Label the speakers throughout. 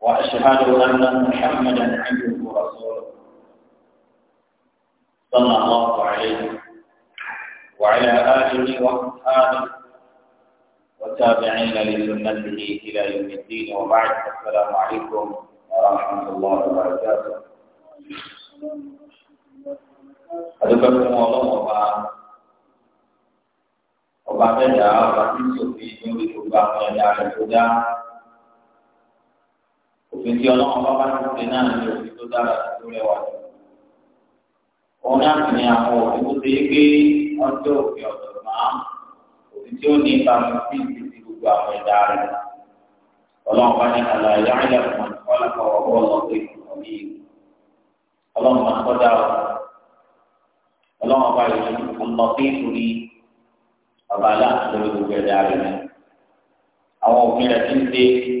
Speaker 1: وأشهد أن محمدا عبده ورسوله صلى الله عليه وعلى آله وأصحابه والتابعين لسنته إلى يوم الدين وبعد السلام عليكم ورحمة الله وبركاته أذكركم الله وبعد وبعد ذلك أعطيكم في نور الله وعلى آله òfin tí ọlọ́run bá bá ti ṣe náà ní òfin tó dára tó rẹwà jù òun náà sì ni àwọn òfin tó ṣe é pé wọ́n jẹ́ òfin ọ̀dọ̀ máa òfin tí ó ní ìbámu sí ìdíje gbogbo àwọn ẹ̀dá rẹ̀ ọlọ́run bá ní àlàyé àyà fún ọlọ́pàá ọ̀gbọ́n lọ́sẹ̀ ìkọ̀mí ọlọ́run máa kọ́ bá yẹ ọlọ́sẹ̀ ìkọ̀mí ọba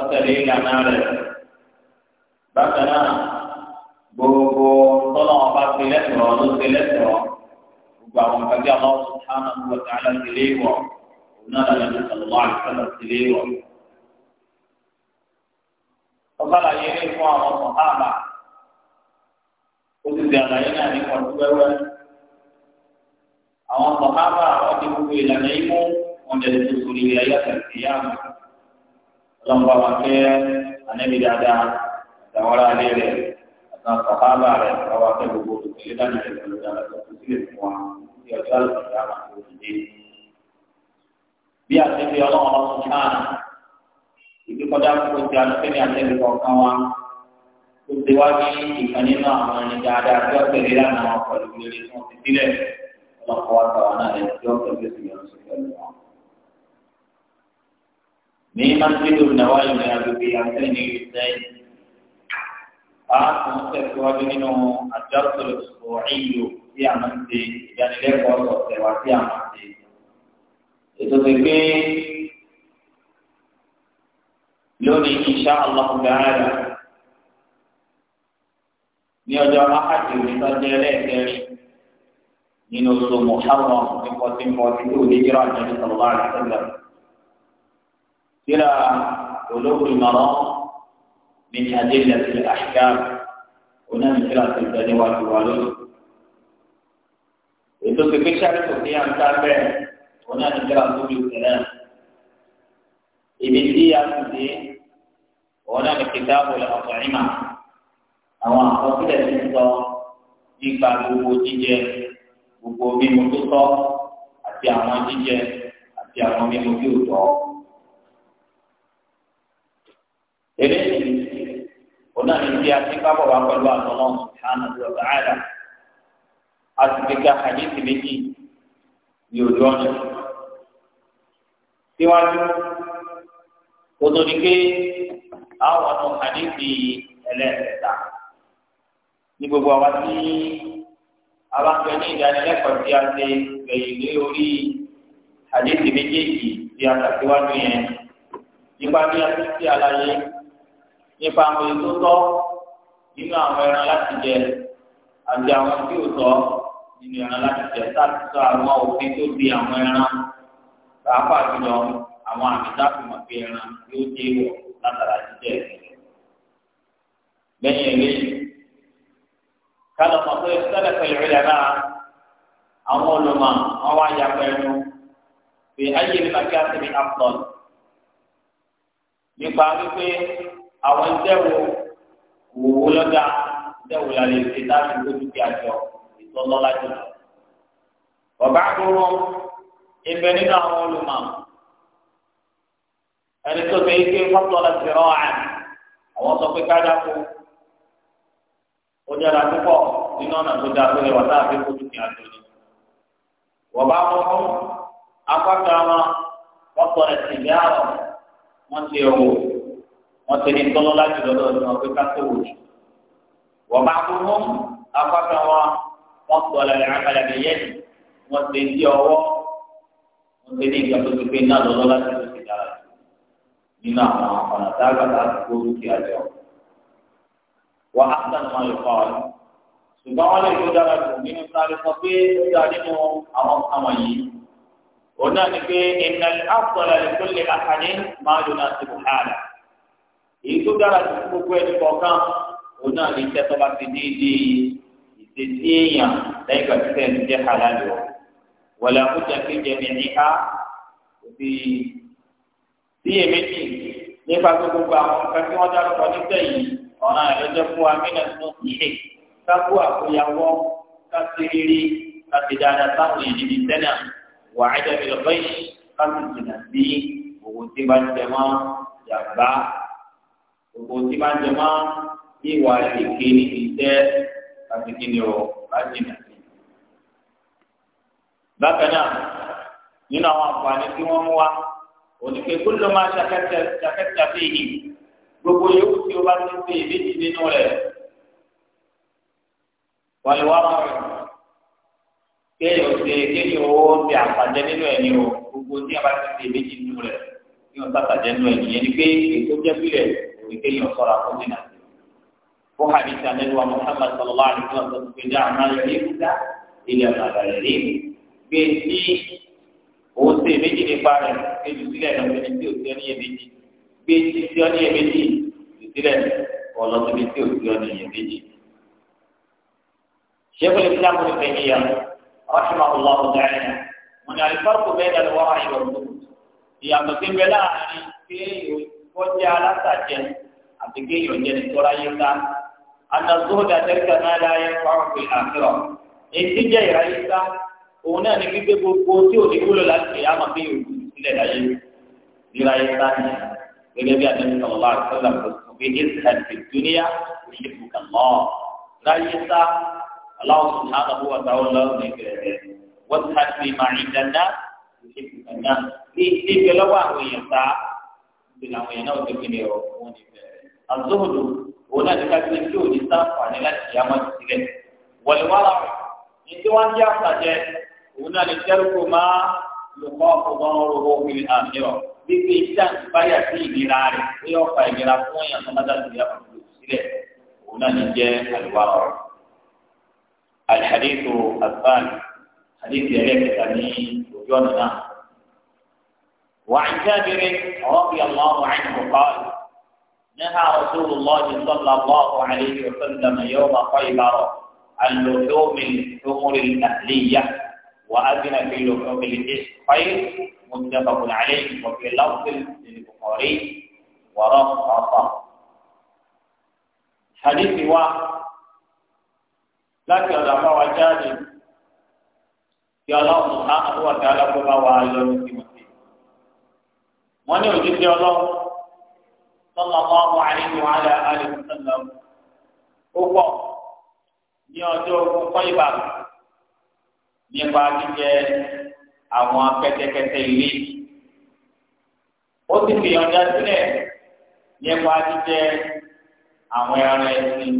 Speaker 1: ọ̀tẹ̀lẹ̀ ìlànà rẹ̀ bákan náà gbogbo tọ́lọ̀ wọn bá fi lẹ́tọ̀ọ́ ló fi lẹ́tọ̀ọ́ gbogbo àwọn kàbí àwọn sùnmọ́ àwọn tààlà sílé wọ̀ òun náà lọ́nà ní sọ̀lọ́ àìsàn sílé wọ̀. ọ̀sálà yẹn lé fún àwọn sọ̀háàbà ó ti di àlàyé náà ní kọ̀ọ̀tù wẹ́wẹ́ àwọn sọ̀háàbà wọ́n ti gbogbo ìlànà yìí mú wọn jẹ́ tuntun ní ayé àtàkùn ìyá àwọn. lọ́nba wa kẹ́ anabi dáadáa àtàwọn alẹ́ rẹ̀ àtàwọn sàkábà rẹ̀ lọ́wọ́ kẹ́ gbogbo olùkọ́lé dáná rẹ̀ pẹ̀lú dáadáa tó kù sílẹ̀ fún wa ní ọjọ́ àlùfáà yàrá tó ti dé. bí àtẹ̀fẹ́ ọlọ́run ọ̀sùn náà ìdíkọ́dá kó ti àtẹ̀fẹ́ àtẹ̀fẹ́ kọ̀ọ̀kan wa tó ti wá ní ìkan nínú àwọn ẹni dáadáa tí wọ́n tẹ̀lé lánàá wọn pẹ̀lú tí wọ́n ti sílẹ̀ ọlọ́kọ̀ wa sọ̀rọ̀ náà ẹ̀ tí wọ́n tẹ̀lé sí
Speaker 2: ní masjidu nawal ní agbègbè àtẹ̀lé ní
Speaker 1: ìsẹ́yìn. a tún tẹ̀síwájú nínú àjọsọ̀rọ̀ ìṣòwò tí a máa ń ṣe ìdánilẹ́kọ̀ọ́ ọ̀sẹ̀ wa tí a máa ń ṣe. ètò ti pé lónìí insha Allah ta'ala ní ọjọ́ ákàtì òṣìṣẹ́ ẹlẹ́ẹ̀kẹrin nínú oṣù Muharram ní fourteen forty two ní ìjírọ̀ àjọyọ̀ sọ̀rọ̀ àti sẹ́lẹ̀. ترى قلوب المرأة من أدلة الأحكام هنا من ترى البني والوالد إذا كنت شارك في أن تابع هنا من ترى قلوب الكلام إبتدي أبتدي هنا من كتاب الأطعمة أو أقصد الإنسان nípa gbogbo jíjẹ gbogbo mímu tó tọ́ àti àwọn jíjẹ àti àwọn mímu ọ̀nà ìdí àti kábọ̀ wà pẹ̀lú àtọ̀nà ṣùgbọ́n àti àyàrá a sì fi ga àdéhùn méjì ní ojú ọ̀nà. síwájú kótó ni pé àwọn ọ̀nà àdéhùn ẹlẹ́ẹ̀kẹta ní gbogbo àwa tí abáfẹ́ ní ìdánilẹ́kọ̀ọ́ tí a ṣe gbẹ̀yìn lé orí àdéhùn méjèèjì tí a kà síwájú yẹn nípa bí a ti ṣe àlàyé nípa àwọn èyí tó tọ́ nínú àwọn ẹran láti jẹ àti àwọn tí ò tọ́ nínú ẹran láti jẹ láti sọ àwọn òfin tó di àwọn ẹran pàápàá jùlọ àwọn àmì dákùmọ̀ pé ẹran yóò dé wọ̀ látara jíjẹ lẹ́yìn eléyìí kálọ mọ̀ pé sẹ́lẹ̀ pẹ̀lú ìrẹ̀lẹ̀ náà àwọn olùmọ̀ wọn wá ya pẹ̀lú pé ayé nípa kí á ti àpọ̀ nípa wípé. àwọn iṣẹ́ wò lọ́gà iṣẹ́ la lè ṣe láti gbójú kí àjọ ìtọ́lọ́lá jùlọ. bàbá àdúró ibẹ̀ nínú àwọn olùmọ̀ ẹni tó ike fọ́tọ̀lá ti rọ́ àná àwọn sọ pé kájà kú ó dára púpọ̀ nínú ọ̀nà tó dáa tó lè wà láàbí àjọ ni. bàbá wọ́n ti ní tọ́lọ́ láti lọ́dọ̀ ọdún wọn pé káṣí wò ní. wọ́n bá tó mú apáta wọn wọ́n sọ ọ̀làlẹ̀ àkàlàbẹ̀ yẹn wọ́n ti di ọwọ́ wọ́n ti ní ìgbà tó ti pé náà lọ́dọ̀ láti lọ́dọ̀ ti dára nínú àwọn ọ̀nà tá a gbà tá a ti kó dúkìá jọ. wọ́n á sàn wọn lè kọ́ ọ ṣùgbọ́n wọ́n lè tó dára jù nínú sáré sọ pé ó dá nínú àwọn àwọn èyí tó dára sí gbogbo ẹni kọ̀ọ̀kan òun náà lè tẹ́ tọ́ba ti déédéé ìṣesí èèyàn lẹ́yìn ìgbà tí sẹ́yìn jẹ́ halal o wọ̀lẹ̀ àkójọ kéjẹ ní níhá òbí síyèméjì nípa gbogbo àwọn nǹkan tí wọ́n dárúkọ níbẹ̀ yìí ọ̀nà ìrẹ́jọ́ fún wa mílẹ̀ tó ṣe kákó àkóyawọ́ káṣí rírí káṣí dáadáa sáwọn èèyàn níbi sẹ́nà wàá jẹ́ mi lọ́bẹ̀yìn káṣí jìnnà gbogbo tí máa ń jẹ máa ní ìwà èké ní iṣẹ́ láti kí ni o láti nà sí. bákan náà nínú àwọn àǹfààní tí wọ́n mú wa oníke kúlò máa ṣàkẹ́tà sí i gbogbo yòówù tí o bá ti ṣe ìbéjì nínú rẹ̀ wọ́n wá wọn rẹ̀ kéèyàn ṣe kéèyàn ó ṣe àǹfààní nínú ẹ̀ ní o gbogbo tí a bá ti ṣe ìbéjì nínú rẹ̀ kí wọ́n sàtàjẹ́ nínú ẹ̀ nìyẹn ni pé èso jẹ́ bílẹ̀. ويكيف صلاة منها وحديث النبي محمد صلى الله عليه وسلم بدع ما يريدك إلى ما لا يريد بيتي òun ṣe méjì nípa rẹ̀ kejì sílẹ̀ lọ ẹni tí òsì ọ́nìyẹ méjì bí etí sí ọ́nìyẹ méjì ìsílẹ̀ ọ̀lọ́ síbi tí òsì ọ́nìyẹ méjì. ṣẹ́gun lè fúnra fún ìfẹ̀yìn yà ọ̀ṣun àwòlá ọ̀gá ẹ̀ mo ní àlùfáàkù bẹ́ẹ̀ dàlú wá àyè ọ̀dọ́ ìyàtọ̀ sí bẹ́ẹ̀ láàrin pé kọjá alásàjẹ àti kéèyàn jẹ nítorá yé ká anagbóhùn àtẹríkà náà láyé fáwọn àfẹrọ èyí jẹ ìrà yé ká òun náà ní gbígbé gbogbo tí ò ní wúlò láti àmọ́ bí òkú sílẹ̀ láyé ìrà yé ká ní gẹ́gẹ́ bí àtẹríkà ọlá àtẹríkà tó fi ìsìlẹ ti dúníyà òṣèlú kan lọ láyé ká aláwọ sùnmọ́nà bó wà táwọn lọ́wọ́ ní gẹ̀rẹ́ wọ́n ti ká sí màá ìdáná òṣèlú kan náà ní ìgbẹ́lọ́wọ́ àwọn èèyàn sáà ti làwọn èèyàn náà ti fi lè ọ̀rọ̀ fún ní bẹ̀rẹ̀. àzọ́ọ̀dù òun náà ti ká pé tí òní sáǹfààní láti yá máa ti sílẹ̀. wọ̀lúwàlà ní tí wọ́n jẹ́ àṣàjẹ òun náà ni tẹ́lifù máa lò kọ́ ọ̀gbọ́n owó wíìlì àmìrọ̀ gbígbé iṣẹ́ àtìbáyà sí ìlera rẹ̀ pé ọ̀fà ìlera fún èèyàn tó má dá sí òun náà ni jẹ́ àlùwàlà. àlìhàdìsù àgbáàlì àdìsù ẹlẹ́kẹta ní òjò ọ̀nà náà وعن جابر رضي الله عنه قال نهى رسول الله صلى الله عليه وسلم يوم خيبر عن لحوم الحمر الأهلية وأذن في لحوم خير متفق عليه وفي لفظ للبخاري ورخص حديث واحد لكن هذا فوجاد يا الله سبحانه وتعالى كما وعلمه wọ́n ní òjijì ọlọ́run sọ́nà ọmọ àlejò àlẹ́ àlejò sọ́nà ó pọ̀ ní ọjọ́ ogun kọ́ìbà nípa jíjẹ àwọn kẹ́tẹ́kẹ́tẹ́ ilé ó sì fi ọjà sílẹ̀ nípa jíjẹ àwọn ẹran ẹ̀sìn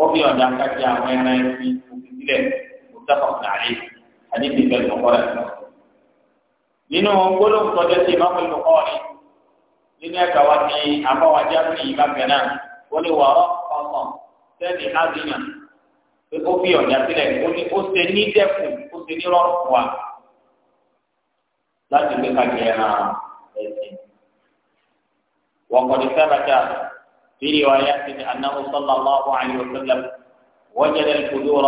Speaker 1: ó fi ọjà kájí àwọn ẹran ẹ̀sìn òfin sílẹ̀ mustapha nàlẹ́ àdébìbẹ́ lọ́kọ́lá ìgbà nínú gbólóhùn tọ́jọ́ sí ìmáàmù Bukhari nínú ẹ̀ka wa ti àbáwájá fún ìyìnbá gánà ó ní wàá ọkọ̀ sẹ́ni ádìyàn pé ó fi ọ̀dà sílẹ̀ ó ní ó ṣe ní dẹ́kun ó ṣe ní rọ́ọ̀kù wa láti gbé kàkẹ́ ẹran ẹ̀sìn. وقد ثبت في روايات أنه صلى الله عليه وسلم وجد الفجور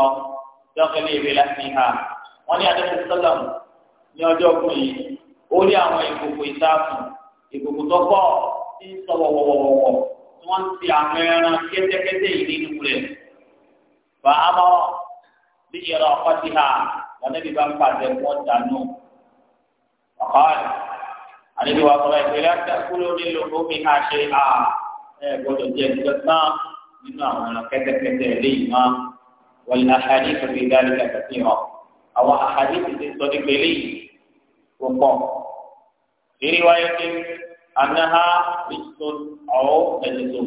Speaker 1: تغلي بلحمها ولأن النبي صلى الله عليه وسلم ní ọjọ́ kùn yìí ó ní àwọn ìkòkò ìtàkùn ìkòkò tó pọ̀ tí ń sọ wọ̀wọ̀wọ̀wọ̀ tí wọ́n ti àwọn ẹran kẹ́tẹ́kẹ́tẹ́ yìí nínú rẹ̀ bá a mọ̀ bí ìyẹn ọkọ ti hà lọ́nẹ́bí bá ń pàṣẹ wọ́n dànù ọ̀kọ́ rẹ̀ àdébí wa sọ̀rọ̀ ìpínlẹ̀ kúrò nílò omi ká ṣe à ẹ̀ gbọ́dọ̀ jẹ́ ìjọsán nínú àwọn ẹran kẹ́tẹ́kẹ́tẹ́ púpọ̀. Ìrí wáyé pé anáhà bíṣọ́ ọ̀ ẹ̀dẹ̀tò.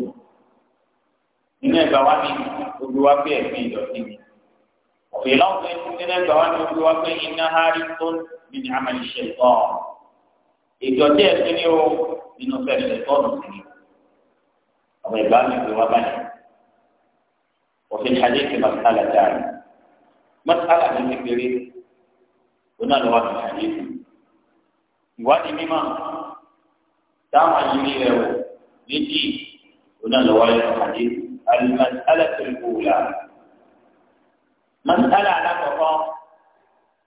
Speaker 1: Nínú ẹgbà wá ní ojú wá pé ẹ̀gbìn ìdọ̀tí mi. Òfin lọ́wọ́ nínú ẹgbà wá ní ojú wá pé ináhà bíṣọ́ mi ní àmàlìṣẹ́ tọ́. Ìdọ̀tí ẹ̀sìn ni ó nínú fẹ̀rẹ̀ tọ́nù sí ni. Àwọn ìgbà mi fi wá báyìí. Òfin ṣàdéhìí masálà dáa. Masálà mi kékeré. Onáà lọ́wọ́ fi ṣàdéhìí ìwádìí mímọ̀ táwọn yìí rẹ̀ wò méjì oná lọ́wọ́ yẹn àdé alimọ̀tálà tó ń kúrò mọ̀tálà alákọ̀ọ́kọ́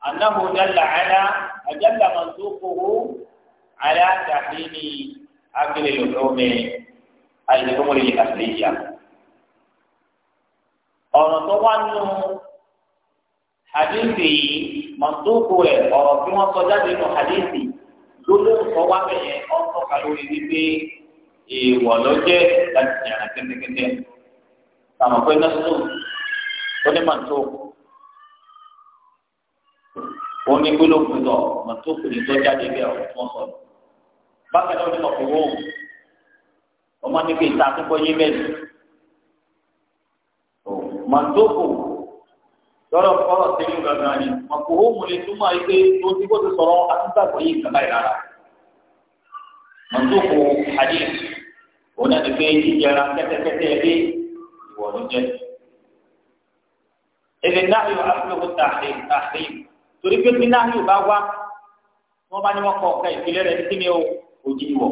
Speaker 1: anáwó dálà ẹ̀dá àjálà mọ̀tókòwò aláàtàkìní agbèrè lọ́mẹ alìkọ́mọ̀lẹ́ yẹn àtẹ̀yà ọ̀rọ̀ tó wà nù hadithi mọ̀tókòwò ọ̀rọ̀ tí wọ́n sọ jáde nù hadithi gbólóhùn kan wá bẹ̀yẹ ọkọ̀ kalórí wípé èèwọ̀ ló jẹ́ láti yàrá kẹ́tẹ́kẹ́tẹ́ tàmọ̀ pé nọ́ọ̀sù ó ní màtó ó ní gbólóhùn lọ màtó kò ní tó jáde bí ọ̀rọ̀ tó ń sọ bákan náà ó ní ọ̀pọ̀ wọ́n ọmọ níbi ìta akẹ́kọ̀ọ́ yé bẹ́ẹ̀ màtó kò lọ́rọ̀ kọ́rọ̀ sí ní gbàgbọ́n ni mọ̀kòhó mo lè túmọ̀ yìí pé tó ti bó ti sọ̀rọ̀ àtúntàgbọ̀ yìí kàbá yìí rárá. mọ̀tòkò adé òun náà ti pé jíjẹra kẹ́tẹ́kẹ́tẹ́ ẹbí ìwọ̀ ló jẹ́. èdè náà yóò afúnlọ́kọ̀ tààrí tààrí torí pé bí náà yóò bá wá wọ́n bá ní wọ́n kọ ọ̀ka ìpìlẹ̀ rẹ̀ sí ni òjì wọ̀.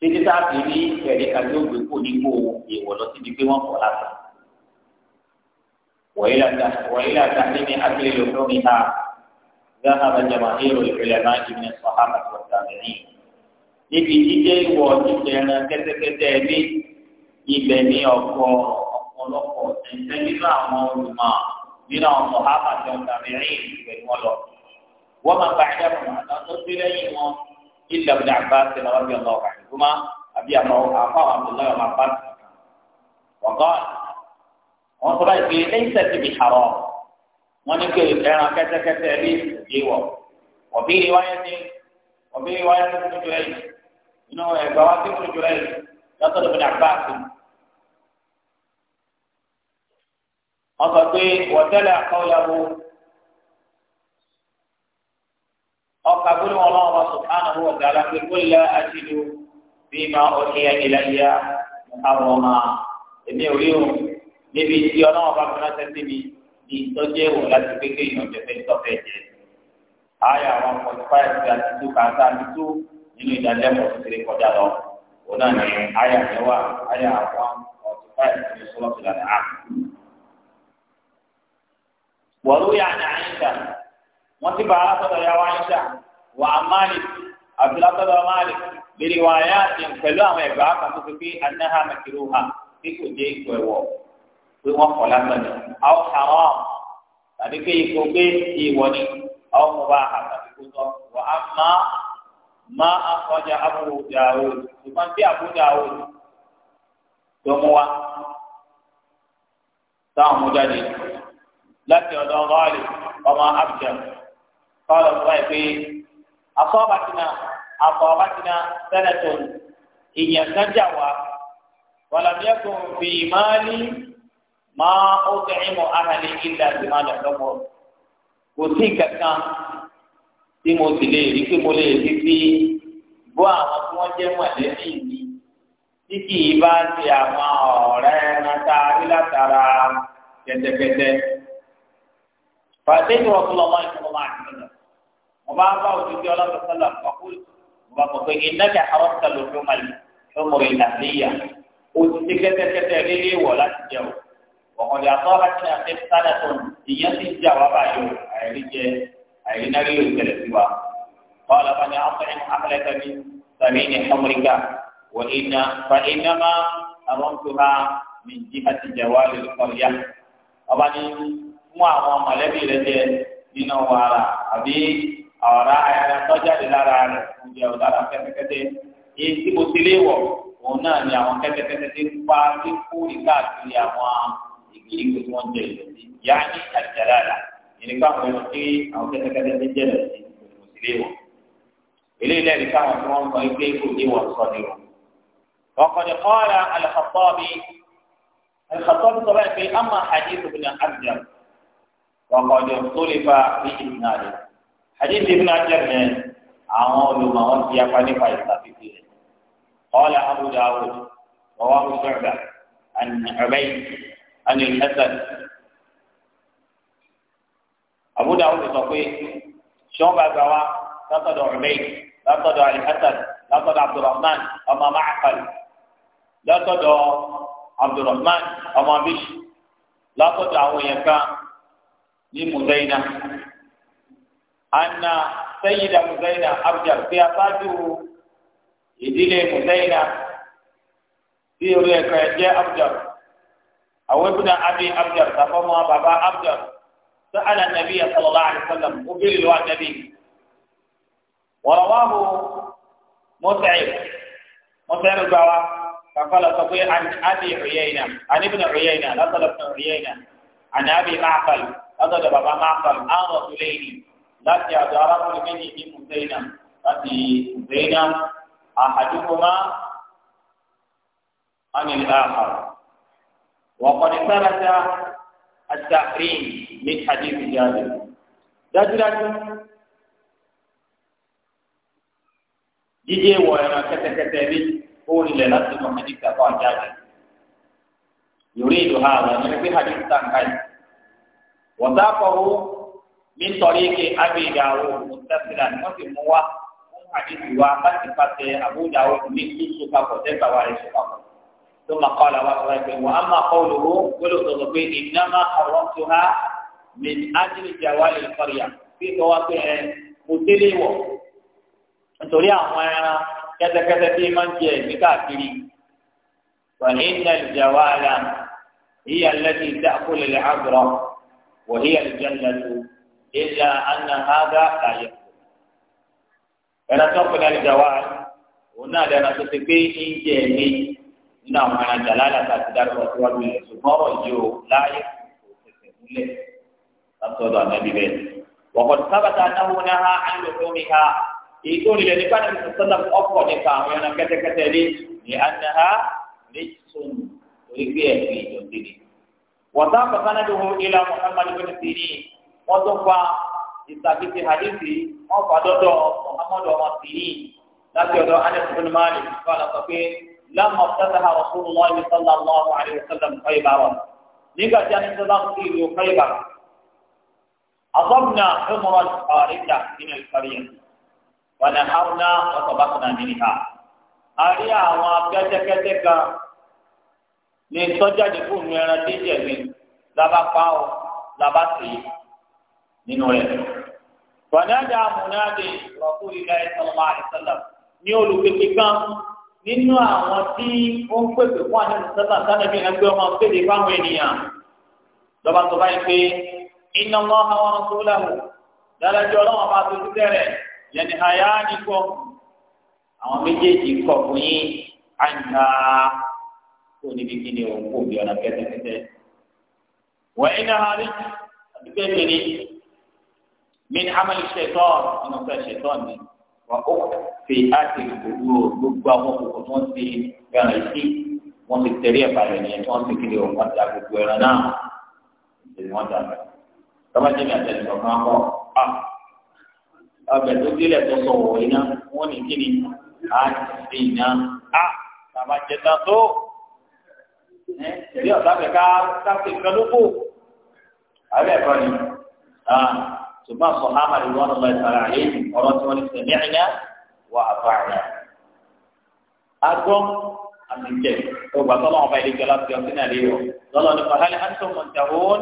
Speaker 1: títí táàbì ní ẹ̀rí kàdé ògbé kò ní kó ìwọ̀ lọ síbi pé wọ́n kọ̀ lásán. وإلى وإلى تحريم أكل لحومها ذهب جماهير العلماء من الصحابة والتابعين níbi jíjẹ ìwọ jíjẹ ẹran kẹ́tẹ́kẹ́tẹ́ ẹbí ibẹ̀ ní ọkọ ọ̀pọ̀lọpọ̀ ẹsẹ nínú àwọn olùmọ̀ nínú àwọn sọhábà tí wọn tàbí rìn ìgbẹ wọn wọn máa bá ẹ̀dá fún àná tó sí lẹ́yìn wọn ilẹ ọdẹ àgbà ti lọ bí ọmọ ọkà ìgbọmọ àbí àbáwọn àbáwọn àbúlọ ọmọ àbá. wọ́n kọ́ ọ̀nà. wọ́n sọ báyìí pé ẹ̀yìn sẹ́tì bí haram wọ́n ní kéwì ẹran kẹ́tẹ́kẹ́tẹ́ rí wọ̀ ọ̀bí wáyé ní ọ̀bí wáyé ní tuntun rẹ̀ yìí inú ẹ̀gbá wá sí tuntun rẹ̀ yìí lọ́sọ̀ tó bẹ̀rẹ̀ àgbà sí. wọ́n sọ pé wọ́tẹ́lẹ̀ àkọ́yàwó ọkà gbóni wọn lọ́wọ́ sọ fún subhanahu ọ̀gá ta'ala pé kólé aṣíjú bí máa ọ̀ṣẹ́ ìlànà àwọn ọmọ èmi ò rí òun. níbi tí ọlọ́wọ́n bá fi ránṣẹ́ sí mi ní ìtọ́jú ẹ̀wọ̀ láti gbégbé ìyànjẹ fẹ́ tọ́fẹ́ jẹ. àyà àwọn forty five àti two kàńtà àti two nínú ìdálẹ́mọ̀ kékeré kọjá lọ. òun náà ní àyà mẹ́wàá àyà àwọn forty five ní sọ́lọ́sì lànà á. wọ́lú yà ní àyíṣà wọ́n ti bá aláṣọ́dọ̀ yà wá àyíṣà wà á máàlì àbúlásọ́dọ̀ máàlì lè wà á yá àti pẹ̀lú àwọn ẹ̀gbá kan pé anáhà mẹ́kìrú ha bí kò dé ìkọ̀ ẹ̀wọ̀ pé wọ́n kọ̀ lásán ni àwọn àwọn tàbí pé ipò pé ìwọ ni àwọn ọmọ bá a tàbí kó tọ́ wà á má má akọjá Abu Dawud ṣùgbọ́n bí Abu Dawud tó mú wa táwọn mú jáde láti ọ̀dọ̀ ọ̀gáàlì ọmọ abdul kọ́lọ̀ tó báyìí pé asọ́bàtìnà asọ́bàtìnà sẹ́nẹ̀tò ìyẹn kan jà wá wàlàmíẹ́kùn Ma, ó tẹ̀yìn mọ́ ahàlẹ́ ilẹ̀ àti máa kò sí kankan tí mo sì lè rí pé mo lè rí bí bọ́ àwọn tí wọ́n jẹ́ mọ̀lẹ́bí mi tí kì í bá ti àwọn ọ̀rẹ́ ẹ̀rántá rí látara kẹtẹkẹtẹ. fàtẹ́yìn wọn fún ọmọ ìfowópamọ́ máa ti sọ̀rọ̀ mo bá bá òjijì ọlọ́dún sọ́lá pàkúrò mo bá kọ̀ pé ìnájà àwọn sọ̀rọ̀ ló máa lè lọ́mọ ìlànà ìyá òjijì kẹtẹkẹtẹ lílé wọ̀ láti jẹun ọ̀kọ̀dé àtọ́ àti àfẹ́sálẹ̀ tó ìyẹn ti jẹ́ àwa báyìí àìrí jẹ àìrí náà rí òṣèlè sí wa. قال فانا اطعم اهلك من سمين حمرك وان فانما حرمتها من جهه جوال القريه ọbani fún àwọn mọ̀lẹ́bí rẹ jẹ nínú wàrà àbí ọ̀rá ayára tọ́jáde lára rẹ oúnjẹ ọ̀dára kẹ́tẹ́kẹ́tẹ́ èyí tí mo ti léwọ̀ òun náà ni àwọn kẹ́tẹ́kẹ́tẹ́ ti ń pa kíkú ìkáàkiri àwọn ìgbèríko tí wọ́n jẹ ìdọ̀tí yáàní àjàlára ìnípa àwọn ẹni tí àwọn kẹ́tẹ́kẹ́tẹ́ ti jẹ́ ìdọ̀tí kò sí lé wọn. eléyìí lẹ́rìí káwọn tí wọ́n sọ pé kò ní wọ́n sọ ní wọn. وقد قال الخطابي الخطابي طبعا في أما حديث ابن حجر وقد اختلف في إسناده حديث ابن حجر àwọn olùmọ̀wọ́n ti apá nípa ìsàfihàn rẹ̀. قال أبو داود رواه شعبة عن عبيد عن الحسن أبو داود الصفي شعبة بوا لقد عبيد لقد الحسن لقد عبد الرحمن أما معقل لقد عبد الرحمن أما بش لقد أو يكا لمزينة أن سيد مزينة أرجل في أساجه إدلي مزينة في ريكا جاء أرجل أو ابن أبي أبجر تفهم بابا أبجر سأل النبي صلى الله عليه وسلم قبل النبي ورواه متعب متعب البوا فقال تقول عن أبي عيينة عن ابن عيينة نزل ابن عيينة عن أبي معقل نزل بابا معقل عن رسولين التي أدارته مني من زينب التي زينب أحدهما عن الآخر وقد ثبت التحريم من حديث جابر dájúdájú jíjẹ wọ ẹran kẹtẹkẹtẹ bí ó rilẹ láti mọ hadith àbọ àjáde yorì ìlú ha àwọn ẹni pé hadith tàǹkà yìí wọ́sáfọ̀wọ́ mi tọ́rí ike abéyàwó mùsùlùmí ni wọ́n sì mú wa fún hadith wa láti pàṣẹ àbújáwó ní kí sọ́kà pọ̀ tẹ́gbà wa rẹ̀ sọ́kà pọ̀. ثم قال وأخرجه وأما قوله قلت ضبي إنما حرمتها من أجل جوال القرية في قواطع متلوة nítorí àwọn ẹran كذا كذا في ń jẹ ẹ̀mí فإن الجوال هي التي تأكل العبرة وهي الجنة إلا أن هذا لا يأكل أنا تقول الجوال هنا لنا تتبين tó nínú àwọn ará jàlálà àti dárúkọ tó wà lóye ṣùgbọ́n ọ̀rọ̀ yìí ó láàyè kò fẹsẹ̀ múlẹ̀ látọ̀dọ̀ ànábì bẹ́ẹ̀. wọ́pọ̀ sábàtà náwó náà ha á ń lò fún mi ha èyí tó rí lẹ́ni pàdé tó sọ́dọ̀ ọkọ̀ nípa àwọn ẹran kẹ́tẹ́kẹ́tẹ́ rí ní àdáhà méjìsùn orí bí ẹ̀sìn ìjọsìn ni. wọ́tá bàbáná ló hu ilá muhammadu bin sini wọ́n tó fa ìsàbíti hadithi wọ́n fa dọ́dọ̀ muhammadu ọmọ sini láti ọ̀dọ̀ anas لما افتتح رسول الله صلى الله عليه وسلم خيبر nígbà tí a ní sọ́dá sí ìlú Khaybar من القرية ونحرنا وطبقنا منها أري àwọn kẹ́tẹ́kẹ́tẹ́ kan ní sọ́jà dìbò mìíràn déjì mi lába pa ọ lába منادي رسول الله صلى الله عليه وسلم ní olùkèké nínú àwọn tí ó ń pèsè fún àdéhùn sábà sánẹ́bí ẹgbẹ́ ọmọ kéde fáwọn ènìyàn lọ́ba tó báyìí pé iná mọ́ àwọn tó lẹ́wọ̀ dáadájọ́ ọlọ́wọ́n bá tó dúdẹ́ rẹ̀ yẹnì àyà nìkọ́ àwọn méjèèjì kọ̀ fún yín àyà tó níbi kí ni òun kò bí ọ̀nà kẹ́tẹ́kẹ́tẹ́. wọ́n iná harí àdúgbò ìbéèrè min amẹ́lì ṣètọ́ ọ̀nà fẹ́ ṣètọ́ mi wà ó fi àti gbogbo gbogbo àwọn kòkò tí wọ́n ti gbàrà sí wọ́n ti tẹ̀lé ẹ̀fà rẹ̀ nìyẹn tí wọ́n ti kéde òun àti agbègbè ẹran náà ìṣèlú wọn dà bẹ́ẹ̀. tọ́bajì ní àtẹnudọ̀ kan kọ́ a ọbẹ̀ tó délẹ̀ tó sọ wọ̀ iná wọ́n ní kíni a ti ṣe iná a tàbá jẹ tán tó tẹ̀lé ọ̀sán fẹ́ ká sáfẹ́ kan ló kù àbẹ̀ ẹ̀kọ́ ṣùgbọ́n sọ̀hámà ìlú ọ̀nà lọ ìtara àyèjì ọ̀rọ̀ tí wọ́n ti sẹ̀ mẹ́rìnà wà àfààní. agbọ́ àtìkẹ́ ọgbà tọ́lọ́ ọba ìdíjọ láti ọtí náà lè yọ lọ́lọ́ ní fàhálì àtúntò mọ̀tàhún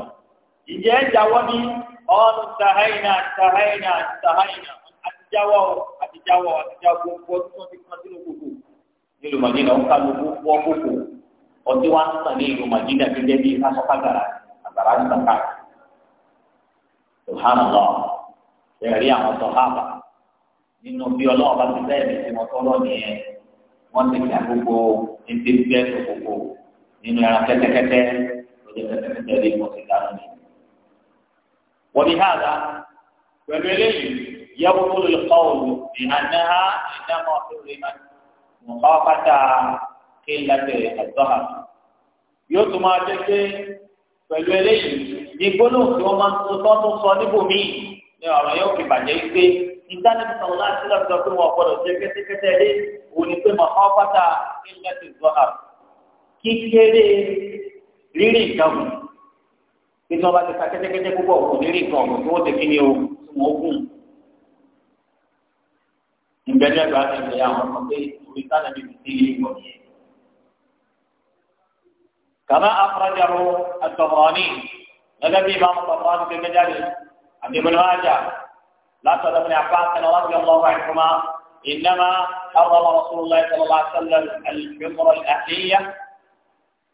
Speaker 1: ìjẹ́ ìjáwọ́ ní ọ̀nù tàháìnà tàháìnà tàháìnà àtijáwọ́ àtijáwọ́ àtijáwọ́ gbogbo tí wọ́n ti kọ́ sínú gbogbo nílùú màdínà ó ká gbogbo subhanallah ẹ̀rí àwọn sọ̀hábà nínú bí ọlọ́wọ́ bá ti bẹ́ẹ̀ tí wọ́n tọ́lọ́ nìyẹn wọ́n ti gbà gbogbo ẹgbẹ́ gbẹ́ gbogbo nínú ẹran kẹ́tẹ́kẹ́tẹ́ lójú kẹ́tẹ́kẹ́tẹ́ lè mọ̀ sí dáná ni. wọ́n ní hàdá pẹ̀lú eléyìí yẹ́wò tó lè kọ́ òòlù ní anáhà ìdámọ̀ tó lè má nǹkan pátá kí n lábẹ́ àdọ́hà. yóò tún máa jẹ́ pé pẹ̀lú eléyìí ìgbóná tí wọn máa ń tó tọ́tù sọ níbòmí ni ọ̀rọ̀ yóò fi bàjẹ́ pé ìdánimọ̀ sọ̀rọ̀ láti lọ sọ pé wọn gbọdọ̀ ṣe kẹ́tẹ́kẹ́tẹ́ lé òun ni pé màá pátá ilẹ̀ ti zọ́nà kíkéré rírì ìjọba kí ti ka kẹ́tẹ́kẹ́tẹ́ púpọ̀ kò ní rí nǹkan wọ́n ti kí ni o wọ́n gùn. ìgbẹ́jọ́ ìgbà ti ṣe àwọn ọmọ orí sáré ti dé ilé kàmá àfọ̀rọ̀jà ro النبي امام عباس بن مجاهد عبد بن راجع لا تقل ابن عباس رضي الله عنهما انما حرم رسول الله صلى الله عليه وسلم الحمر الاهليه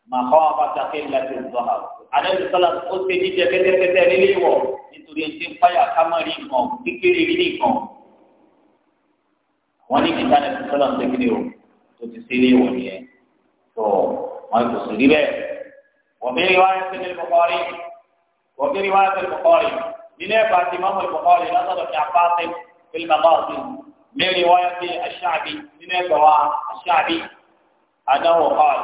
Speaker 1: مخافه قله الظهر عليه الصلاه والسلام قلت لي كثير كثير لي هو يتولي سيمبايا كما ريكم كيكيري ريكم واني كنت انا في الصلاه تكريو تتسيري وني لكم ما يكسر لي لكم وفي روايه البخاري وفي رواية البخاري من لنافع إمام البخاري نظر في عباس في المغازي من رواية الشعبي من لنافع الشعبي أنه قال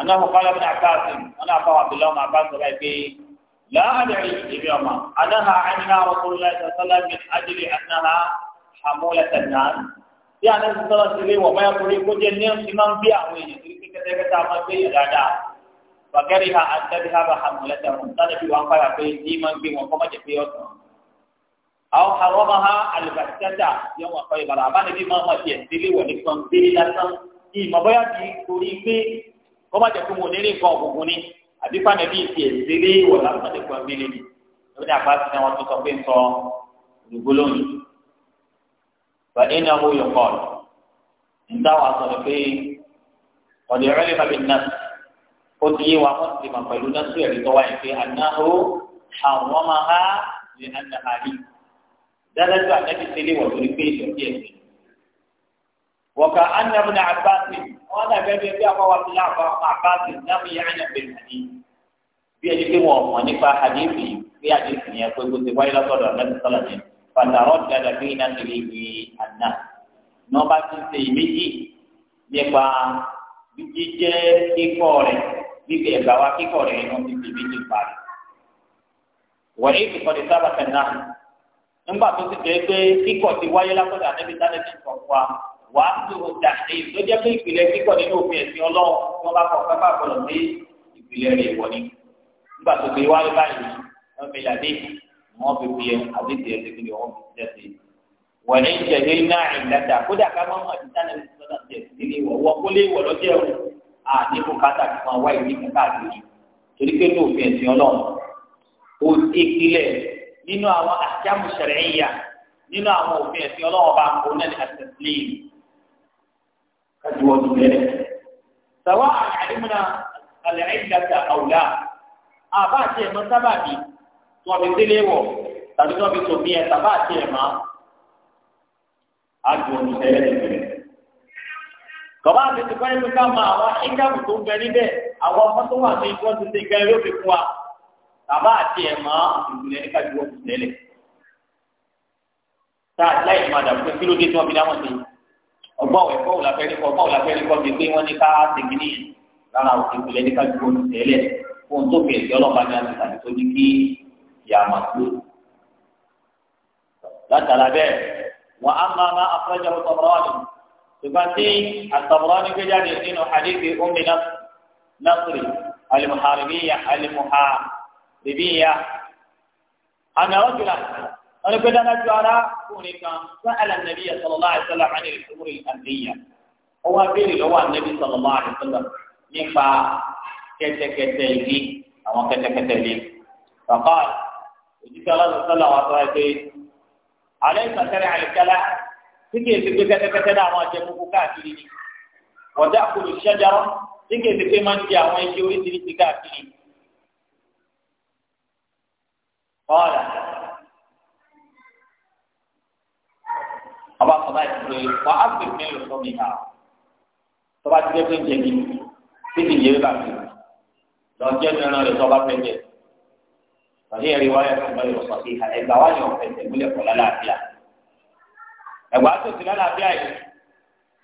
Speaker 1: أنه قال ابن عباس أنا أخو عبد الله بن عباس رأيكي لا أدعي اليوم أنها عنها رسول الله صلى الله عليه وسلم من أجل أنها حمولة الناس يعني صلى الله عليه وسلم وما يقول يقول الناس من بيعوين يقول كتابة عمل بيع wàkẹ́rì ha àtẹ́bí ha bá hàmúlẹ́tẹ̀ wọn sáré bí wọn fara pé ní máa ń gbé wọn kọ́mọ́jẹ pé ọ̀sán. àwọn àrọ́mọ ha alùpàṣẹ́tà yẹn wọn fọ ìbàdàn abánibí máa mọ̀ tiẹ̀ sílé wọ̀ ní kan gbé lásán ìmọ̀ bóyá ti torí pé kọ́mọ́jẹ pé mo nílé nǹkan òkùnkùn ni àbí fànàbí tiẹ̀ sílé wọ̀ lásán ní kan gbé ó ti yé wa wọ́n ti mọ̀ pẹ̀lú náà sí ẹ̀rí tó wáyé pé ànáhó àwọn ọmọ ha lè àná àrí dáadájú ànábi tẹ́lẹ̀ wọ̀ lórí pé ìdọ̀tí ẹ̀sìn. wọ̀ká anabuna abasi wọn dàgbẹ́ bí ẹbí àwọn wàtí láàbà abasi náà yẹ ànàbẹ̀ nàní bí ẹni pé wọn mọ̀ nípa àdéhùn bí àdéhùn yẹn pé kó ti wáyé lọ́sọ̀dọ̀ ànábi sọ̀rọ̀ yẹn pàtàkì dáadáa bí iná tẹ̀lé ìwé àná ní wọn bá ti ṣe ìméjì nípa jíjẹ́ kíkọ́ rẹ̀ bíbí ẹgbà wa kíkọ rẹ inú bíbí méjì parí. wọ́n èyí ti kọ́ di sábà tẹ̀ náà nígbà tó ti jẹ́ pé kíkọ ti wáyé lápẹ́dà níbi tánẹ́tì kan wa wàá tó o dà ní ìlú jẹ́ pé ìpìlẹ̀ kíkọ nínú òfin ẹ̀sìn ọlọ́run tí wọ́n bá kọ́ pẹ́pẹ́ àgbọ̀dọ̀ sí ìpìlẹ̀ rẹ̀ wọ̀ ni. nígbà tó ti wáyé báyìí wọ́n fi yàdé wọ́n fi fi àdéhùn ẹ̀sìn kí ni wọ́n fi tẹ̀sí wọ̀nyí ìjẹ̀lẹ̀ náà ìlàjà kódà ká má mọ̀ títà ti sọ́nà àdínkù kátà tí wọn wá ìdí kan káàkiri torí pé ní òfin ẹ̀sìn ọlọ́run ó ti kílẹ̀ nínú àwọn àjámù ṣẹ̀rẹ̀ẹ́yà nínú àwọn òfin ẹ̀sìn ọlọ́run bá ń kó náà ní àtẹ̀sílẹ̀ kájúwọ́ dùn lẹ́rẹ̀. sàwọn àlẹ́múná àlẹ́ẹ̀dàgbà àwùlá àbá àti ẹ̀mọ́ sábàbí tí wọ́n fi délé wọ̀ tàbí tí wọ́n fi tòmí ẹ̀ sábà àti ẹ̀mọ́ àjùwọ̀ dùn lẹ́rẹ̀ kọ̀bá àti ti pẹ́ẹ́lú ká máa wá ẹ̀jáwù tó ń bẹ níbẹ̀ àwọn ọmọ tó wà ní ìjọ ti ti gan yóò fi fún wa bàbá àti ẹ̀ mọ́ ìgbìlẹ̀ nípa ju wọ́n ti tẹ́lẹ̀ tá a láì máa dàbí pé kí ló dé tí wọ́n fi dáhùn sí ọgbọ́n òwe fọ́ọ̀lù afẹ́rí kọ́ fọ́ọ̀lù afẹ́rí kọ́ fi pé ní ká tèmi ní rárá òkè ìgbìlẹ̀ nípa ju wọ́n ti tẹ́lẹ̀ fóun tó tó تباتي الطبراني في بجاد الدين حديث أم نصري المحاربية المحاربية أن رجلا أنا قد أنا جارا كونك سأل النبي صلى الله عليه وسلم عن الأمور الأمنية هو بير هو النبي صلى الله عليه وسلم نفا كتا كتا يجي أو كتا كتا يجي فقال وجيت الله صلى الله عليه وسلم عليك سريع الكلام tí kìí ṣe pé kẹ́tẹ́kẹ́tẹ́ dá àwọn àjẹmúkú káàkiri ni wọ́dà kùlù ṣẹ́járọ́ tí kìí ṣe pé máa ń di àwọn igi oríṣiríṣi káàkiri. ọ̀rẹ́ ọba sọ̀rọ̀ ìṣòro wà á fi mí lọ́sọ̀ mi hà tọ́ba ti dé pé ń jẹ mi tí kìí yẹ bá mi lọ́jọ́ nínú rẹ̀ tọ́ba fẹ́ jẹ. Tọ́lé ẹ̀rí wáyà fún ọ̀gbọ́n ìwọ̀sọ̀ sí ẹgbàá wáyà ọ̀fẹ́ tẹ̀gbọ́lẹ̀ pọ̀ lálàáfíà ẹ̀wà tó ti lọ́la bí àyè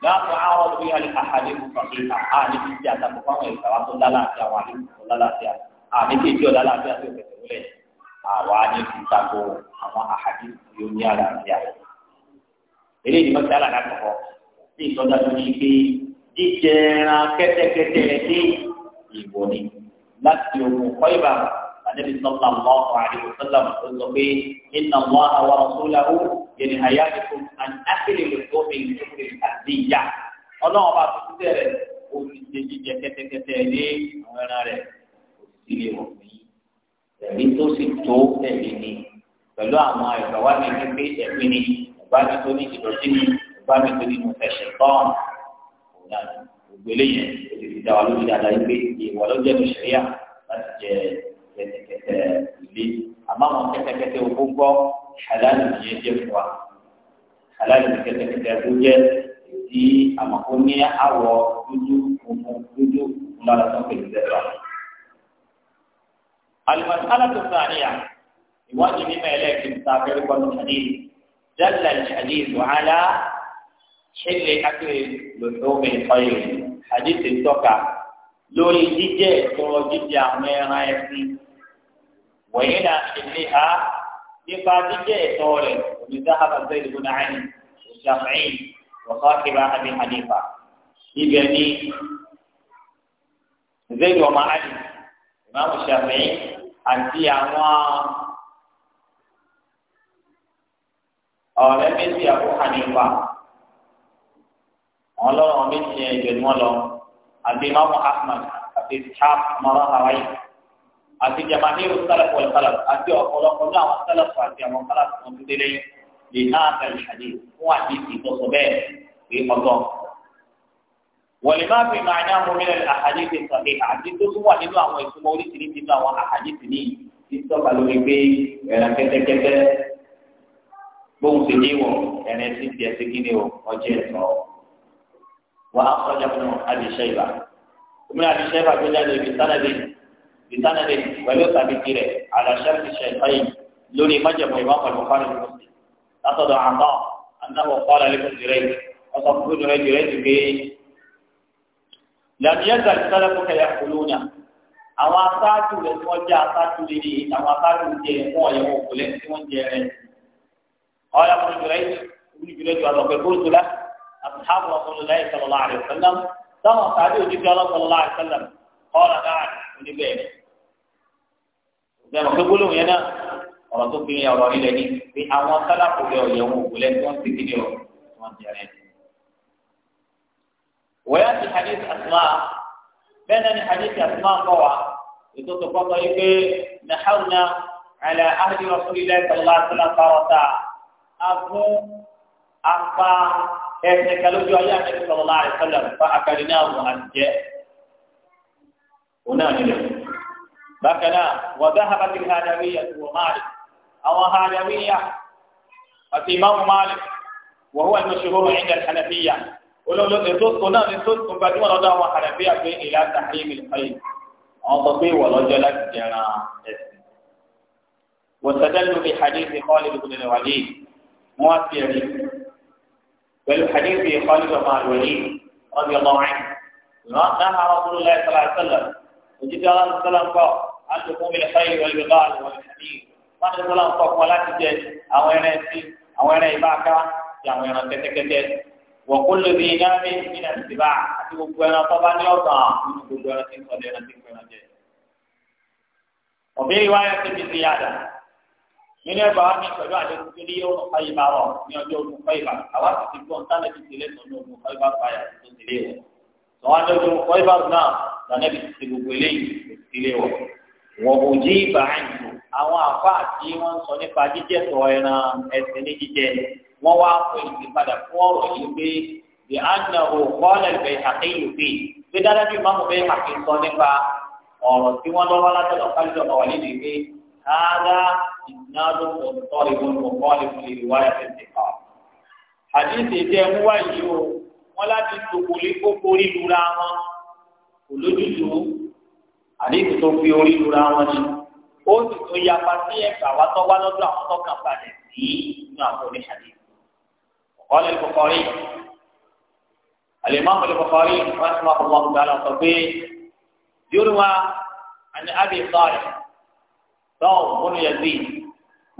Speaker 1: láàbọ̀ àwọn ọ̀gbìn àlè àhàlẹ́ ìfọ̀sọ̀lẹ̀ àhàlẹ́ ìdí àtàkùn fáwọn ìsàwá tó lálàáfíà wà ní ìfọ̀ lálàáfíà àmì kejì ọ̀ lálàáfíà tó fẹsẹ̀ wọlé àwa ní ìtako àwọn àhàlẹ́ tí ó ní àlàáfíà. eré ìdí mọ́tí àlàkà kọ̀kọ́ sí ìtọ́jà tó ní pé jíjẹ ẹran kẹ́tẹ́kẹ́tẹ́ ní ìwọ ni láti òkun kọ́ ìbàmù النبي صلى الله عليه وسلم يقول إن الله ورسوله ينهيانكم عن أكل اللحوم الكفر الأذية ọlọ́run bá tó tẹ̀ rẹ̀ ó fi ṣe jíjẹ kẹ́tẹ́kẹ́tẹ́ lé àwọn ẹran rẹ̀ kò sí lè wọ̀ fún yín ẹ̀mí tó sì tó ẹ̀mí ni pẹ̀lú àwọn ẹ̀rọ wa ní pípé ẹ̀mí ni ọba mi tó ní ìdọ̀tí ni ọba mi tó nínú ẹ̀ṣẹ̀ tán ògbélé yẹn ó ti fi dá wa lójú dáadáa yìí pé ìwà ló jẹ́ lóṣèlú yà láti jẹ kẹ̀tẹ̀kẹ̀tẹ̀ ilé àmọ́ àwọn kẹ̀tẹ̀kẹ̀tẹ̀ owó gbọ́ halal yẹn jẹ́ fún wa halal yẹn kẹ̀tẹ̀kẹ̀tẹ̀ owó jẹ́ èyí àmọ́kó ní àwọ̀ dúdú funfun dúdú lára tó kéde dẹ́gbà. alimọ̀tí alákòóso àníyà ìwádìí mímọ̀ ẹlẹ́ẹ̀kì ta fẹ́rẹ́ kọ́ دل الحديث على حل أكل لحوم الخير حديث التوكا lórí jíjẹ ìtọrọ jíjẹ àwọn ẹran ẹsìn wọ̀nyí na ìdílé ha nípa jíjẹ́ ẹ̀tọ́ rẹ̀ onídàáhàbà zayd ibn ali shafi'i wàkàkìrà abi hanifa ibẹ̀ ni zayd ọmọ ali imaamu shafi'i àti àwọn ọ̀rẹ́ méjì àbú hanifa àwọn ọlọ́run méjì yẹn jẹ̀ ní wọn lọ àti imaamu ahmad àti ishaq mọ́ra hawaii àti jamaahiru sálàfù wal sálàfù àti ọ̀pọ̀lọpọ̀ ní àwọn sálàfù àti àwọn sálàfù wọn ti délé lè ná àtàlẹ̀ àdé fún àdéhùn ìtọ́sọ bẹ́ẹ̀ pé ọ̀tọ̀. wọ̀lẹ̀ máa fi máa ní àwọn mìíràn àhàdé ti sàlẹ̀ àti tó tún wà nínú àwọn ìtumọ̀ oríṣiríṣi nínú àwọn àhàdé ti ní ìtọ́ka lórí pé ẹ̀ràn kẹ́tẹ́kẹ́tẹ́ bóun ti ní wọ̀ ẹ̀ràn ti tiẹ̀ ti kí bisanade pẹ̀lú sàbìtì rẹ̀ alasẹ́fì ṣẹ̀fẹ́yìn lórí májèmọ̀ ìmáàmù Bukhari mùsùlùmí látọ̀dọ̀ àmọ́ anáwó kọ́ra lẹ́kùn jìrẹ́ ọ̀sán fún jìrẹ́ jìrẹ́ ti gbé. làmìyẹ́ gàdí sálẹ̀ fún kẹyà kúlúùnà àwọn asáájú rẹ̀ tí wọ́n jẹ́ asáájú líle àwọn asáájú jẹ fún ọ̀yẹ̀wò òkúlẹ̀ tí wọ́n jẹ rẹ̀. ọ̀yà fún jìrẹ́ fún jìrẹ́ ju àlọ́pẹ̀ kóòtùlá àtúnṣàbọ̀ ọ̀sán lọ́láyé sọ̀rọ̀ láàrin ìjọba pé gbólóhùn yẹn náà ọ̀rọ̀ tó fi ọ̀rọ̀ ilẹ̀ ní pé àwọn sálàkù lẹ ọ̀yẹ̀ wọn òkú lẹ tí wọ́n ti kéde ọ̀ wọ́n ti rẹ̀. wọ́yá ti hadith asma bẹ́ẹ̀ náà ni hadith asuma ń bọ̀ wá ètò tó kọ́ sọ yìí pé nàhàwùnà àlẹ́ ahdi rasulillah sallallahu alaihi wasallam fàrọ̀tà a fún apá ẹsẹ̀ kalójú ayé àti sallallahu alaihi wasallam fa àkàrí náà wọ́n á jẹ́ òun náà nílẹ̀. بكلا وذهبت الهادوية ومالك أو هادوية الإمام مالك وهو المشهور عند الحنفية ولو لطلق نام لطلق بدون رضا وحنفية إلى تحريم الخير أعطبي ولجلت جنا وتدل حديث خالد بن الوليد مؤثر بل حديث خالد بن الوليد رضي الله عنه نهى رسول الله صلى الله عليه وسلم وجد الله صلى الله عليه وسلم àtòkùn mi lè fẹ́ ìwé ìwé bá àwọn ìṣẹ̀lẹ̀ wọn ti sọ́lá ń kọ́ fún wa láti jẹ àwọn ẹran ẹtì àwọn ẹran ìbáka àti àwọn ẹran kẹ́tẹ́kẹ́tẹ́ wọ́n kó lóbi iná mi nínú ìdìbà àti gbogbo ẹran tó bá ní ọ̀gàn nínú gbogbo ẹran tí ń sọdẹ ẹran tí ń pẹran jẹ. òbí wa ti di ti yàdà nínú ẹ̀bà wa ní pẹ̀lú àdéhùn tó ní ọ̀nà fáyìbá rọ̀ ní ọjọ́ ogun fáyìbá àwa wọ́n kò jí ibà àyùn àwọn àfáà tí wọ́n sọ nípa jíjẹ́ tọ́ ẹran ẹ̀sìn ní jíjẹ wọ́n wá pè é padà fún ọ̀rọ̀ yìí pé bí a ń nà ó kọ́lẹ̀ bẹ̀ àkéyè pé pé dáadáa bí mọ́mú bẹ́ẹ̀ àké sọ nípa ọ̀rọ̀ tí wọ́n lọ́wọ́ látọ̀dọ̀ kálídọ̀ ọ̀wálé ní pé káàdá ìdínádó òtítọ́ ìbọn kọ́lẹ̀ fún ìwáyà tẹ̀sí pa. àdéhùn tẹ̀ àdéhùn tó fi orí lura wọn ni ó sì tún yapa sí ẹ̀ka wa tó wá lọ́dọ̀ àwọn tó kàn balẹ̀ sí inú àwọn oníṣàdé. ọ̀kọ́lẹ̀ Bukhari alimami Bukhari rahimahullah ta'ala sọ pé yorùbá àni abi sọ̀rẹ̀ sọ̀rọ̀ fúnnu yẹ̀dí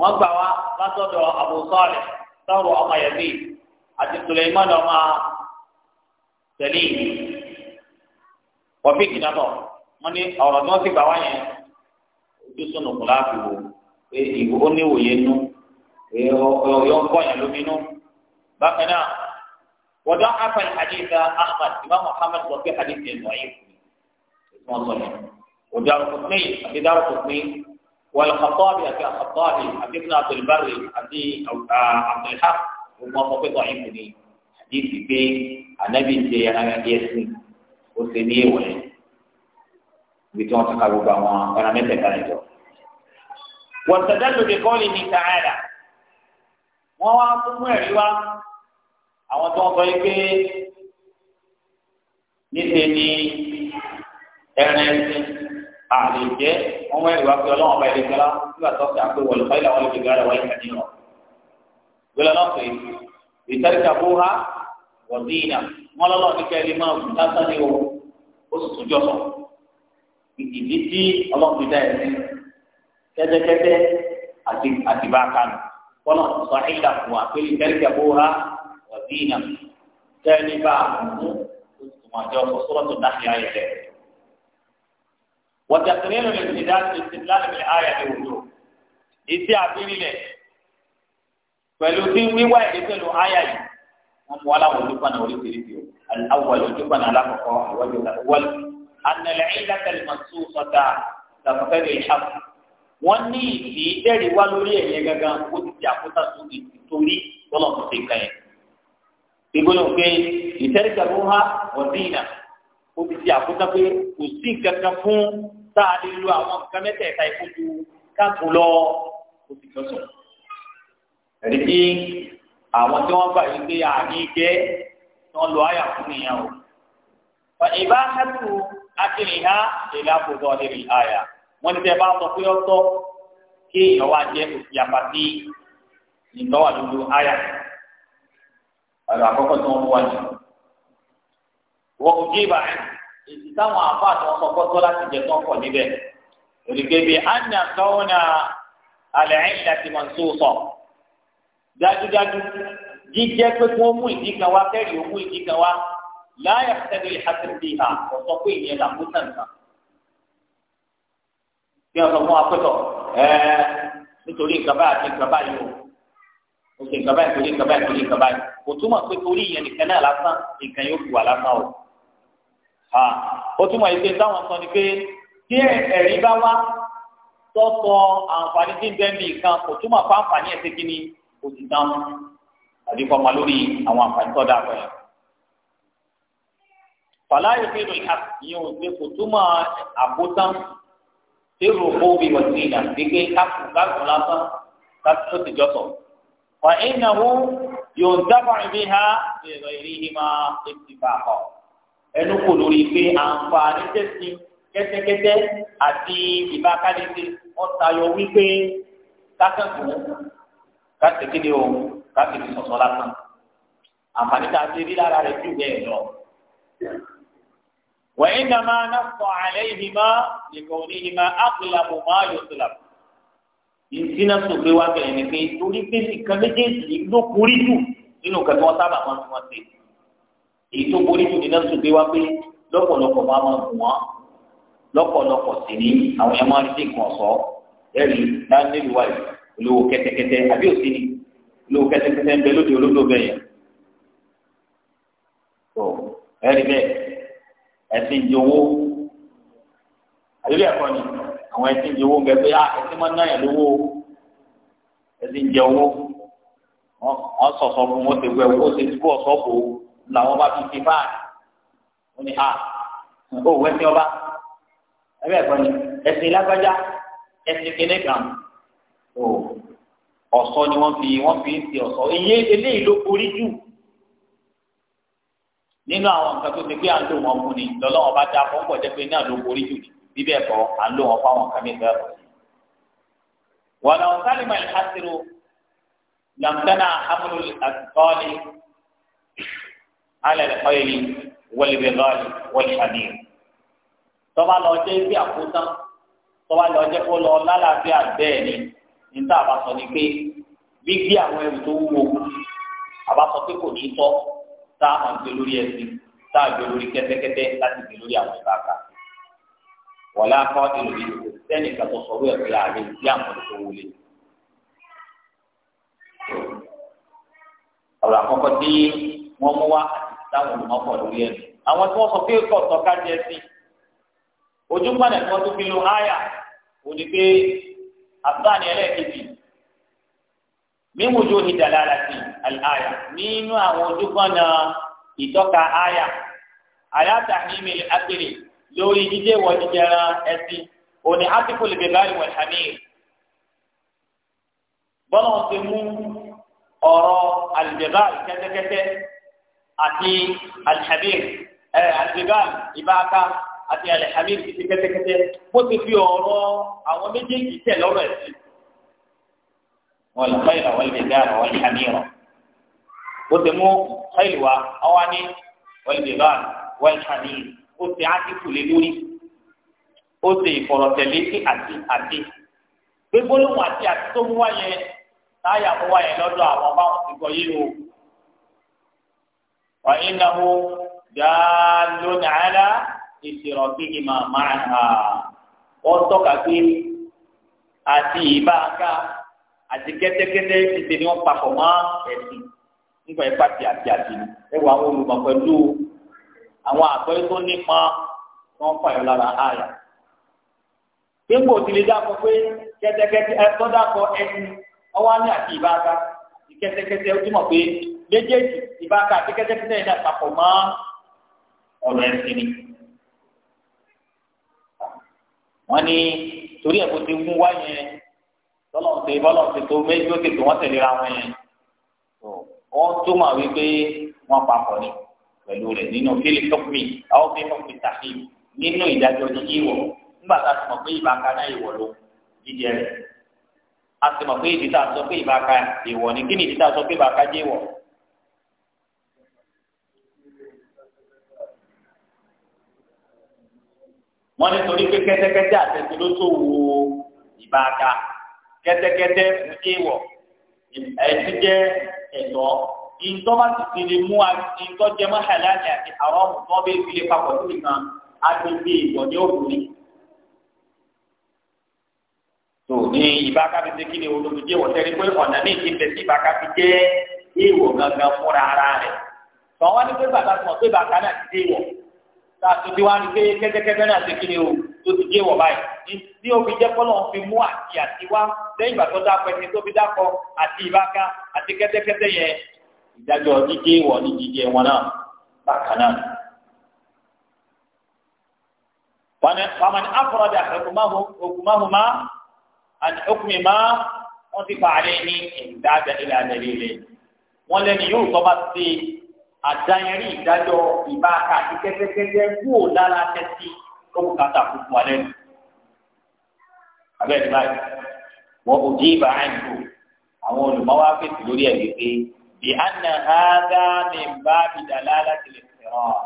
Speaker 1: wọ́n gbà wá látọ̀dọ̀ Abu Salih sọ̀rọ̀ ọmọ yẹ̀dí àti Suleiman ọmọ sẹ̀lí wọ́n fi kìnnà bọ̀ wọn ní ọ̀rọ̀ tí wọ́n ti gbà wá yẹn ojú sọnù kò láàbì wò pé ìwò ó ní òye nú ọyọ ń kọ́ yẹn lómi nú bákan náà wọ́n dán afẹ́lẹ́ haditha ahmad imam muhammad sọ pé hadith yẹn lọ́ọ́ yẹn fún wọn sọ yẹn wọ́n dárò kò pín àti dárò kò pín àti Khattabi àti ibn Abdul àti Abdul Haq wọ́n sọ pé lọ́ọ́ yẹn fún ni hadith pé anabi ṣe ẹ̀sìn ó ṣe ní ìwọ̀lẹ́ ibi tí wọ́n ti ka gbogbo àwọn ọ̀nà mẹ́tẹ̀ẹ̀ta nìjọ. wọ̀sẹ̀dẹ́lù bí kọ́ọ̀lì ní sàáyà wọ́n wá fún ẹ̀rí wá àwọn tó ń sọ yìí pé níṣẹ́ ni ẹran ẹsìn àlè jẹ́ wọ́n wá ẹ̀rí wá pé ọlọ́wọ́n bá ẹ̀rí gbẹ́lá nígbà tó ṣe àpé wọ̀lú fáìlà wọn lè gbẹ́lá wọ́n ìkàdé lọ. gbẹ́lá náà pé ìtàríkà bó ha wọ̀ dínà wọ́n lọ́lọ́ ìdí tí ọlọ́run fi dá ẹ̀sìn kẹ́tẹ́kẹ́tẹ́ àti àtìbá kanu kọ́nà sọ ẹ̀yà fún wa pé ìbẹ́rẹ̀kẹ́ bó ra wàbí ìnà tẹ́lẹ̀ bá a mú tòmọ̀jọ́ kó sọ́rọ́tò dáhì ayẹ rẹ̀. wọ́n tẹ̀sán nínú ìdílé ìdílé ìdílé ayẹ rẹ̀ wòlò ìdí àbírílẹ̀ pẹ̀lú tí wíwá ìdí pẹ̀lú ayẹ yìí wọ́n mú aláwọ̀ ojú أن العلة المنصوصة تقتضي الحق wọ́n ní ìdí dẹ́rì wá lórí ẹ̀yẹ gangan ó ti di àkótá sórí torí bọ́lá kò ṣe kàn yẹn. ìgbóná pé ìtẹ́rìkàbó ha ọ̀dínà ó ti di àkótá pé kò sí kankan fún tá a lè lo àwọn nǹkan mẹ́tẹ̀ẹ̀ta ìfojú káàkó lọ ó ti jọ sùn. ẹ̀rí tí àwọn tí wọ́n gbà yí pé àní jẹ́ tí wọ́n lo àyà fún nìyẹn o. ìbá hàtù akínìhá ìlà àbùdó ọ̀dẹ̀rì àyà wọ́n ti tẹ́ bá sọ pé ọ̀tọ̀ kí èèyàn wá jẹ́ òsìyàpá sí ìtọ́wà lójú àyà ọ̀rọ̀ àkọ́kọ́ tí wọ́n mú wájú. wọ́n kò jí ibà èsì táwọn àbá tí wọ́n sọ pé tọ́lá ti jẹ tó ń pọ̀ níbẹ̀ òdìgbébé àná tọ́wọ́n na alẹ́ láti mọ̀ tó sọ dájúdájú jíjẹ́ pé kí wọ́n mú ìdí kan wá kẹ́rì ó mú ìdí kan wá láyà tẹ́lẹ̀ ìhàtẹ́ bíi hà ọ̀sọ́ pé ìyẹn là mú sàǹtà. bí wọ́n sọ fún apẹ́tọ̀ ẹ̀ẹ́ nítorí nǹkan báyìí àti nǹkan báyìí o o ṣe nǹkan báyìí torí nǹkan báyìí torí nǹkan báyìí kò túmọ̀ pé torí ìyẹn nìkan náà lásán nǹkan yóò fi wà lásán o. ó túmọ̀ yìí pé táwọn sọ ni pé tí ẹ̀rí bá wá tọ́sọ àǹfààní tí ń bẹ́ẹ̀ mi kan kò túmọ̀ fún àǹfààní ẹ̀ fàlàyé fèrè ìhàp yẹn ò dé kò túmọ̀ àbótán fèrè òbí wà sí ìlà gbégbé kápù kápù lásán kápù tó ti jọ́sọ̀. wà ìnáwó yóò dábàá ìbí ha bẹ̀rẹ̀ ìrí ìmọ̀ ìtìbà ọ̀ ẹnu kò lórí pé àǹfààní tẹ̀sí kẹ́tẹ́kẹ́tẹ́ àti ìbákálẹ́sẹ̀ wọ́n tayọ wípé kákẹ́kọ̀ọ́ kásìkéde o kásìkéde sọ̀sọ́ lásán àǹfààní tá rí lára rẹ̀ jù bẹ́ẹ̀ lọ. وإنما نص عليهما لكونهما أقلب ما يطلب ìsínà sọ̀gbẹ́ wa bẹ̀rẹ̀ ní pé torí pé nìkan méjèèjì ló kórí jù nínú nǹkan tí wọ́n sábà máa ń wọ́n ṣe èyí tó kórí jù nínú sọ̀gbẹ́ wa pé lọ́pọ̀lọpọ̀ máa máa gùn wọ́n lọ́pọ̀lọpọ̀ sì ni àwọn ẹ̀ máa ń dín nǹkan ọ̀sọ́ ẹ̀rí dáńdélu wáyé olówó kẹ́tẹ́kẹ́tẹ́ àbí òsì ni olówó kẹ́tẹ́kẹ́tẹ́ ń bẹ lóde olódò bẹ́ẹ̀ yẹn ẹ̀rí bẹ́ẹ̀ ẹ̀sìn ìjòwó àdúgbò ẹ̀kọ́ ni àwọn ẹ̀sìn ìjòwó ń bẹ pé á ah, ẹ̀sìn máa ń náyà lówó ẹ̀sìn ìjẹwó wọ́n sọ̀sọ̀ fún wọn ti wẹ̀ wọ́n ti bọ̀ sọ́ọ̀bù làwọn bá fi ti fáàlì wọ́n ni á ah, ó wẹ́ sí ọba ẹ̀bẹ̀ ẹ̀kọ́ ni ẹ̀sìn lágbájá ẹ̀sìn kéde kan ni wọ́n fi wọ́n fi ń ti ọ̀sọ́ iye eléyìí ló forí jù nínú àwọn nǹkan tó ti pé à ń lò wọn fún ni lọ́lọ́wọ́ bá dá fún pọ̀jẹ́ pé náà ló borí jù ní bíbẹ́ ẹ̀kọ́ à ń lò wọn fún àwọn nǹkan mi fẹ́ wọn lọ sálímù ìhásírò làmtánà amúlò àtìkọ́ọ́lì alẹ́ ọ̀yẹ́lì wọlébẹ́lọ́ọ̀lì wọlébàdì tọ́ba lọ jẹ́ ibi àkótán tọ́ba lọ jẹ́ kó lọ lálàáfíà bẹ́ẹ̀ ni níta àbá ni pé gbígbé àwọn ẹrù tó wúwo àbá pé kò ní tọ́ tá a máa gbé lórí ẹsìn tá a gbé lórí kẹ́tẹ́kẹ́tẹ́ láti gbé lórí àwọn ìta ká wọlé akọ ìlú yìí kò sẹ́ni ìgbà tó sọ̀rọ̀ ẹ̀ pé ààrẹ ìdí àwọn ìṣó wọlé. ọ̀rọ̀ àkọ́kọ́ tí wọ́n mú wá táwọn olùmọ̀kọ̀ lórí ẹ̀ àwọn tí wọ́n sọ pé kọ̀ tọ́ka jẹ sí ojú pàdé tí wọ́n fi lo áyà òní pé àbúrò àni ẹlẹ́ẹ̀kejì min wujuhi dalalati al-aya nínú àwọn ojúkọ́nà ìtọ́ka aya ala tahrimi al-akli lórí jíjẹ wọ jíjẹra ẹsìn òní atiku al-bigari wal-hamir bọ́lá wọn ti mú ọ̀rọ̀ al-bigari kẹ́tẹ́kẹ́tẹ́ àti al ẹ̀ al-bigari àti al kẹ́tẹ́kẹ́tẹ́ bó ti fi ọ̀rọ̀ àwọn méjèèjì tẹ̀ lọ́rọ̀ ẹ̀sìn. والخيل والبغال والحمير وتمو خيل وأواني والبغال والحمير وتعاتي كل دوري ó ṣe ìfọ̀rọ̀tẹ̀lé sí àti àti gbégbólóhùn àti àti tó mú wáyé táyà mú wáyé lọ́dọ̀ àwọn báwọn ti gbọ́ yìí o. wà á iná mú dááló nàárà ìṣirò bí ìmọ̀ máa hà. wọ́n tọ́ka pé àti ìbáàgá àti kẹ́tẹ́kẹ́tẹ́ ìpè ni wọ́n papọ̀ mọ́ ẹ̀sìn nípa ẹ̀ pàtì àti àti ẹ wọ àwọn olùmọ̀ pẹ̀lú àwọn àgbẹ̀ tó nípa wọn fàyọ̀ lára àyà. gbégbó ti lè dáko pé kẹ́tẹ́kẹ́tẹ́ ẹ tó dáko ẹ̀sìn ọwọ́ ní àti ìbáka kẹ́tẹ́kẹ́tẹ́ ó túmọ̀ pé méjèèjì ìbáka àti kẹ́tẹ́kẹ́tẹ́ yìí náà papọ̀ mọ́ ọ̀rọ̀ ẹ̀sìn ni. wọ́n ní torí ẹ̀ bó ti mú wáyẹn bọ́lọ̀n ti bọ́lọ̀n ti tó méjì lókè tó wọ́n tẹ̀léra wọn yẹn tó wọ́n túmọ̀ wípé wọ́n papọ̀ ni pẹ̀lú rẹ̀ nínú kílì tọ́kùmí àwọn fi tọ́kùmí tàfi nínú ìdájọ́ ní ìwọ̀ nígbà tá a ti mọ̀ pé ìbáka náà ìwọ̀ ló jíjẹ rẹ̀ a ti mọ̀ pé ìdí tá a sọ pé ìbáka ìwọ̀ ni kí ni ìdí tá a sọ pé ìbáka jẹ́ ìwọ̀ wọ́n ní torí pé kẹ́tẹ́kẹ́tẹ́ àtẹ̀tẹ̀ ló tó wo ìbáka kẹ́tẹ́kẹ́tẹ́ ewọ̀ ẹtí jẹ́ ẹ̀tọ́ ìtọ́ bá ti ti lè mú ìtọ́ jẹ mọ́ halali àti àwọn ọmọ bẹ ìfilé papọ̀ sí nìkan agbègbè ìwọ̀ ní òkúri. tó ní ìbáka fi ṣe kí ni olùdíje wọ̀ sẹ́ni pé ọ̀nà ní ìdílé sí ìbáka fi jẹ́ ìwọ̀ gangan fúnra ara rẹ̀. tọ́ wọ́n ní pé bàtà sọ̀ pé bàtà náà ti dé ìwọ̀ tá a tó ti wá ní pé kẹ́tẹ́kẹ́tẹ́ náà ṣe kí ni o tó ti dé ìwọ̀ báyìí tí ó fi jẹ́ kọ́ lọ́wọ́ fi mú àti àti wá lẹ́yìn ìgbà tó dákọ ẹni tó fi dákọ àti ìbáka àti kẹ́tẹ́kẹ́tẹ́ yẹn ìdájọ́ jíjẹ wọ̀ ní jíjẹ wọn náà bákan náà. wàmán afọ̀rọ̀dà ògùnmáhùnmá àti òkùnmímá wọ́n ti pààrẹ̀ ní ìdájọ́ ìlànà ìlẹ̀ wọ́n lẹ́nu yóò tọ́ bá àdáyẹrí ìdájọ́ ìbáka àti kẹ́tẹ́kẹ́tẹ́ kúò lára tẹ́tí ó kàtà fún wa lẹ́nu abẹ́rẹ́ báyìí wọ́n kò dín ibà áyìn kù àwọn olùmọ́wá fèsì lórí ẹ̀ wípé bí a nà á dá mi bá mi dà lálá tilẹ̀ fẹ́ràn.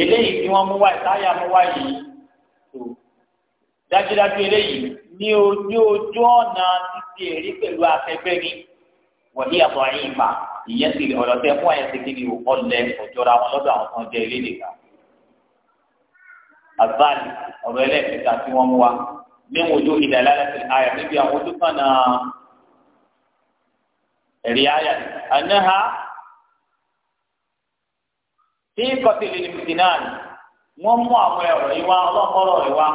Speaker 1: eléyìí tí wọ́n mú wá táyà mú wá yìí tó dájúdájú eléyìí ní ojú ojú ọ̀nà títí èrí pẹ̀lú afẹ́fẹ́ ni wọ́n ní àbọ̀ àyìn ìyẹn sì ọ̀rọ̀ tẹ fún àyẹ̀sẹ̀ kí ni ọ̀lẹ́ ọ̀jọ̀ra wọn lọ́dọ̀ àwọn kan jẹ́ ilé nìkan azali ọ̀rọ̀ ẹlẹ́ẹ̀kẹta tí wọ́n mú wa ní ojú ìdàlẹ́ àti àyà níbi àwọn ojú kan náà ẹ̀rí àyà ànáha tí kọ́tìlì ní fìtì náà wọ́n mú àwọn ẹ̀rọ yìí wá ọlọ́kọ́rọ̀ rẹ̀ wá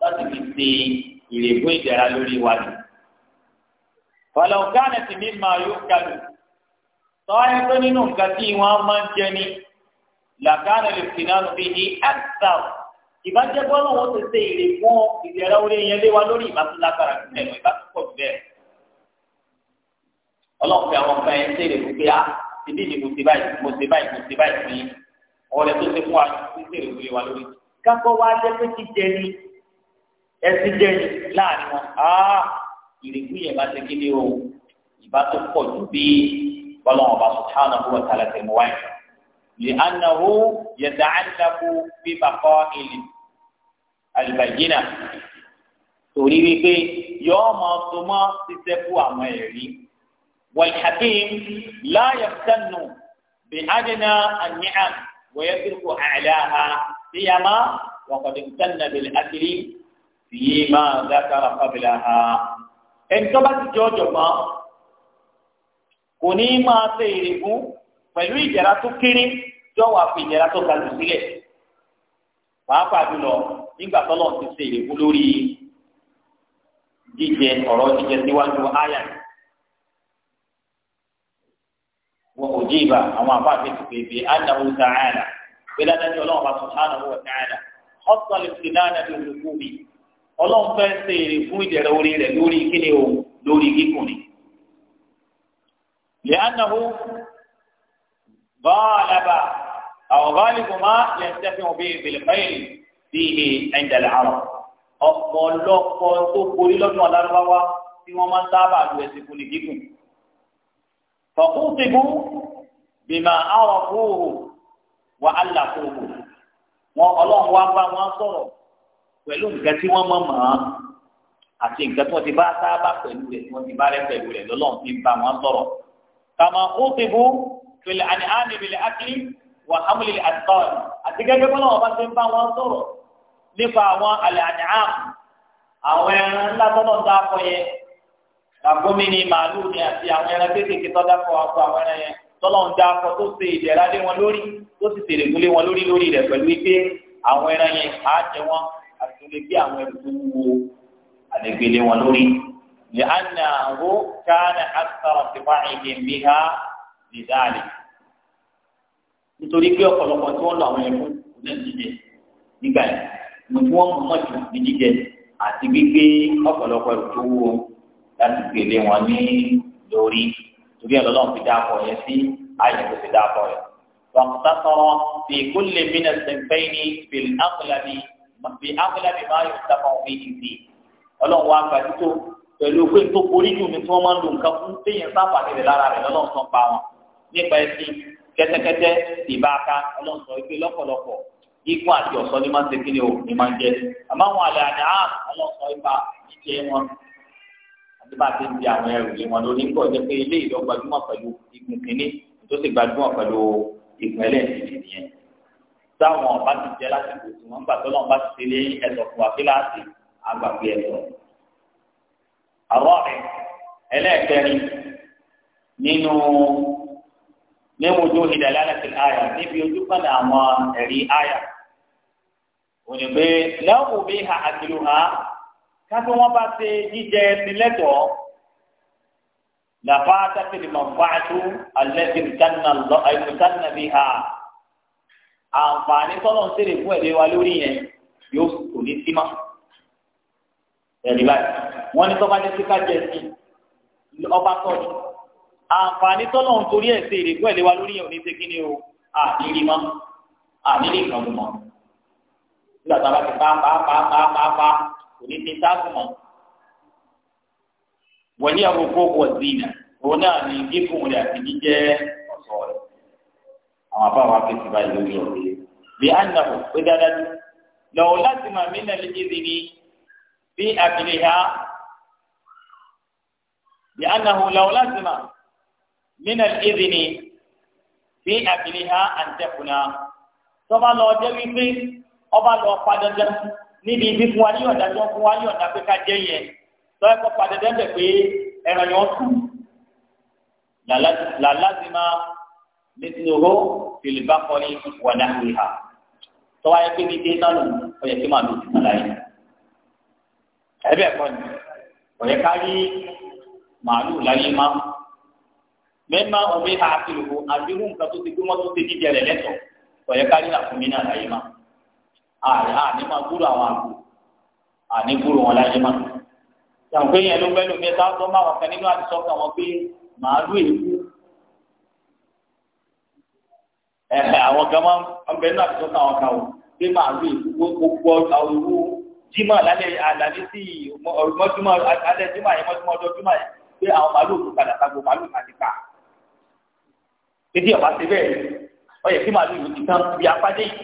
Speaker 1: láti fi ṣe ìrègùn ìdára lórí wa ni. fọlọ́gánà ti ní màá yóò kálù tọ́yẹ tó nínú nǹkan tí wọ́n máa ń jẹ ní làgánà lè fìtì náà fi ní àtàwọn ìbájẹ́ bọ́lá wọn ti ṣe èrè fún ìjẹ́ra orí yẹn lé wa lórí ìbátú lágbára sílẹ̀ lọ ìbátú pọ̀ jù bẹ́ẹ̀. ọlọ́run fi àwọn kan yẹn ṣe èrè fún pé a ah, ti bí ni mo ti báyìí mo ti báyìí mo ti báyìí fún yín ọ̀rẹ́ tó ṣe fún wa ti ṣe èrè fún wa lórí. kákọ́ wa jẹ́ pé kí jẹni ẹsìn jẹni láàrin wọn a ah, ìrègùn yẹn bá ṣe kí ni o ìbátú pọ̀ bí bọ́lá wọn bá subhanahu لأنه يتعلق ببقاء àlùbáyínà torí wípé yọọ máa so mọ́ ṣiṣẹ́ fún àwọn ẹ̀rí wàlhàkìm láàyè sànù bí adìnnà àníhàn wọ́yẹ́ fífò àìláha síyàmá wọ́kọ̀dé sànà bí àkìrí fìyé máa dákàrà fábìláha. ẹni tó bá ti jẹ́ ọ̀jọ̀gbọ́n kò ní máa ṣe èrè pẹ̀lú ìjẹ́ra tó kéré jọ́wọ́ àfi ìjẹ́ra tó ga sílẹ̀ pàápàá jùlọ nígbà tọ́lọ̀ ti ṣe ìrèkú lórí jíjẹ ọ̀rọ̀ jíjẹ síwájú áyà wọn kò jí ìbà àwọn àfáàfin ti pè pé ánàwó sàáyà pé dáadáa ọlọ́run bá sọ ánàwó sàáyà ọ̀sán lè fi dáadáa ló lùkú mi ọlọ́run fẹ́ ṣe èrè fún ìdẹ̀rẹ̀ orí rẹ̀ lórí kíni o lórí kíkùnrin. lẹ́yìn náà bá a أو غالب ما ينتفع به بالخير فيه عند العرب ọ̀pọ̀lọpọ̀ tó borí lọ́dún alárúbáwá tí wọ́n máa ń sábà lu ẹ̀sìn fúnni gígùn. fọ̀kúnṣìbú bìmà àwọn fóòrò wà á là fóòrò wọn ọlọ́run wá bá wọn sọ̀rọ̀ pẹ̀lú nǹkan tí wọ́n mọ̀ mọ́ àti nǹkan tí wọ́n ti bá sábà pẹ̀lú rẹ̀ tí ti bá rẹ̀ pẹ̀lú rẹ̀ lọ́lọ́run ti bá wọn sọ̀rọ̀. kàmá kúnṣìbú fìlà àní wà hamlil àtọ́n àti gẹ́gẹ́ bọ́lá wọn bá ti ń bá wọn sọ̀rọ̀ nípa àwọn àlẹ́ àdáhàm àwọn ẹran ńlá tọ́lọ̀ ń dáko yẹn làgómi ni màálù ni àti àwọn ẹran kéékèèké tó dáko àpò àwọn ẹran yẹn tọ́lọ̀ ń dáko tó ṣe ìdẹ̀ra lé wọn lórí tó sì ṣe ìrègùn wọn lórí lórí rẹ̀ pẹ̀lú wípé àwọn ẹran yẹn á jẹ wọn àti lè àwọn ẹrù tó wúwo àlẹ́gbẹ̀lẹ̀ wọn lórí. لأنه كان أكثر ارتفاعهم بها لذلك nítorí pé ọ̀pọ̀lọpọ̀ tí wọ́n lọ àwọn ẹ̀fọ́ kò náà jíjẹ nígbà yẹn mo tí wọ́n mọ̀ jù ní jíjẹ àti gbígbé ọ̀pọ̀lọpọ̀ ẹ̀rù tó wúwo láti gbèlè wọn ní lórí torí ẹ̀rọ náà fi dá akọ yẹn sí ayé tó fi dá akọ yẹn. واقتصر في كل من الصنفين في الأغلب في أغلب ما يتبع فيه فيه ọlọ́run wá gbajú tó pẹ̀lú pé tó borí jù ní tí wọ́n máa ń lo nǹkan fún téèyàn sáfà nílẹ̀ lára rẹ̀ lọ́lọ́run tó pa wọn nípa ẹsìn kẹ́tẹ́kẹ́tẹ́ ìbáka ọlọ́sọ ìpè lọ́pọ̀lọpọ̀ ikú àti ọ̀sọ́ ni máa ń sekele o ni máa ń jẹ àmọ́ àwọn àlẹ́ àdá ọlọ́sọ ìpa jíjẹ wọn àti bá a ti ń di àwọn ẹrù lé wọn lórí nígbà ọjọ́ pé ilé ìlọ gbajúmọ̀ pẹ̀lú ikùn kínní tó sì gbajúmọ̀ pẹ̀lú ikùn ẹlẹ́ẹ̀kejì nìyẹn táwọn ọba ti jẹ lásìkò tí wọn gbà tọ́lọ́ ọba ti ṣe lé ẹ̀sọ̀ fún wa kíláàsì àgbàgbé ẹ̀sọ̀ àwọn ẹlẹ́ẹ̀kẹrin nínú min wujuhi dalalati al-aya níbi ojú kan àwọn ẹ̀rí àyà òní pé lẹ́wọ̀n bí ha àtìlú ha kátó wọn bá ṣe jíjẹ nílẹ̀tọ̀ làbá tàbí mọ̀fáàtú alẹ́sì ìtànà bí ha àǹfààní tọ́lọ̀ ń ṣẹlẹ̀ fún ẹ̀dẹ́ wa lórí yẹn yóò kò ní sí mọ́ ẹ̀rí báyìí wọ́n ní tọ́ba ní síkájẹ́ ọba tọ́jú àǹfààní tọ́lọ̀ ń torí ẹ̀ ṣe ìrègùn ẹ̀lẹ́wà lórí ẹ̀ ò ní ṣe kí ni o àdírí mọ́ àdírí nǹkan mú mọ́ nígbà tá a bá ti pa pa pa pa pa pa kò ní ti sáàbù mọ́ wọlé àkókò wọ̀ zina òun náà ní gígùn rẹ̀ àti jíjẹ́ ọ̀sọ̀ rẹ̀ àwọn àbá wa fi tìbá ìlú yọ̀ bí a nà ó pé dáadáa lọ́wọ́ láti máa mí nà lè ní bí min al-idhni bí àbílíhá àǹtẹ̀kùnà tọ́ba lọ jẹ́ wípé ọba lọ padàdà níbi ibi fún wa ní ọ̀dà tí wọ́n fún wa ní ọ̀dà pé ká jẹ́ yẹn tọ́wọ́ kọ́ padàdà bẹ̀ pé ẹ̀ràn yẹn kú làlázìmá lẹ́tìlóhó fìlìbákọ́ni wọ̀dà ìhà tọ́wọ́ ayé pé ní dé sálù ọ̀yẹ̀ kí màá lò sí sálà yìí ẹ̀bẹ̀ kọ́ni ọ̀yẹ̀ ká rí màálù láyé máa mẹ́mà ọ̀bẹ àkìlùkù àdéhùn nǹkan tó ti gbé wọ́n tó ti jíjẹ rẹ̀ lẹ́tọ̀ ọ̀yẹ́ kárí làkúnmí náà láyé má ààrẹ àní máa gbúrò àwọn àgbò àní gbúrò wọn láyé má. ṣàǹpé yẹn ló gbẹ́lú mi ẹ̀ta tó máa wọ̀ kan nínú àdìsọ́ kan wọn pé màálù èkú ẹ̀hẹ̀ àwọn kan máa ń bẹ nínú àdìsọ́ kan wọn kan o pé màálù èkú gbogbo àwòrú jimá lálẹ́ àlàlẹ́ sí mọ́júmọ́ alẹ́ jimá yẹn mọ́júmọ́ ọjọ́ jimá yẹn pé àwọn màálù òkú padà màálù kàdíkà etí ọba ti bẹ́ẹ̀ ọ yẹ kí màálù yìí ti tán bí apádé yìí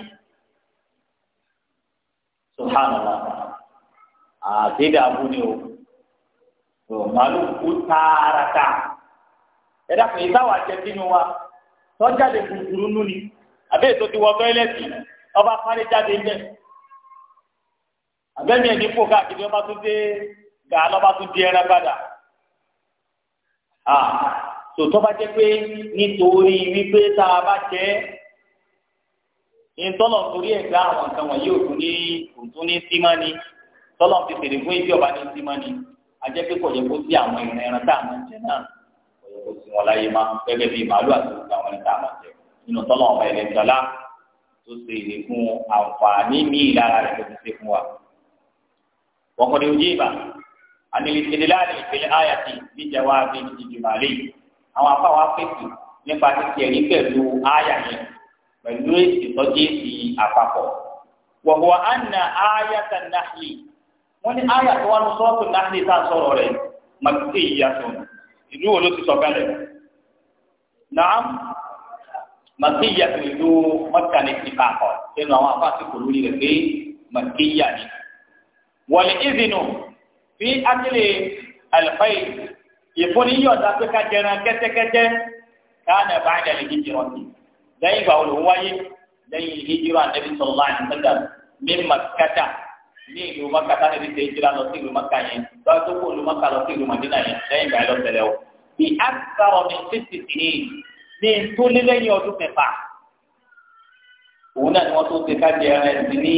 Speaker 1: subhanallah abúlé o màálù kú tààràtà ẹ̀dá pé ìtawà jẹ sínú wa tọ́jáde kùkùrú ni àbẹ́ ètò ti wọ ọba parí jáde ń àbẹ́mi ẹ̀ ní kó káàkiri ọba tó dé gàá lọ́ba tó di ẹran padà. tòótọ́ bá jẹ́ pé nítorí wípé tá a bá jẹ́ ìtọ́lọ̀ torí ẹ̀dá àwọn nǹkan wọ̀nyí òtún ní òtún ní símánì tọ́lọ̀ ti tèrè fún ibi ọba ní símánì ajẹ́ pé kọ̀yẹ́ kó sí àwọn ìrìn ẹran tá a máa ń jẹ náà kọ̀yẹ́ kó sí wọn láyé máa gẹ́gẹ́ bíi màálù àti òkúta wọn tá a máa jẹ nínú tọ́lọ̀ ọba ẹ̀lẹ́dọ́lá tó ṣe ìrè fún àǹfààní míì lára rẹ̀ tó ti ṣe fún wa. wọ́n kọ́ ojú ìbà ànílẹ̀ ìṣẹ̀lẹ̀ láàrin ìpínlẹ̀ àwọn afáwa fèsì nípa títí ẹ̀rí pẹ̀lú àyà yẹn pẹ̀lú èsì tọ́jú èsì àpapọ̀. wọ̀wọ̀ àna àyà tà nàhì wọ́n ní àyà tó wọn sọ́ọ̀tù nàhì tá a sọ̀rọ̀ rẹ̀ màtúntì ìyàtọ̀ ìlú wo ló ti sọ kalẹ̀ náà màkìyà tó ìlú mọ́tàlẹ́ ti bá kọ́ sínú àwọn afáàsì kò lórí rẹ̀ pé màkìyà ni. wọ̀lẹ̀ ìzìnnù fi ákìlẹ̀ àlùfáì ìfúnni yọ̀ǹda pé ká jẹran kẹ́tẹ́kẹ́tẹ́ káàdà bá ń jẹ̀lẹ̀ jíjì rọ̀ sí lẹ́yìn ìgbà olùwọ́n wáyé lẹ́yìn ìhíjìrọ̀ àdẹ́bí sọ̀rọ̀ àdìsẹ́dà ní màkàtà ní ìlú màkàtà níbi tẹ̀ ìjìrà lọ sí ìlú màkà yẹn lọ́wọ́ tó kó ìlú màkà lọ sí ìlú màdínà yẹn lẹ́yìn ìgbà lọ tẹ̀lé o. bí a sọ̀rọ̀ ní fífi tìní ní ntúlé lẹ́yìn ọdún mẹ́fà òun náà ni wọ́n tó ti ká jẹran ẹ̀sìn ní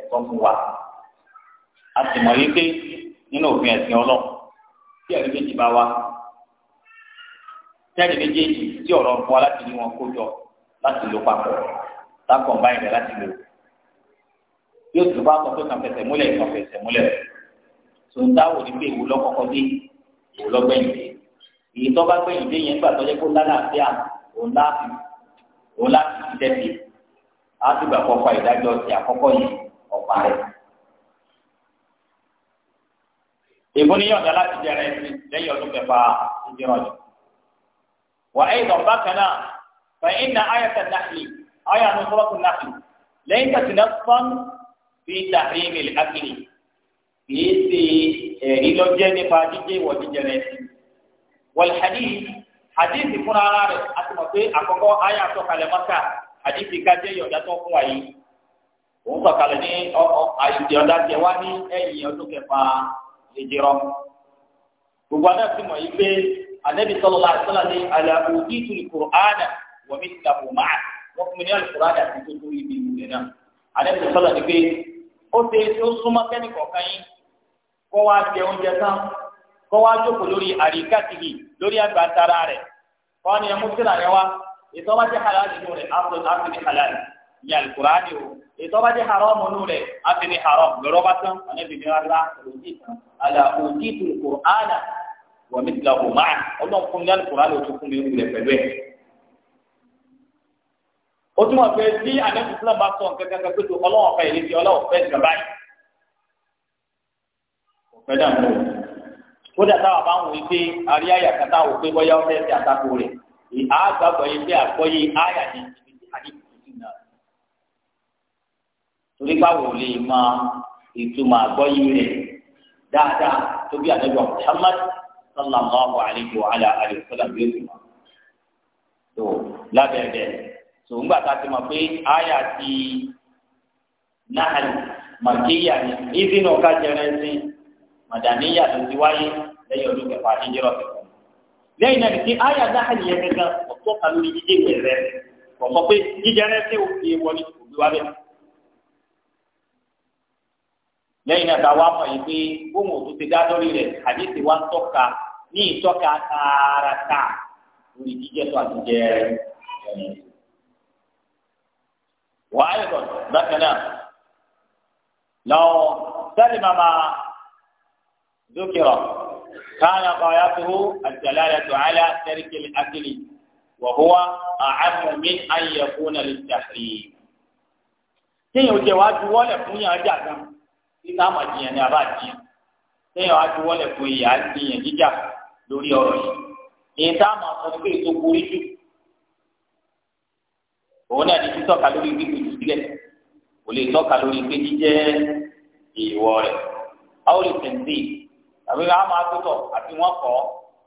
Speaker 1: ẹ̀kọ́ fún wa a sì mọ̀ tí ẹ̀rí méjì bá wá tí ẹ̀rí méjèèjì tí ọ̀rọ̀ ń fọ́ láti ní wọn kó jọ láti lò papọ̀ lákàn báyìí rẹ̀ láti lò yóò tún bá sọ pé kàn fẹsẹ̀ múlẹ̀ kàn fẹsẹ̀ múlẹ̀ tó ń dáwò ní pé èwo lọ́kọ́kọ́ dé èwo lọ́gbẹ̀yìn dé èyí tó bá gbẹ̀yìn dé yẹn nígbà tó yẹ kó lálàáfíà òun láti òun láti ti dẹ́bi á ti gbà kọ́ ìdájọ́ ti àkọ́kọ́ yìí ọ̀pá rẹ̀. èbó ni yọ̀ǹda láti jẹrẹ ẹsìn lẹ́yìn ọdún kẹfà ìdíran jù. wà á ìdàn bákan náà fà ìnà ayẹ̀tẹ̀ nàkìlì ayé àánú sọ́lọ́tù nàkìlì lẹ́yìn tẹ̀sí náà fọ́n fi dàrí mìlì àkìlì kìí ṣe ẹ̀rí lọ́jẹ́ nípa jíjẹ́ ìwọ̀ jíjẹrẹ ẹsìn. wọ́n hadith hadith fúnra ara rẹ̀ a ti mọ̀ pé àkọ́kọ́ ayé àtọ́kalẹ̀ mọ́ta hadith kájẹ́ yọ̀ǹda tó fún wa yìí. òun sọ̀kalẹ̀ ní ọ̀ hijira gbogbo àná ti mọ̀ yìí pé anabi sallallahu alaihi wasallam ní ala utitu al-Qur'ana wa mithlahu ma'a wọ́n fún mi ní al-Qur'ana àti tó tó ibi ìwé náà anabi sallallahu ní pé ó ṣe ó súnmọ́ kẹ́ni kọ̀ọ̀kan yín kó wá jẹ oúnjẹ tán kó wá jókòó lórí àríkàtìhì lórí àgbà tara rẹ̀ kọ́ ni mú sílà yẹn wá ìtọ́wájú halal nínú rẹ̀ áfíríkà halal ní alukurani o ètò ọba jẹ haramu nù rẹ àti ní haramu lọ́rọ̀ bá tán ànábì ní rárá òjì àlà òjì tó kur'ana wà mí tìlà òmà ọlọ́run fún ní alukurani o tó fún mi rú rẹ pẹ̀lú ẹ̀. o tún wà pé tí ànábì fúlọ̀ bá sọ nǹkan kankan pé tó ọlọ́run ọ̀fẹ́ yìí ti ọlọ́run fẹ́ jù báyìí. ọ̀fẹ́ dà nù. kódà táwa bá ń wò pé àríyá yàtọ̀ táwa ò pé bọ́yá ọ̀fẹ́ ti àtakò rẹ̀ àgbàgbọ́ yìí pé àgbọ́yé áyà ni ìbí torí báwo lè mọ ìtumọ̀ àgbọ́yé rẹ̀ dáadáa tó bí àdébọ̀ Muhammad sallallahu alayhi wa alayhi wa sallam yóò fi tó lábẹ́ẹ̀bẹ́ tó ń gbà ti mọ̀ pé àyà ti nahali màkìyà ni ìdínà ọ̀ka jẹrẹ sí màdàníyà tó ti wáyé lẹ́yìn ọdún kẹfà ìjírọ̀ lẹ́yìn náà ti àyà yẹn lórí jíjẹ́ rẹ̀ pé rẹ̀ wọlé òbí wa bẹ́ẹ̀. lẹ́yìn náà ta wá mọ̀ yìí pé bóun ò tún ti dá lórí rẹ̀ àdéhùn wa ń tọ́ka ní ìtọ́ka tààràtà lórí jíjẹ tó àti jẹ ẹni. wàhálà ìbọn bákan náà lọ sẹ́lẹ̀ màmá dúkìrọ̀ káyọ̀ kọ̀ọ̀yà tó àjàlá rẹ̀ tó àlà sẹ́ríkìlì àkìlì wàhùwà àhàmùmí ayẹ̀kú nàlẹ́ jàfẹ́. kéèyàn jẹ wá ju wọ́lẹ̀ fún yàrá jà kan tí táwọn àjìyàn ni àbá àjìyàn lẹ́yìn wá wọlé fún ìyá àjìyàn jíjà lórí ọ̀rọ̀ yìí èyí táwọn àwọn sọ pé ètò jù òun náà ní títọ́ka lórí gbígbé jù kò lè tọ́ka lórí pé jíjẹ́ ìwọ rẹ̀ àwọn lè tẹ̀sí tàbí ká máa tótọ̀ àti wọ́n kọ́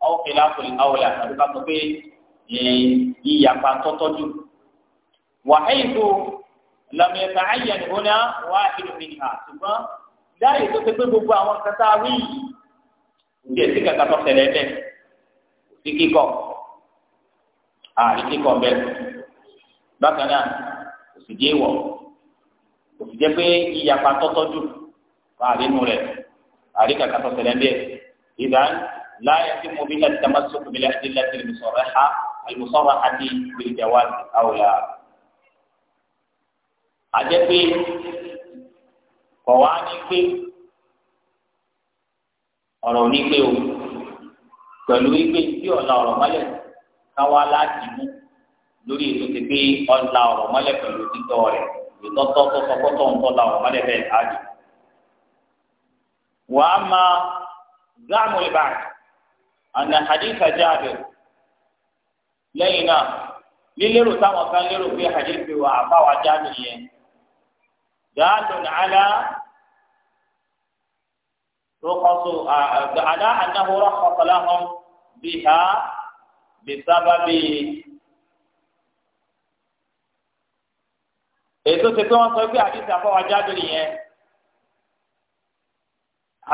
Speaker 1: àwọn kẹlẹ́ àkọlé àwọn ìlànà tàbí ká sọ pé ìyàpá tọ́tọ́ jù wàhálì tó lọ́mọ ẹ̀ka ayẹyẹ wà á kí ló fi nìkan ṣùgbọ́n dáyé tó ti pé gbogbo àwọn kata tá a wí yìí kò tiẹ̀ sí kankan tó tẹ̀lé bẹ́ẹ̀ kò sí kíkọ́ àrí kíkọ́ bẹ́ẹ̀ bákan náà kò sì dé wọ̀ kò sì jẹ́ pé ìyapa tọ́tọ́jú kọ́ àrínú rẹ̀ àrí kankan tó tẹ̀lé bẹ́ẹ̀ ìdá láyé tí mo bí láti tàmá sókè mi láti láti lè sọ̀rọ̀ ha àlùmọ́sọ̀rọ̀ àti ìgbèrè jàwá àwòlá. àjẹ́ pé kọ̀ wá ní pé ọ̀rọ̀ ní pé o pẹ̀lú wípé tí ọ̀la ọ̀rọ̀ mọ́lẹ̀ káwá láti mú lórí ètò ti pé ọ̀la ọ̀rọ̀ mọ́lẹ̀ pẹ̀lú títọ́ rẹ̀ ìtọ́tọ́ tó sọkọ́tọ̀ ń tọ́la ọ̀rọ̀ mọ́lẹ̀ bẹ́ẹ̀ káàdì. wàá máa záàmù ìbàdàn àná hadith ajáde lẹ́yìn náà lílérò táwọn kan lérò pé hadith wa jáde yẹn. دال على رخص على أنه رخص لهم بها بسبب ètò ṣètò wọn sọ pé àdìsí àfọwọ́ jáde nìyẹn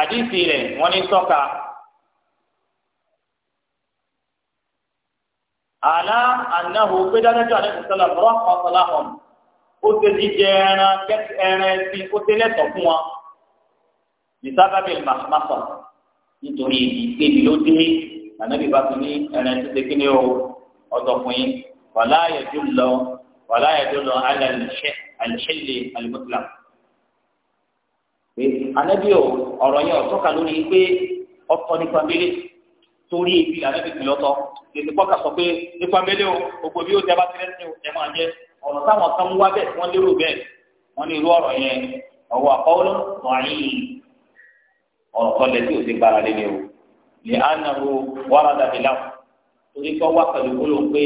Speaker 1: àdìsí rẹ̀ wọ́n ní sọ́ka àlá ànáhùn pé dáadáa àdìsí sọ́la rọ́pọ̀ sọ́la hàn ó ṣe jíjẹ ẹran ẹran ẹsìn ó ṣe lẹ́tọ̀ fún wọn ìsábàbí màmásọ nítorí ìgbébi ló dé ànábì bá tún ní ẹran ẹsìn ṣe kíni o ọ̀dọ̀ fún yín wàlá yẹjú lọ wàlá yẹjú lọ alẹ àlùṣẹlẹ àlùmọtìlá ànábì o ọ̀rọ̀ yẹn ọtọka lórí pé ọtọ nípa mélé torí ibi ànábì tìlọtọ lè ní sọ pé nípa mélé o gbogbo bí ó ti bá ti rẹ́sìn o ẹ máa jẹ ọ̀nà táwọn kan wá bẹ́ẹ̀ wọ́n lérò bẹ́ẹ̀ wọ́n ní irú ọ̀rọ̀ yẹn ọ̀wọ́ àkọ́wọ́lọ́ mọ̀ọ́yìn ọ̀rọ̀ kan lẹ́sí òsì gbára lé ní o lè ánàwó wàrà dàbí láwọn torí kọ́ wá pẹ̀lú gbólóhùn pé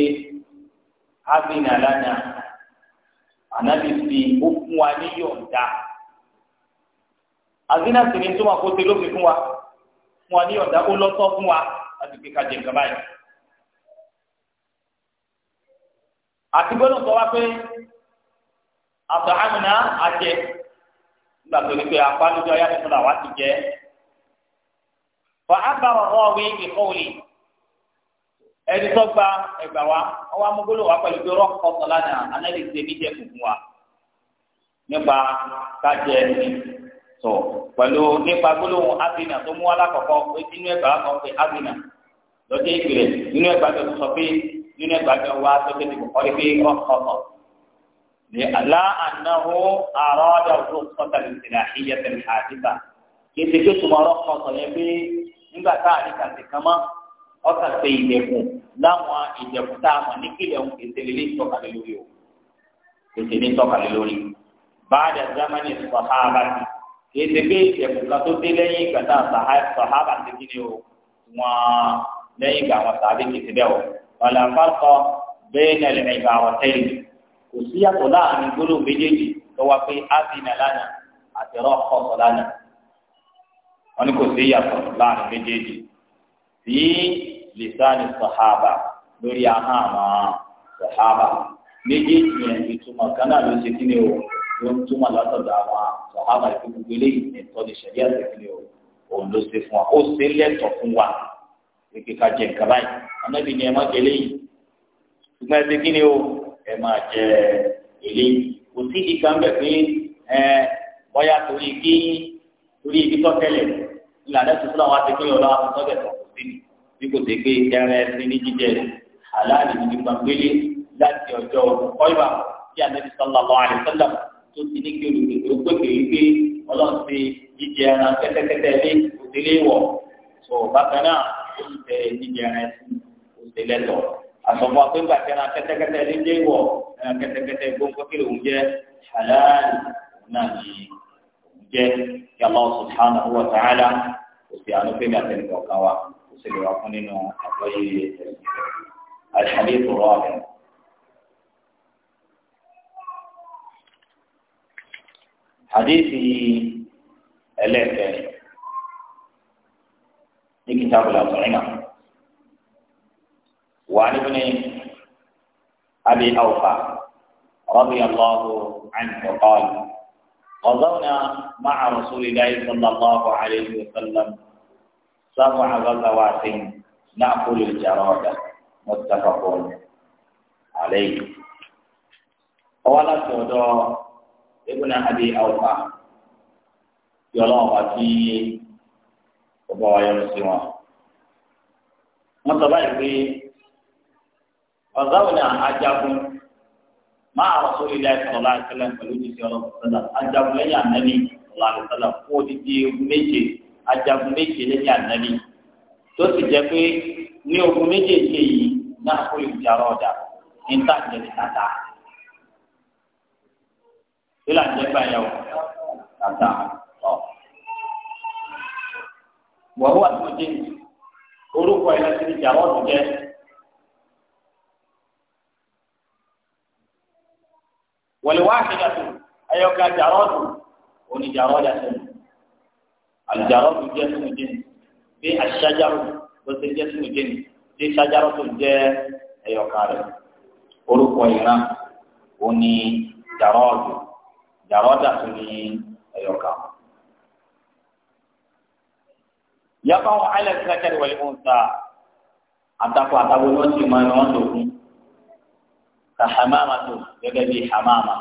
Speaker 1: ábìnrin àlànà ànábì fi ó fún wa ní yọ̀ǹda àzínà sì ni tó wà kó ṣe lófin fún wa fún wa ní yọ̀ǹda ó lọ́tọ́ fún wa láti fi kájẹ nǹkan báyìí. àti gbọ́dọ̀ sọ wá pé àtàhámùnà àjẹ nígbà tó ní pé ti jẹ fàábà ọ̀rọ̀ wí ìkọ́wé ẹni tó gba ẹgbà wa wa ti jẹ fún wa nípa kájẹ tó pẹ̀lú nípa gbólóhùn abinà tó mú alákọ̀ọ́kọ́ pé inú ẹgbàá kan pé abinà lọ́jọ́ inú nínú ẹgbàá kan wá sọ́kè ní kọ́kọ́ pé ọ̀kọ̀ọ̀kọ̀ lè alá ànáwó àrọ́ ọ̀dà òkú sọ́tà lè tẹ̀lé àhíyẹ tẹ̀lé àdìbà kéde tó tó máa rọ́kọ̀ sọ̀ yẹn pé nígbà tá a ní kàtì kan mọ́ ọ̀kà ṣe ìdẹ̀kùn láwọn ìdẹ̀kùn tá a mọ̀ ní kílẹ̀ òun kèsè lélẹ́ ìtọ́kàlẹ́ lórí o kèsè ní ìtọ́kàlẹ́ lórí báyà zamani sọ̀hábà kéde pé ìdẹ̀kùn kan tó dé lẹ́yìn ìgbà tá sọ̀hábà ti kí ni o wọn lẹ́yìn ìgbà wọn sàbí kèsè bẹ́ẹ̀ o wàlà fàkọ bẹ́ẹ̀nà ìgbà ọ̀tẹ́yìn kò sí yàtọ̀ láàrin gbólóhùn méjèèjì tó wá pé ásìnà lánàá àti rọ́ọ̀kọ̀sọ̀ lánàá wọn ni kò sí yàtọ̀ láàrin méjèèjì sí lisani sahaba lórí ahọ́n àwọn sahaba méjèèjì yẹn ìtumọ̀ kan náà ló ṣe kí ni o ló ń túmọ̀ látọ̀dọ̀ àwọn sahaba ìfipúgbélé ìtọ́ni ṣẹ̀ríà ṣe o òun ló ṣe fún wa ó ṣe lẹ́tọ̀ fún wa èké ká jẹ nǹkan báyìí anábì ni ẹ má jẹ léyìí ṣùgbọ́n ẹ ti kí ni o ẹ máa jẹ eléyìí kò sí ìdí kan bẹ̀ pé ẹ bọ́yá torí kí torí ibi tó tẹ̀lẹ̀ ìlànà tuntun àwọn àti pé ọlọ́wà tó tọ́jú ẹ̀sán kò sí ni bí kò sí pé ẹran ẹsìn ní jíjẹ àlàálì ní gbàgbélé láti ọjọ́ ọ̀yọ́bà tí anábì sallallahu alaihi wasallam tó ti ní kí olùkèké ó pèpè wípé ọlọ́run ti jíjẹ ẹran kẹ́tẹ́kẹ́tẹ́ lé òdílé wọ̀ tó bákan náà ìfẹ́ jíjẹ ẹran ẹsìn òsè lẹ́tọ̀ àsọ̀fọ̀ àpéǹgbà kẹran kẹ́tẹ́kẹ́tẹ́ lédè wọ̀ ẹran kẹ́tẹ́kẹ́tẹ́ gbóngbókèrè òun jẹ́ halal náà ní òun jẹ́ yàrá subhanahu wa ta'ala òsè ànúfẹ́mi àtẹnukọ̀ kan wa òsè lè wà fún nínú àgbáyé ẹ̀sìn الحديث الرابع حديث الأثاني ní kìtàbù làtọ̀rìnà. wà á níbi ní abi awfa rọ́bì allahu anhu qala غزونا مع رسول الله صلى الله عليه وسلم سبع غزوات نأكل الجرادة متفق عليه ọwọlá tó ọ̀dọ̀ ibùnà àbí àwùfà yọlọ ọba tí ọba wa yọrọ sí wọn. wọ́n sọ báyìí pé ọ̀gáwò ni ajagun máa rọ̀sọ́ ilé ẹ̀sán láìpẹ́lẹ́ pẹ̀lú ìdíje ọlọ́run sọ́dà ajagun lẹ́yìn ànábì ọ̀làrùn sọ́dà fún odidi ogun méje ajagun méje lẹ́yìn ànábì tó sì jẹ́ pé ní ogun méjèèjì yìí náà kó ìjà ọ̀dà ní tàbí tàtà. ìlànà ìjẹba yẹn o tàtà. wọ́n wà tó dé orúkọ ẹ̀ láti ní ìyàwó tó jẹ́. wọ́n lè wá àṣeyà tó ẹ̀yọ̀ká jàrọ́ọ̀dù oníjàrọ́ọ̀dù àṣẹ àlùjàrọ́ọ̀dù jẹ́ sínú jẹ́ bí àṣàjàrò bó ṣe jẹ́ sínú jẹ́ bí ṣàjàrò tó jẹ́ ẹ̀yọ̀ká rẹ̀ orúkọ ìran oníjàrọ́ọ̀dù jàrọ́ọ̀dù àṣẹ ní ẹ̀yọ̀ká rẹ̀. yàtọ̀ àwọn àìlẹ̀ sẹ́kẹ̀rì wọlé fún sa àtakò àtàwọn ni wọ́n ti mọ ẹni wọ́n tó kún ka hamama tó gẹ́gẹ́ bí hamama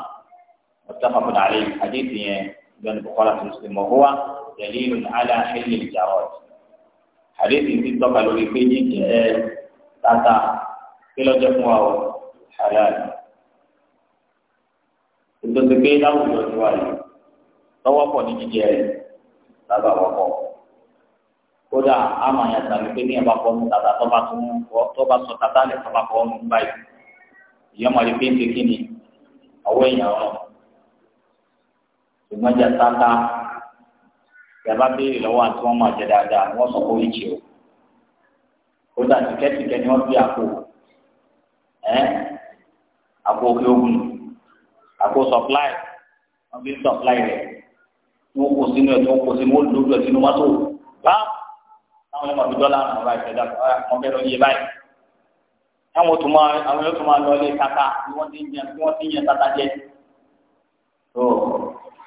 Speaker 1: muttafaqun alayhi àdéhùn yẹn gbẹ̀nu bukọ́lá tó ti mọ̀ hó wa dalilun ala hilli jarad àdéhùn ti tọ́ka lórí pé ní ẹ tata kílọ̀jẹ̀ fún wa o halal ètò ìgbé láwùjọ ti wáyé lọ́wọ́ pọ̀ ní jíjẹ rẹ̀ lábàá kódà àmọ́ yẹn sàbí pé ní ẹ̀bá fọ́ọ̀mù tàtà tọ́ba tó ń fọ́ tọ́ba sọ tàtà lẹ̀ tọ́ba fọ́ọ̀mù ń báyìí ìyá ọmọ rẹ̀ péńté kí ni ọwọ́ èèyàn rọ̀ ṣùgbọ́n jẹ tata yàrá béèrè lọ́wọ́ àti wọ́n máa jẹ dáadáa wọ́n sọ pé oríṣi o kódà tìkẹ́tìkẹ́ ni wọ́n fi àpò ẹ́ àpò òkè ogun àpò supply wọ́n fi supply rẹ̀ wọ́n kó sínú ẹ̀ tí wọ́n kó sínú ó táwọn ọmọ mi dọ́là àwọn ọba ìṣẹ̀dá wọn bẹ̀rẹ̀ oníyẹ báyìí táwọn tó máa àwọn yóò tó máa lọ ilé kaka ni wọ́n ti yàn tí wọ́n ti yàn tata jẹ tó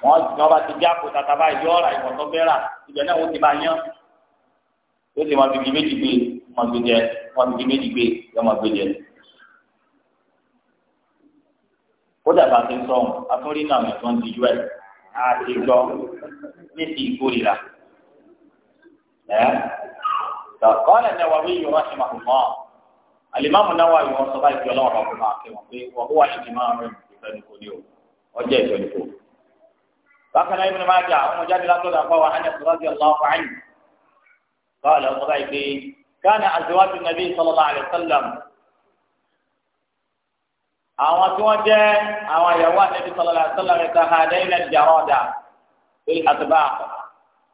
Speaker 1: wọ́n wọ́n bá ti bí àpò tata báyìí yọ ọ̀rà ìwọ̀n tó bẹ́ẹ̀ rà ibẹ̀ náà wọ́n ti bá yán yóò ti máa bìbí méjì gbé wọ́n ti jẹ wọ́n bìbí méjì gbé yọ máa gbé jẹ. kódà bá ti sọ ọ́n náà mi tó ń di us àti gbọ́ ní قال النووي رحمه الله الإمام النووي هو صلى الله عليه وسلم وهو الإمام الثاني كليو وجه كليو فكان ابن ماجة ومجاد الأطول أخوة حنث رضي الله عنه قال صلى كان أزواج النبي صلى الله عليه وسلم أو أزواج أو يوان النبي صلى الله عليه وسلم يتهادين الجرادة في الأطباق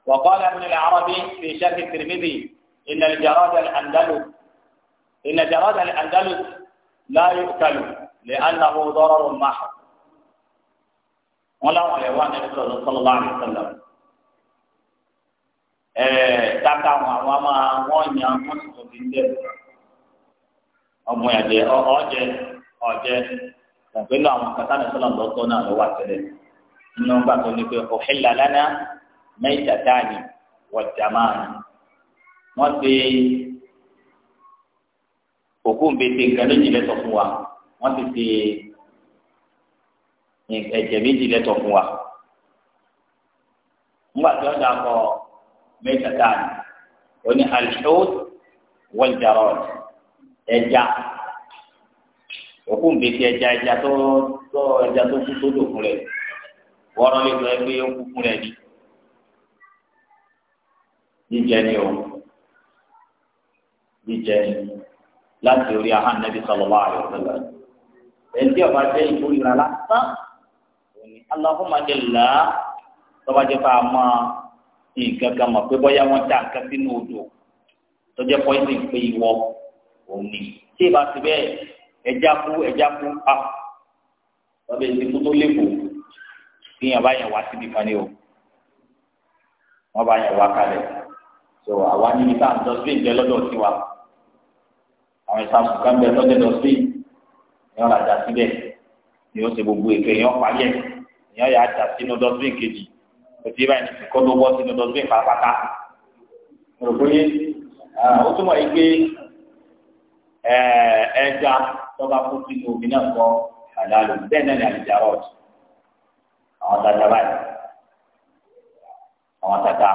Speaker 1: وقال ابن العربي في شرح الترمذي إن الجراد الأندلس إن جراد الأندلس لا يؤكل لأنه ضرر محض ولا حيوان النبي صلى الله عليه وسلم tata wọn àwọn máa wọn yan wọn sì tóbi ń dẹ ọmọ ẹdẹ ọjẹ ọjẹ pẹ̀lú àwọn kàtà ní sọlá lọ́tọ̀ náà ló wà tẹ́lẹ̀ nínú gbàgbọ́ ni pé òhìlá lánàá mẹta táàní wọjà máa ní wọ́n ṣe òkú nbẹ̀tẹ̀ nǹkan méjì lẹ́tọ̀ fún wa wọ́n ti ṣe ẹ̀jẹ̀ méjì lẹ́tọ̀ fún wa. ńgbà tí wọ́n dàpọ̀ mẹ́ta dáàbò ó ní alṣọ́ọ̀t wọ́ljarọ́ọ̀t ẹja òkú nbẹ̀tẹ̀ ẹja ẹja tó tó ẹja tó kú tó dòkun rẹ̀ wọ́rọ́ lé lọ ẹgbẹ́ kú fún rẹ̀ ni jíjẹ ni o jíjẹ láti orí ahọ́n nẹ́bí sallallahu alaihi wasallam ẹtí ọba jẹ́ ìkórìíra lásán òní Allahumma jalla tọ́ba jẹ́ fà mọ́ nǹkan kan mọ̀ pé bọ́yá wọ́n dá nǹkan sínú odò tọ́jẹ́ pọ́ìsì pé ìwọ òní tí ìbá ti bẹ́ẹ̀ ẹja kú ẹja kú a lọ́bẹ̀ ìsìnkú tó lébo kí yẹn bá yẹn wá síbi kan ní o wọ́n bá yẹn wá kalẹ̀ so àwa níbi tá à ń tọ́jú ìjẹ́ lọ́dọ̀ tiwa àwọn ìsàkùn kan bẹ lọ́dẹ lọ sí ìyọ́n là dà síbẹ̀ ni ó ṣe gbogbo ètò ìyọ́n parí ẹ̀ ìyọ́n yà á dà sínú dọ́sbìn kejì òtí báyìí ti kọ́ ló wọ́ sínú dọ́sbìn pátápátá mo rò pé ó túmọ̀ yìí pé ẹja tọ́ba kó sínú omi náà kọ́ àdàlù bẹ́ẹ̀ náà ní àlejò àrọ́ọ̀tì àwọn tata báyìí àwọn tata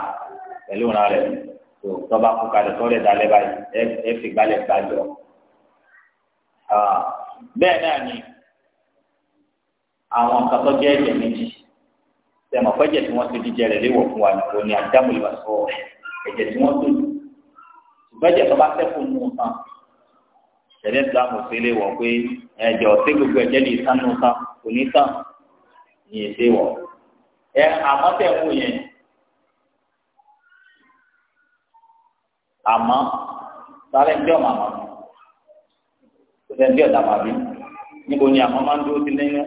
Speaker 1: pẹ̀lú ìran tó tọ́ba kú kalẹ̀ tó lè dalẹ̀ báyìí ẹ fi gbalẹ̀ gbàjọ. bẹ́ẹ̀ náà ni àwọn kan tó jẹ́ ẹ̀jẹ̀ méjì tẹ̀mọ̀ fẹ́jẹ̀ tí wọ́n ti di jẹrẹ̀ léwọ̀ fún wa nìkan ni àdámù ìwà sọ ẹ̀jẹ̀ tí wọ́n tó ìgbẹ́jẹ̀ tó bá sẹ́kù nù tán tẹ̀lé ìsìlámù sí léwọ̀ pé ẹ̀jẹ̀ ọ̀sẹ̀ gbogbo ẹ̀jẹ̀ ní ìsánú tán kò ní tán ní èdè wọ̀ ẹ àmọ́ tẹ̀ yẹn àmọ́ sáré ń dẹ́wọ̀n àmọ́ kò sẹ́ni bí ọ̀dà màbí níbo ni àmọ́ máa ń dúró sí nínú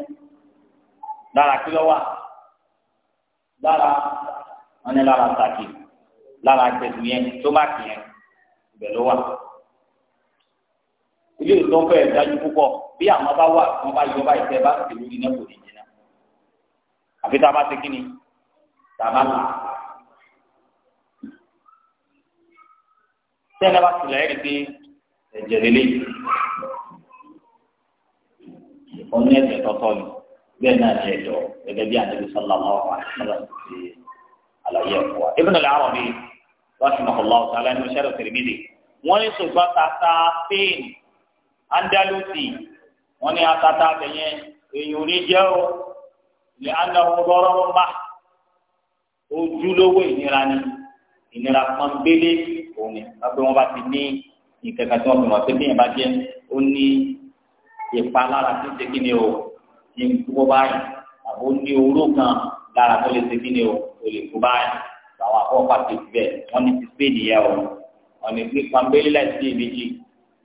Speaker 1: lára kí lọ́wọ́ lára wọn ní lára sàkè lára gbẹ̀dù yẹn tó bá kì yẹn ibẹ̀ ló wà. ilé ìtọ́fẹ́ dájú púpọ̀ bí àmọ́ bá wà wọ́n bá yọ báyìí tẹ́ bá sì lórí náà kò ní jìnnà àfi tá a bá ti kí ni tá a bá là tẹ́lẹ̀ bá tilẹ̀ ẹ̀rí pé ẹ̀jẹ̀ lélẹ̀ òun ní ẹ̀jẹ̀ tọ́tọ́ ni bẹ́ẹ̀ náà ní ẹ̀jọ̀ gẹ́gẹ́ bí àdébí sọ́lá lọ́wọ́ àṣìṣọ́lá ti ẹ̀kọ́ wa Ibn al-Arabi rahimahullah ta'ala ní sẹ́rọ̀ tìrìmìlì wọ́n ní ṣùgbọ́n tata Spain Andalusi wọ́n ní atata abẹ́yẹ èyí ò ní jẹ́ o ní anáwó lọ́rọ́ bá ojúlówó ìnira ni ìnira kan gbélé òun ni wọ́n pé wọ́n bá ti ní ìkẹ̀kẹ́ tí wọ́n fi mọ̀ pé bí yẹn bá jẹ́ ó ní ìpalára tí ń ṣe kíni o ti ń kú báyìí àbó ní oró kan lára tó lè ṣe kíni o tó lè kú báyìí àwọn àkọ́kọ́ àti ìbẹ̀ wọ́n ní ti spéèdì yẹ o wọ́n ní pípa mbélélà sí ìbejì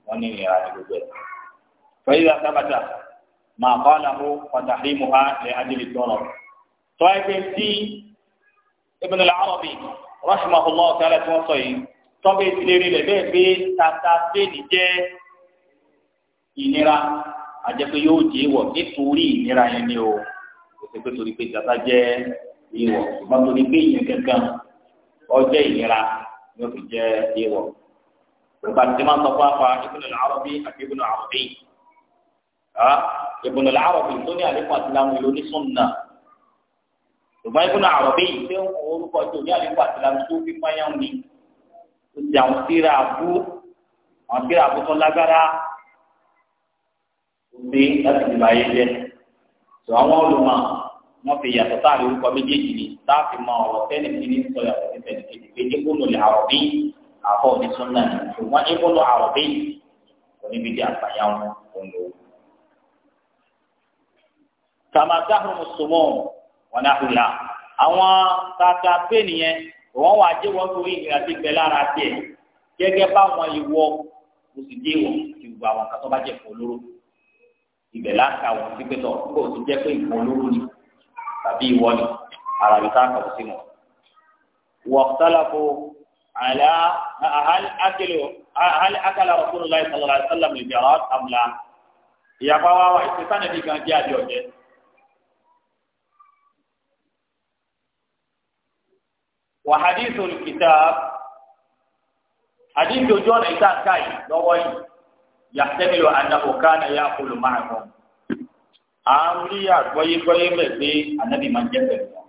Speaker 1: wọ́n ní ìlera ní gbogbo ẹ̀. fẹ́yìí la màá kọ́ àlàfo pàtàkì muha lè adìrì tọ́nà. tọ́ ẹgbẹ́ tí Ibn al-Arabi rahimahullah ta'ala tí wọ́n tọ́bí ìtìlẹ̀ rí lẹ̀ bẹ́ẹ̀ pé tata bẹ́ẹ̀ni jẹ́ ìnira àjẹpé yóò jẹ́ ìwọ̀ nítorí ìnira yẹn ni o kò pé torí pé tata jẹ́ ìwọ̀ ṣùgbọ́n torí pé ìyẹn kankan ọjẹ́ ìnira yóò fi jẹ́ ìwọ̀. Ìgbà tí máa ń sọ fún afa Ibn al-Arabi àti Ibn al-Arabi. Ibn al-Arabi tó ní àlékún àti lámú ìlú ní Súnnà. Ṣùgbọ́n Ibn al-Arabi tí ó ń kọ orúkọ tó ní àlékún àti tó ti àwọn tíra abú àwọn tíra abú tó lágbára ó gbé láti lè báyé jẹ tó àwọn olùmọ̀ wọn fi yàtọ̀ sáàrí orúkọ méjèèjì ni táàfì mọ ọ̀rọ̀ tẹ́lẹ̀ tí ní sọ yàtọ̀ sí tẹ̀lé kejì pé ibùnú lè àrọ̀ bí àfọ̀ ní súnà ní ṣùgbọ́n ibùnú àrọ̀ bí oníbi di àgbáyà wọn kò lò ó. kàmáta hùmùsùmọ̀ wọn náà hùlà àwọn tata pé nìyẹn wọn wà jẹ wọn torí ìnira ti bẹ lára tiẹ̀ gẹ́gẹ́ báwọn ìwọ kò sì dé wọn ti wù àwọn kátó bá jẹ fún olóró ibẹ̀ láǹkà wọn ti pé tọ kó o ti jẹ pé ìwọ ni tàbí ìwọ ni ara mi ká kàwé sí wọn. wọ́pútàlàfo àlá àhálí akẹlẹ àhálí akẹlẹ Rasulullahi sallallahu alaihi wasallam ìbẹ̀rẹ̀ àmúlá ìyàpá wa wà ìṣẹ́sánà bí gan jẹ́ àjọ wà hadith olùkìtà hadith ojú ọ̀nà ìta ká yìí lọ́wọ́ yìí yàtẹ́nilọ anabọ̀ká náà yà kó ló máa kọ́. à ń rí àgbọ́yégbọ́yé mẹ́ pé anabi máa ń jẹ́ pẹ̀lú wọn.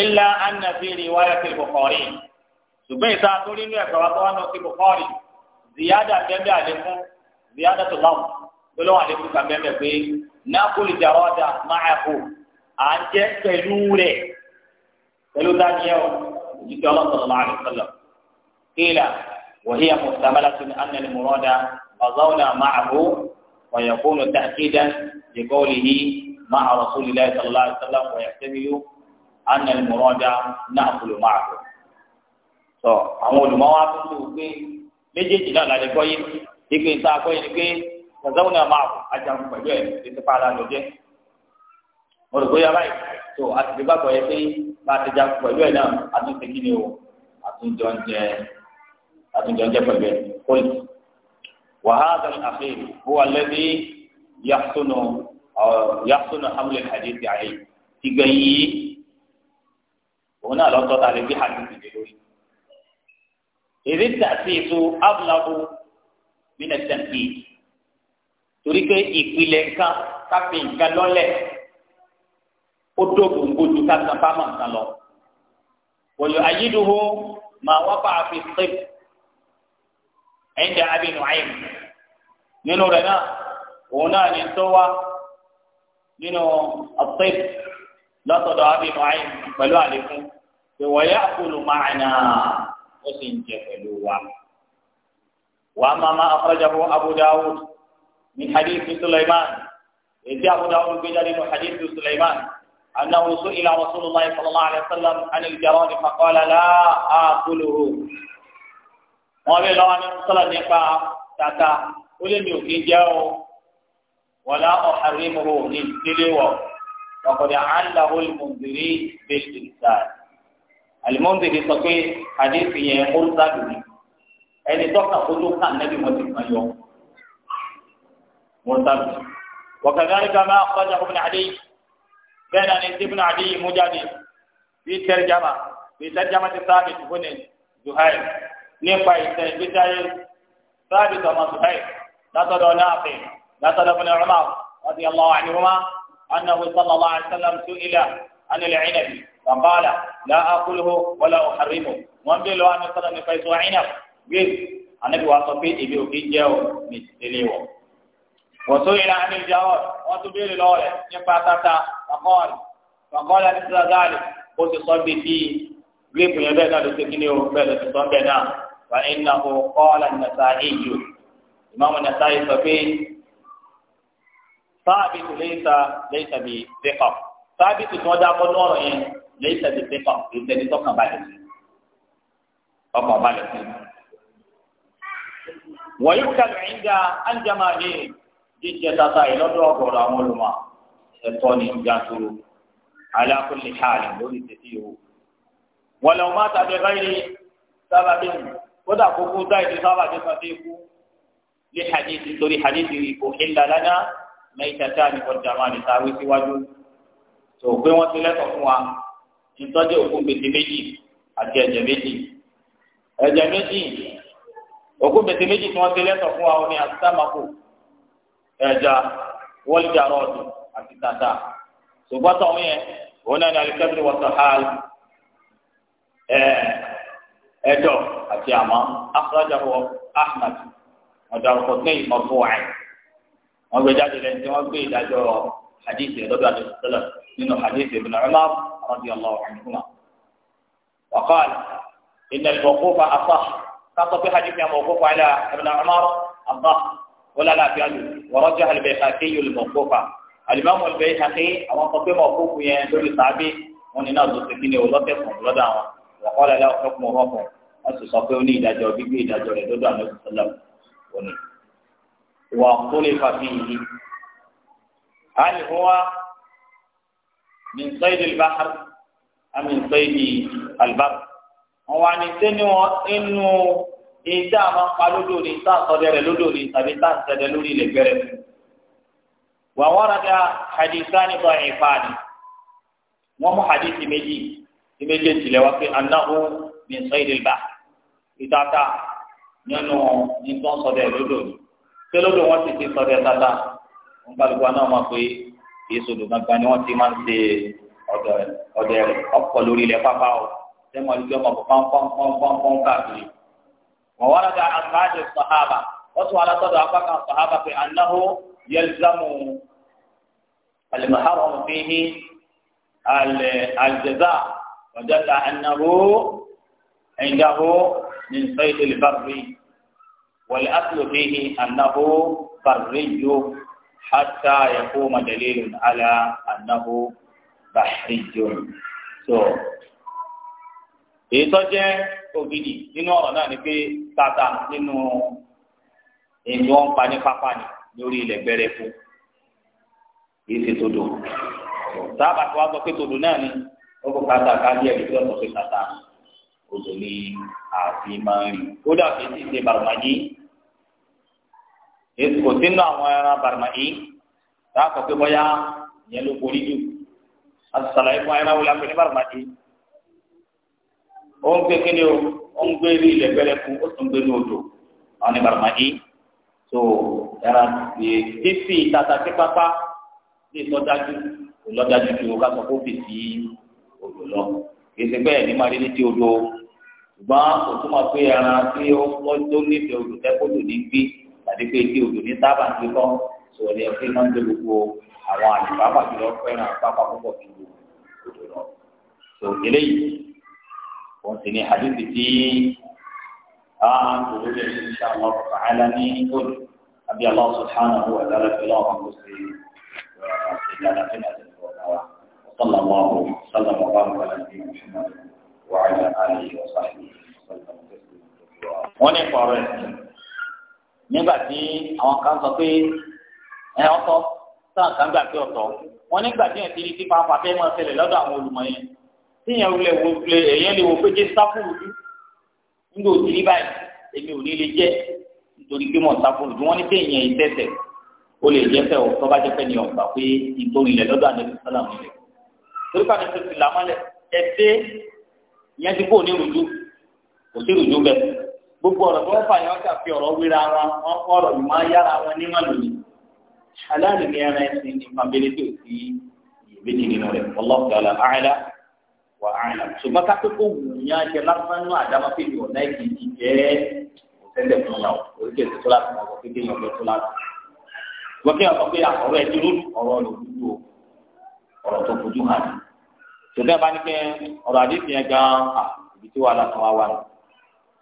Speaker 1: ilà anabiri wáyà sí Bukhari ṣùgbọ́n ìta tó nínú wa tó wà náà Bukhari ziyada bẹ́ẹ̀ àlékún ziyada tó náà gbọ́dọ̀ àlékún kà bẹ́ẹ̀ pé náà kó lè jà à ń jẹ́ pẹ̀lú rẹ̀ pẹ̀lú dáníẹ́ o ìdíkẹ́ ọlọ́sọ̀rọ̀ máa rẹ̀ sọ̀lọ̀ kíla wàhí àmọ̀tàmálà tó ní anani mùrọ̀dà ọ̀zọ́nà máa bò wọ̀nyẹ̀kúnù tàkídà lẹ́kọ́ọ̀lìhì máa rọ̀sùlìlá ìsọ̀lá ìsọ̀lá wọ̀nyẹ̀kẹ́miyó anani mùrọ̀dà náà kúlù máa bò. sọ àwọn olùmọ̀wá tó ń lò pé méjèèjì náà lálẹ́ gbọ́ ìgbésà akọ́yẹ́ ni pé ọ̀zọ́nà máa bò ajagun pẹ̀lú ẹ̀ mo rò bóyá báyìí tó àtìgbè bá gbọ́yẹ pé bá a ti já pẹ̀lú ẹ̀ náà àtúnṣe kí ni o àtúnjọ ń jẹ àtúnjọ ń jẹ pẹ̀lú ẹ̀ kólì. وهذا الأخير هو الذي يحسن يحسن حمل الحديث عليه تجيي هنا لو تطالع في حديث بلوري إذ التأسيس أبلغ من التنفيذ torí pé ìpìlẹ̀ nǹkan káfí lọ́lẹ̀ ó tó gbòǹgbò ju ká san fáwọn nǹkan lọ. wòye ayélujú máa wá bá a fi ṣe ẹ̀ńdà abinu ayé nínú rẹ̀ náà òun náà ní tó wá nínú ọ̀pẹ́ lọ́sọ̀dọ̀ abinu ayé pẹ̀lú àlékún ìwọ̀yà àkúlù máa nà ó sì ń jẹ pẹ̀lú wa. وأما ما أخرجه أبو داود من حديث سليمان إذ أبو داود بجل حديث أنه سئل رسول الله صلى الله عليه وسلم عن الجراد فقال لا آكله wọ́n bẹ lọ́wọ́ ní sọ́lá nípa tata ó lé mi ò kí jẹ́ o wọlá ọ̀hárí mi ò ní délé wọ̀ ọ̀kọ̀dẹ̀ àńlá olùmọ̀ndìrí bẹ́ẹ̀ ṣèṣà alimọ̀ndìrí sọ pé hadith yẹn ó sábì ní ẹni dọ́kà kó tó kà nẹ́bí wọn ti máa yọ wọn sábì wọ́n kàdé àríkà máa kọjá fún mi àdéhìí bẹ́ẹ̀ náà ni ibn adi yìí mú jáde bí tẹ́rìjàmà bí tẹ́rìjàmà ti sábì tó fún zuhair nípa ìtẹ́ ìgbésí ayé sábì tó ọmọ zuhair látọ̀dọ̀ náàfin látọ̀dọ̀ ibn umar radiyallahu anhuma annahu sallallahu alayhi wa sallam su'ila anil inabi faqala la akuluhu wala uharimu wọn bẹ lọ àmì sọlá nípa ìṣó inab gbé anabi wa sọ pé èmi ò kí jẹ o mi ti tẹ́lẹ̀ wọ. wọ́n sọ ìlànà ìjà wọn tún béèrè lọ́wọ́ rẹ̀ nípa tata fàkọ́ọ̀l fàkọ́ọ̀l àti sàgáàlì ó ti sọ bíi bíi gírípù yẹn bẹ́ẹ̀ náà ló ti kíni o bẹ́ẹ̀ ló ti sọ bẹ́ẹ̀ náà wà iná o kọ́ọ̀lá nàṣà ìjò ìmáàmù nàṣà yìí sọ pé sáàbì tó léyìísà léyìísà bíi pépà sáàbì tó tọ́jà kọ́ lọ́rọ̀ yẹn léyìísà bíi pépà ìtẹ̀lé tọ́kàn balẹ̀ sí ọkàn balẹ̀ sí. wọ́n yóò kẹ́lù ẹ̀yìn dá àǹjẹ́ máa ní jíjẹ tata ìlọ́dọ̀ ọ̀gọ̀rọ̀ àwọn olùmọ̀ ẹ̀tọ́ ní ìjàntoro ala kulli hal lórí tètè o. wọn lọ máa tàbí báyìí sábàbí kódà kókó táyìí sábàbí kan tó kú lé hadithi torí hadithi kò hilla lana mẹ́tẹ̀ẹ̀ta ní kọjá máa ní sáré síwájú. tó pé wọ́n ti lẹ́tọ̀ fún wa ìtọ́jú òkú gbèsè méjì àti ẹ̀jẹ̀ méjì. ẹ̀jẹ̀ méjì òkú gbèsè méjì tí wọ́n ti lẹ́tọ̀ fún wa ó ní àtàmàkù ẹ̀já wọ́lìjà rọ̀ọ̀dù àti tata ṣùgbọ́n tọ̀ mí yẹn òun náà ní alikẹ́tìrì wọ́n sọ̀hálì ẹ̀ẹ́dọ̀ àti àmọ́ afúrájàwọ̀ ahmed ọ̀dàrúkọ ní ìmọ̀fọ́ wáyé wọ́n gbé jáde lẹ́yìn tí wọ́n gbé ìdájọ́ hadith lọ́dọ̀ àdìsílẹ̀ nínú hadith ibn Umar radiyallahu anhuma wa qala inna al-mawquf asah kátó pé hadith yẹn mawquf ala ibn Umar asah wọ́n lálẹ́ àfihàn ورجح البيهقي الموقوفة alimami ọlọbẹ hake àwọn kan pé mọkó kun yẹn lórí sábẹ wọn ní náà tó ti kíni olọtẹ fún lọ́dọ̀ àwọn wọn lọlá ọkùnrin ọkùnrin ọkùnrin wọn sì sọ pé ó ní ìdájọ́ gbígbé ìdájọ́ rẹ̀ lọ́dọ̀ àwọn ìṣẹ̀lẹ̀ òní. wà á kó lè fàfi yìí hali huwa min sayidi albahar ami sayidi albar wọn wà ní wọn inú ìdá àwọn pa lódò ní sáà sọdẹ rẹ lódò ní tàbí lórí ilẹ̀ fún wà wọ́rọ̀dà hadithani da'ifani wọ́n mú hadithi méjì tí méjì tilẹ̀ wá pé anáhù min saydil bahr ìtata nínú nǹkan sọdẹ lódò ni pé lódò wọn ti ti sọdẹ tata wọn kálukú náà máa pé kì í sọdọ gbangba ni wọn ti máa ń ṣe ọdẹ rẹ ọkọ lórí ilẹ̀ pápá o sẹ́mu àlùjọ máa bọ̀ pọ́npọ́npọ́npọ́n káàkiri wọ́n wọ́n rẹ̀ ká àtàjù sàhábà wọ́n tún wà látọ̀dọ̀ apá kan sàhábà pé anáhù. يلزم المحرم فيه الجزاء ودل أنه عنده من صيد البر والأصل فيه أنه بري حتى يقوم دليل على أنه بحري so èyí tó jẹ́ ògidì nínú ọ̀rọ̀ náà ni pé tata nínú èyí wọ́n ń pa ni lórí ilẹ̀ gbẹrẹ fún kì í ṣe tòdò sábà tí wàá sọ pé tòdò náà ni ó kó kàtà kájí ẹ̀rí tí wọ́n sọ pé kàtà odò ni àfi máa ń rí kódà kì í sì ṣe bàrùmàjì kò sínú àwọn ẹran bàrùmàjì sáà sọ pé bóyá ìyẹn ló borí jù asàlàyé fún ẹran wọlé àpè bàrùmàjì ó ń gbé kíni o ó ń gbé ilẹ̀ gbẹrẹ fún ó sì ń gbé ní odò àwọn ní bàrùmàjì tó ẹran fífi tata sí pápá lè lọ́dájú lọ́dájú ju ká sọ kó fi sí odò lọ kìsì bẹ́ẹ̀ ní máa rí ní ti odò ṣùgbọ́n kò túmọ̀ pé ẹran tí ó tó nífẹ̀ẹ́ odò tẹ́kọ̀tò ní gbé tàbí pé tí odò ní sábà ń gbé kọ́ sọ̀rọ̀ ní ẹgbẹ́ máa ń dé gbogbo àwọn àlùfáà pàjùlọ fẹ́ràn pápá púpọ̀ ju odò lọ. tó eléyìí wọ́n ti ní àdúgbò tí آمنت بالله إن شاء الله تعالى نيكون أبي الله سبحانه وتعالى في الله المسلمين وأخذنا في الأدب وصلى الله وسلم وبارك على نبينا محمد وعلى آله وصحبه وسلم wọ́n ní pọ̀rọ̀ ẹ̀sìn nígbà tí àwọn kan sọ pé ẹ ọ̀tọ̀ sáà kan gbà pé ọ̀tọ̀ wọ́n nígbà tí ẹ̀sìn ní pípa afẹ́ máa ṣẹlẹ̀ lọ́dọ̀ àwọn olùmọ̀ yẹn tíyẹn wulẹ̀ wo lè lè wo pé jésù sáfù wùdú nígbà tiri rí báyìí èmi ò ní lè jẹ́ nítorí pé mọ̀ọ́ta fún mi wọ́n ní pé èèyàn ìtẹ̀tẹ̀ ó lè jẹ́ fẹ́ ọ̀tọ́ bá jẹ́ fẹ́ ni ọ̀gbà pé ìtòrìnlẹ̀ lọ́dọ̀ àdébí sọ́là mi lẹ̀ torí pàdé tó ti là mọ́lẹ̀ ẹ̀dẹ́ ìyẹn ti kó ní rújú kò sí rújú bẹ́ẹ̀ gbogbo ọ̀rọ̀ tó ń fà yẹn ọ̀sà fi ọ̀rọ̀ wéra wọn wọn kọ́ ọ̀rọ̀ yìí máa yára wọn ní màlúù ni aláàlú ni ẹran ẹsìn ní pàmílẹ́ tó ti ìyèméjì nínú rẹ̀ ọlọ́ọ̀dọ̀ wà á yà ṣùgbọ́n ká pé kó wù ní ajẹ lásán nínú àdámọ́ pé ìwọ̀n náà kì í jẹ́ òtẹ́lẹ̀ fún yà oríkèé tó láti mọ̀ ọ́ kéde yàn lọ́tọ́ láti. ṣùgbọ́n kí ọ̀sán pé ọ̀rọ̀ ẹ̀ dúró ọ̀rọ̀ ló dúró ọ̀rọ̀ tó fojú hàn ní. ṣùgbọ́n bá ní kẹ́ ọ̀rọ̀ àdéhùn yẹn gan ibi tí wàhálà kan wá wà ní.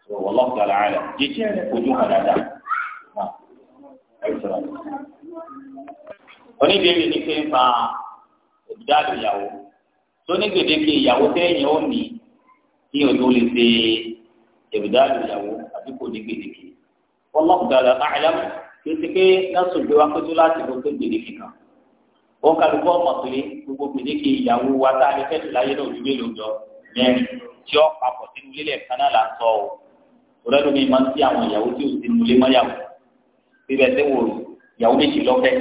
Speaker 1: ṣùgbọ́n lọ́kùnrin àlàyé jíjẹ́ fojú hàn dáadáa oníbèrè ní pé ń fa ìdálò ìyàwó tó ní gbèdéke ìyàwó tẹ́yìn ó ní kí òjò lè ṣe ìbùdá ìyàwó àbí kò ní gbèdéke wallahu ta'ala a'lam kí o ti pé nọ́ọ̀sì òjò wa pé tó láti bọ́ pé gbèdéke kan wọn kàlùkọ ọmọ pé gbogbo gbèdéke ìyàwó wa tá a lè fẹ́ẹ́ láyé náà òjò mélòó jọ mẹ́rin tí ó papọ̀ sínú lílẹ̀ kan náà là ń sọ ọ́ òrẹ́lu mi máa ń sí àwọn ìyàwó tí ò sí nulẹ̀ mọ́yàwó bíbẹ̀ tẹ́wọ̀ ìyàwó méjì lọ́fẹ̀ẹ́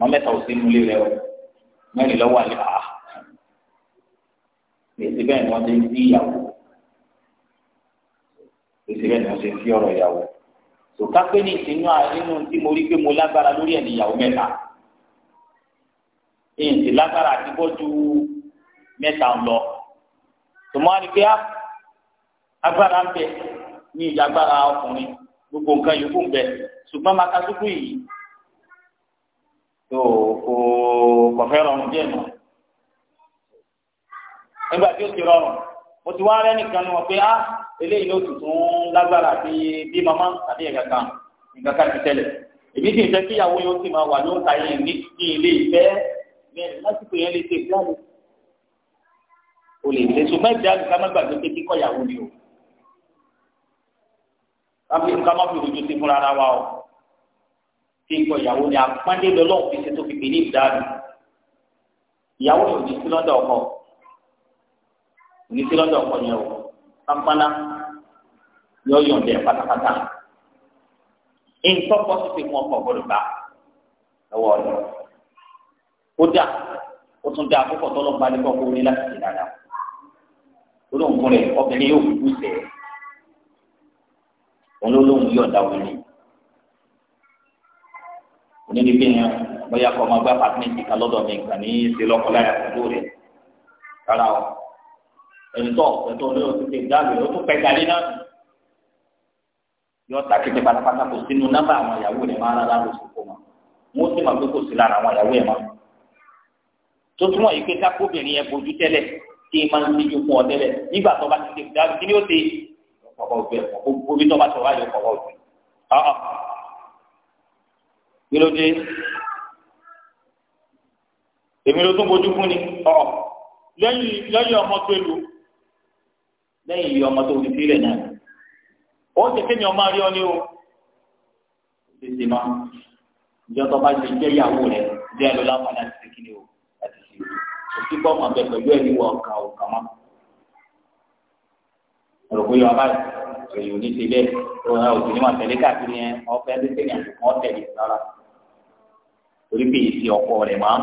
Speaker 1: mọ́mẹ́ta ò sí nulẹ̀ rẹ o mẹ́rin lọ́wọ́ àlẹ́ àá èsì bẹ́ẹ̀ ni wọ́n ti ń sí ìyàwó èsì bẹ́ẹ̀ ni wọ́n ti ń sí ọ̀rọ̀ ìyàwó tòká pé ní ìsinú àìnú tí mo rí pé mo lágbára lórí ẹ̀ níyàwó mẹ́ta ìyìntì lágbára àti bọ́jú mẹ́ta ń lọ tòmọ́ àdìgbé agbára ń bẹ ní ìjàgbára ọkùnrin gbogbo nǹkan yòókù ń bẹ ṣùgbọ́n màkàtúkù yìí fẹ́ rọrùn díẹ̀ náà nígbà tí ó ti rọrùn mo ti wá rẹ nìkan ni wọn pé á ah, eléyìí ló tuntun lágbára àti bí mama àbí ẹ̀ka kan nǹkan kan ti tẹ̀lẹ̀ èmi sì ń fẹ́ kíyàwó yóò sì máa wà ló ń ta yẹn ní ilé ìfẹ́ bẹ́ẹ̀ lásìkò yẹn lè ṣe ìgbàlè o lè ṣe sùn mẹ́ta ká má gbàgbé pé kíkọ́ ni o ká má fi ojú sí fúnra wa o kíkọ́ ìyàwó ni àpọ́ndé lọ́lọ́ọ̀ fi ṣe tó fi pè ní ìdáàbò ìyàwó yóò ní sí lọ́dọ̀ ọkọ ní sí lọ́dọ̀ ọkọ yẹn o pápánná yóò yọ̀ǹda ẹ̀ pátápátá nǹkan kan sì ti mú ọkọ̀ gbọdọ̀ bá lọ́wọ́ ọ̀dọ̀ ó dà ó tún dà púpọ̀ tọ́lọ́ balẹ̀ kọ́ kó ní láti ṣe dáadáa olóńgbò rẹ̀ obìnrin yóò kú sẹ́ẹ̀ olólùwọ̀n yọ̀ǹda ni. onídìbí yẹn bóyá kọ́ ọmọ gbá pàtẹ́ǹtì kan lọ́dọ̀ mi nǹkan ní ṣe lọ́kọ́láyà pẹ̀lú rẹ̀ rárá o ẹni tó ọ̀pẹ tó lóyún tó ti dáàbò ó tún pẹ́ gàlí náà yọ ta kété pátápátá kò sínú nọ́mbà àwọn ìyàwó rẹ̀ máa rárá lóṣù kó ma wọ́n sì máa gbé kò sí lára àwọn ìyàwó ẹ̀ máa tó túmọ̀ yìí pé kákóbìnrin yẹn bójú tẹ́lẹ̀ tí máa ń díjú fún ọ tẹ́lẹ̀ nígbà tó bá ti ti dáàbò kí ni ó ti kọ̀kọ̀ òbí ẹ̀ tó bá ti wáyé kọ̀kọ̀ òbí. kílódé èmi ló tún bójú fún ni ọ lẹ́yìn lẹ́yìn ọmọ tó lu lẹ́yìn iye ọmọ tó fi sílẹ̀ náà ó ti kémi ọmọ rí ọ ní o tètè ma ìjọ tó bá ti jẹ ìyàwó rẹ díẹ̀ ló láǹfààní àti sèkìlì o àti sèkìlì òsì bọ́ ọmọ bẹ pẹ̀lú ẹ̀rí wọ ọ̀kà ọ̀kà mọ́ ọ̀rọ̀ yọ abáyé èyí ò ní ti bẹ́ẹ̀ ọ̀rọ̀ òsì ní ma tẹ̀lé káàkiri yẹn ọ̀fẹ́ ẹ̀dẹ́gbẹ̀yìn àti kàn tẹ̀lé rárá torí pé èsì ọ̀pọ̀ rẹ̀ máa ń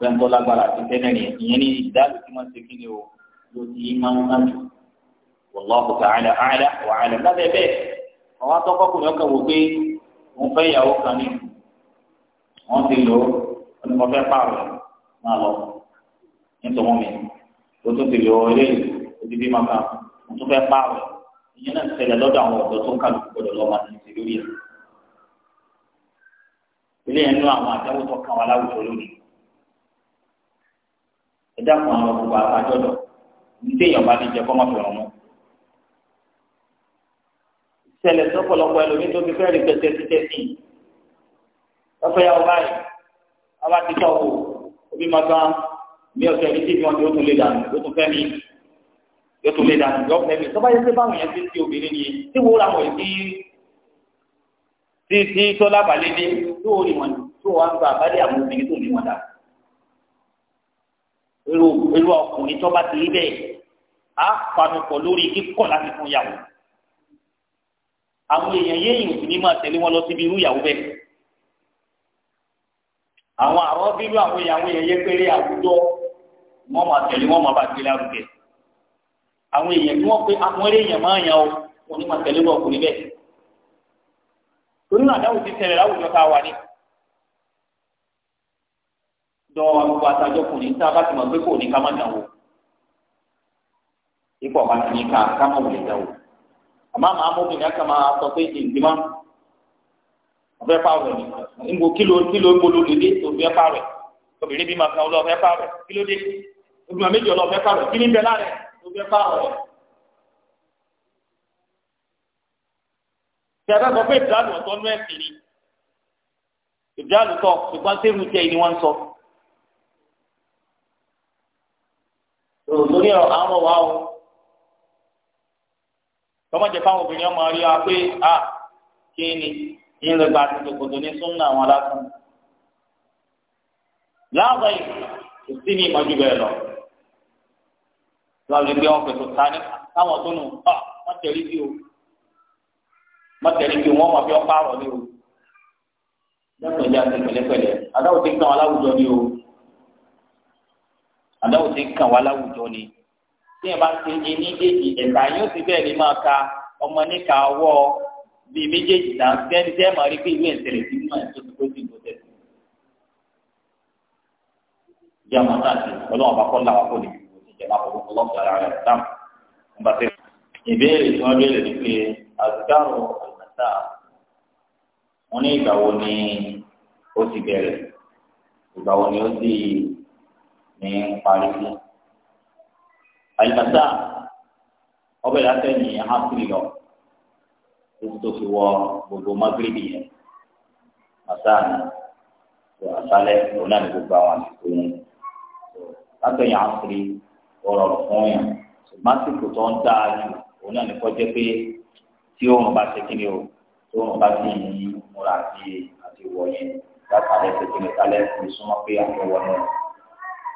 Speaker 1: fẹ́ńtọ́ lágbára àti tẹ́lẹ̀rì ìyẹn ní ìdáàbò tí wọ́n ṣe kí ni o ló ti máa ń náà jù wàláhù tààlà àlà wà àlà lábẹ́ bẹ́ẹ̀ àwọn atọ́kọ́kùnrin ọkàn wò pé wọ́n fẹ́ ìyàwó kan ní wọ́n ti lò ó wọ́n ti kọ́ fẹ́ pààrọ̀ máa lọ nítorí mi ó tún ti lò ó lé odidi máa kà wọ́n tún fẹ́ pààrọ̀ ìyẹn náà ti ṣẹlẹ̀ lọ́dọ̀ àwọn ọ̀dọ́ tó ń kà lóko gbọdọ̀ ilé ẹ̀ nú àwọn àtẹ́wọ́tọ̀ kan wà láwùjọ lónìí ẹ̀dá kan àwọn ọkùnrin àbájọ lọ ntẹ̀yìn ọba níjẹ kọ́ máa fẹ̀ràn mọ́. ìṣẹ̀lẹ̀ sọ́pọ̀lọpọ̀ ẹlòmíín tó fi fẹ́ rí pẹ̀tẹ́ títẹ́ sí i. lọ́fẹ̀ẹ́ yàwó báyìí ọba ti tọ́ wò òbí máa gbá mi ọ̀sẹ̀ ní tíbi wọn ni ó tún lé dànù ó tún fẹ́ mi yóò tún lé dànù yóò fẹ́ mi tọ́ba yẹn pé báwọn yẹn ti ti obìnrin ni tí wọ́n ra wọ̀nyí tí tí tọ́lá balẹ̀ dé tó o rí wọn tó o wá gba àbálẹ̀ àwọn obìnrin tó o rí wọn dànù irú irú ọkùnrin tó bá ti rí bẹ́ẹ̀ á panu pọ̀ lórí kíkọ̀ láti fún yàwó àwọn èèyàn yéèyàn sì ní máa tẹ̀lé wọn lọ síbi irú yàwó bẹ́ẹ̀ àwọn àwọn bírú àwọn èèyàn àwọn èèyàn yẹpẹrẹ àwùjọ wọn máa tẹ̀lé wọn máa bá gbé lárugẹ àwọn èèyàn tí wọ́n pe àwọn èèyàn máa yàn o wọn ní máa tẹ̀lé wọn ọkùnrin bẹ́ẹ̀ torí àdáwò ti tẹ̀lé láwùjọ tá wà ní tọ́ gbogbo àtàjọ kò ní tá a bá ti mọ̀ pé kò ní ká má dàn wò ipò ọ̀bá ti ní ká ká má wò lè dàn wò amóbìnrin ká sọ pé ǹdí má ọ̀fẹ́ pààrọ̀ ni nbọ kílò kílò gbolo lédè òfin pààrọ̀ obìnrin bí ma kan ọlọ́ọ̀fẹ́ pààrọ̀ kílò dé obìnrin méjì ọlọ́ọ̀fẹ́ pààrọ̀ kí ní bẹ láàrẹ̀ òfin pààrọ̀ rẹ̀. tí a bá sọ pé ìdálù ọ̀tọ́ nú ẹ̀sìn ni ìdálù tọ̀ ṣùgbọ́n sẹ́rù tẹ̀ ni wọ́n sọ. tó lórí àwọn ọmọ wa o tọmọdé fáwọn obìnrin ọmọ rí wa pé a kí ni ìrìn bá ti tòkòtò ní súnmọ́ àwọn aláṣẹ láàbọ̀ yìí kò sí ní ìmọ̀jú bẹ́ẹ̀ lọ lọ́ọ̀lù gbé wọn pẹ̀lú tani táwọn tó nù ọ́ wọ́n tẹ̀lé bí o wọ́n tẹ̀lé bí o wọ́n mọ̀ bí ọ́ pààrọ̀ ní o lẹ́kùn ìjà ti pẹ̀lẹ́pẹ̀lẹ́ adáwọ̀ ti ń tàn aláwùjọ ní o àdáwò ti ń kàn wá láwùjọ ni tí ẹ bá ti ní méjèèjì ẹ̀ka yóò ti bẹ́ẹ̀ ní máa ka ọmọ níka ọwọ́ bíi méjèèjì náà sẹ́ni tẹ́ máa rí pé ìwé ìṣẹ̀lẹ̀ ti mú àìsàn tó ti tó tẹ̀ sí. ìjà máa náà ti ọlọ́run bá kọ́ làwọn kò ní ìlú ti jẹ́ lápò ọlọ́run ara rẹ̀ dáàmú. ìbéèrè tí wọ́n béèrè ni pé àzùkárò àlùmọ́tà wọn ní ìgbà wo ni ó ti bẹ̀rẹ̀ ìgbà wo ni ó ti bẹ̀rẹ̀ ní parí fún. àlùmọ́sá ọbẹ̀ látẹ̀ ní áfírí lọ títí tó fi wọ gbogbo magrebi yẹn màsá ni tó àṣálẹ́ òun náà ní gbogbo àwọn àsìkò yẹn látẹ̀ yẹn áfírí ọ̀rọ̀ fún yẹn ṣùgbọ́n àsìkò tó ń dáa jù òun náà ní kọjá pé tí òun bá ṣe kí ni o tó wọn bá ti yìn múra àti àti wọ̀nyẹn látàlẹ́ tètè nìkalẹ́ fi súnmọ́ pé àti wọ̀nyẹn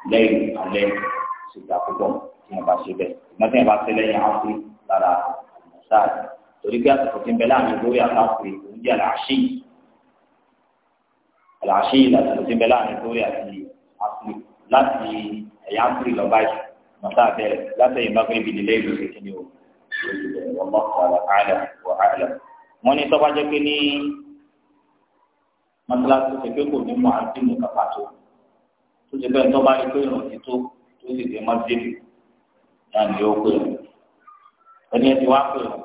Speaker 1: lẹ́yìn alẹ́ síta púpọ̀ tí wọ́n bá ṣe bẹ́ẹ̀ ṣùgbọ́n tí wọ́n bá ṣe lẹ́yìn áfírí lára sáà torí pé àsìkò tí ń bẹ láàrin lórí àtàkùn òun jẹ́ àlàáṣí àlàáṣí àsìkò tí ń bẹ láàrin lórí àti áfírí láti ẹ̀yà áfírí lọ́ba yìí mọ̀tá bẹ̀rẹ̀ látẹ̀yìn bá gbẹ́bí nílé ìlú ṣe kíni wọ́n mọ̀ àlẹ́ wọ́n wọ́n ní tó ti bẹ́ẹ̀ tó bá rí pé ìrùn ti tó tó sì dé mọ́tìrì náà ni ó pè wọ́n ẹni ẹ ti wá pè wọ́n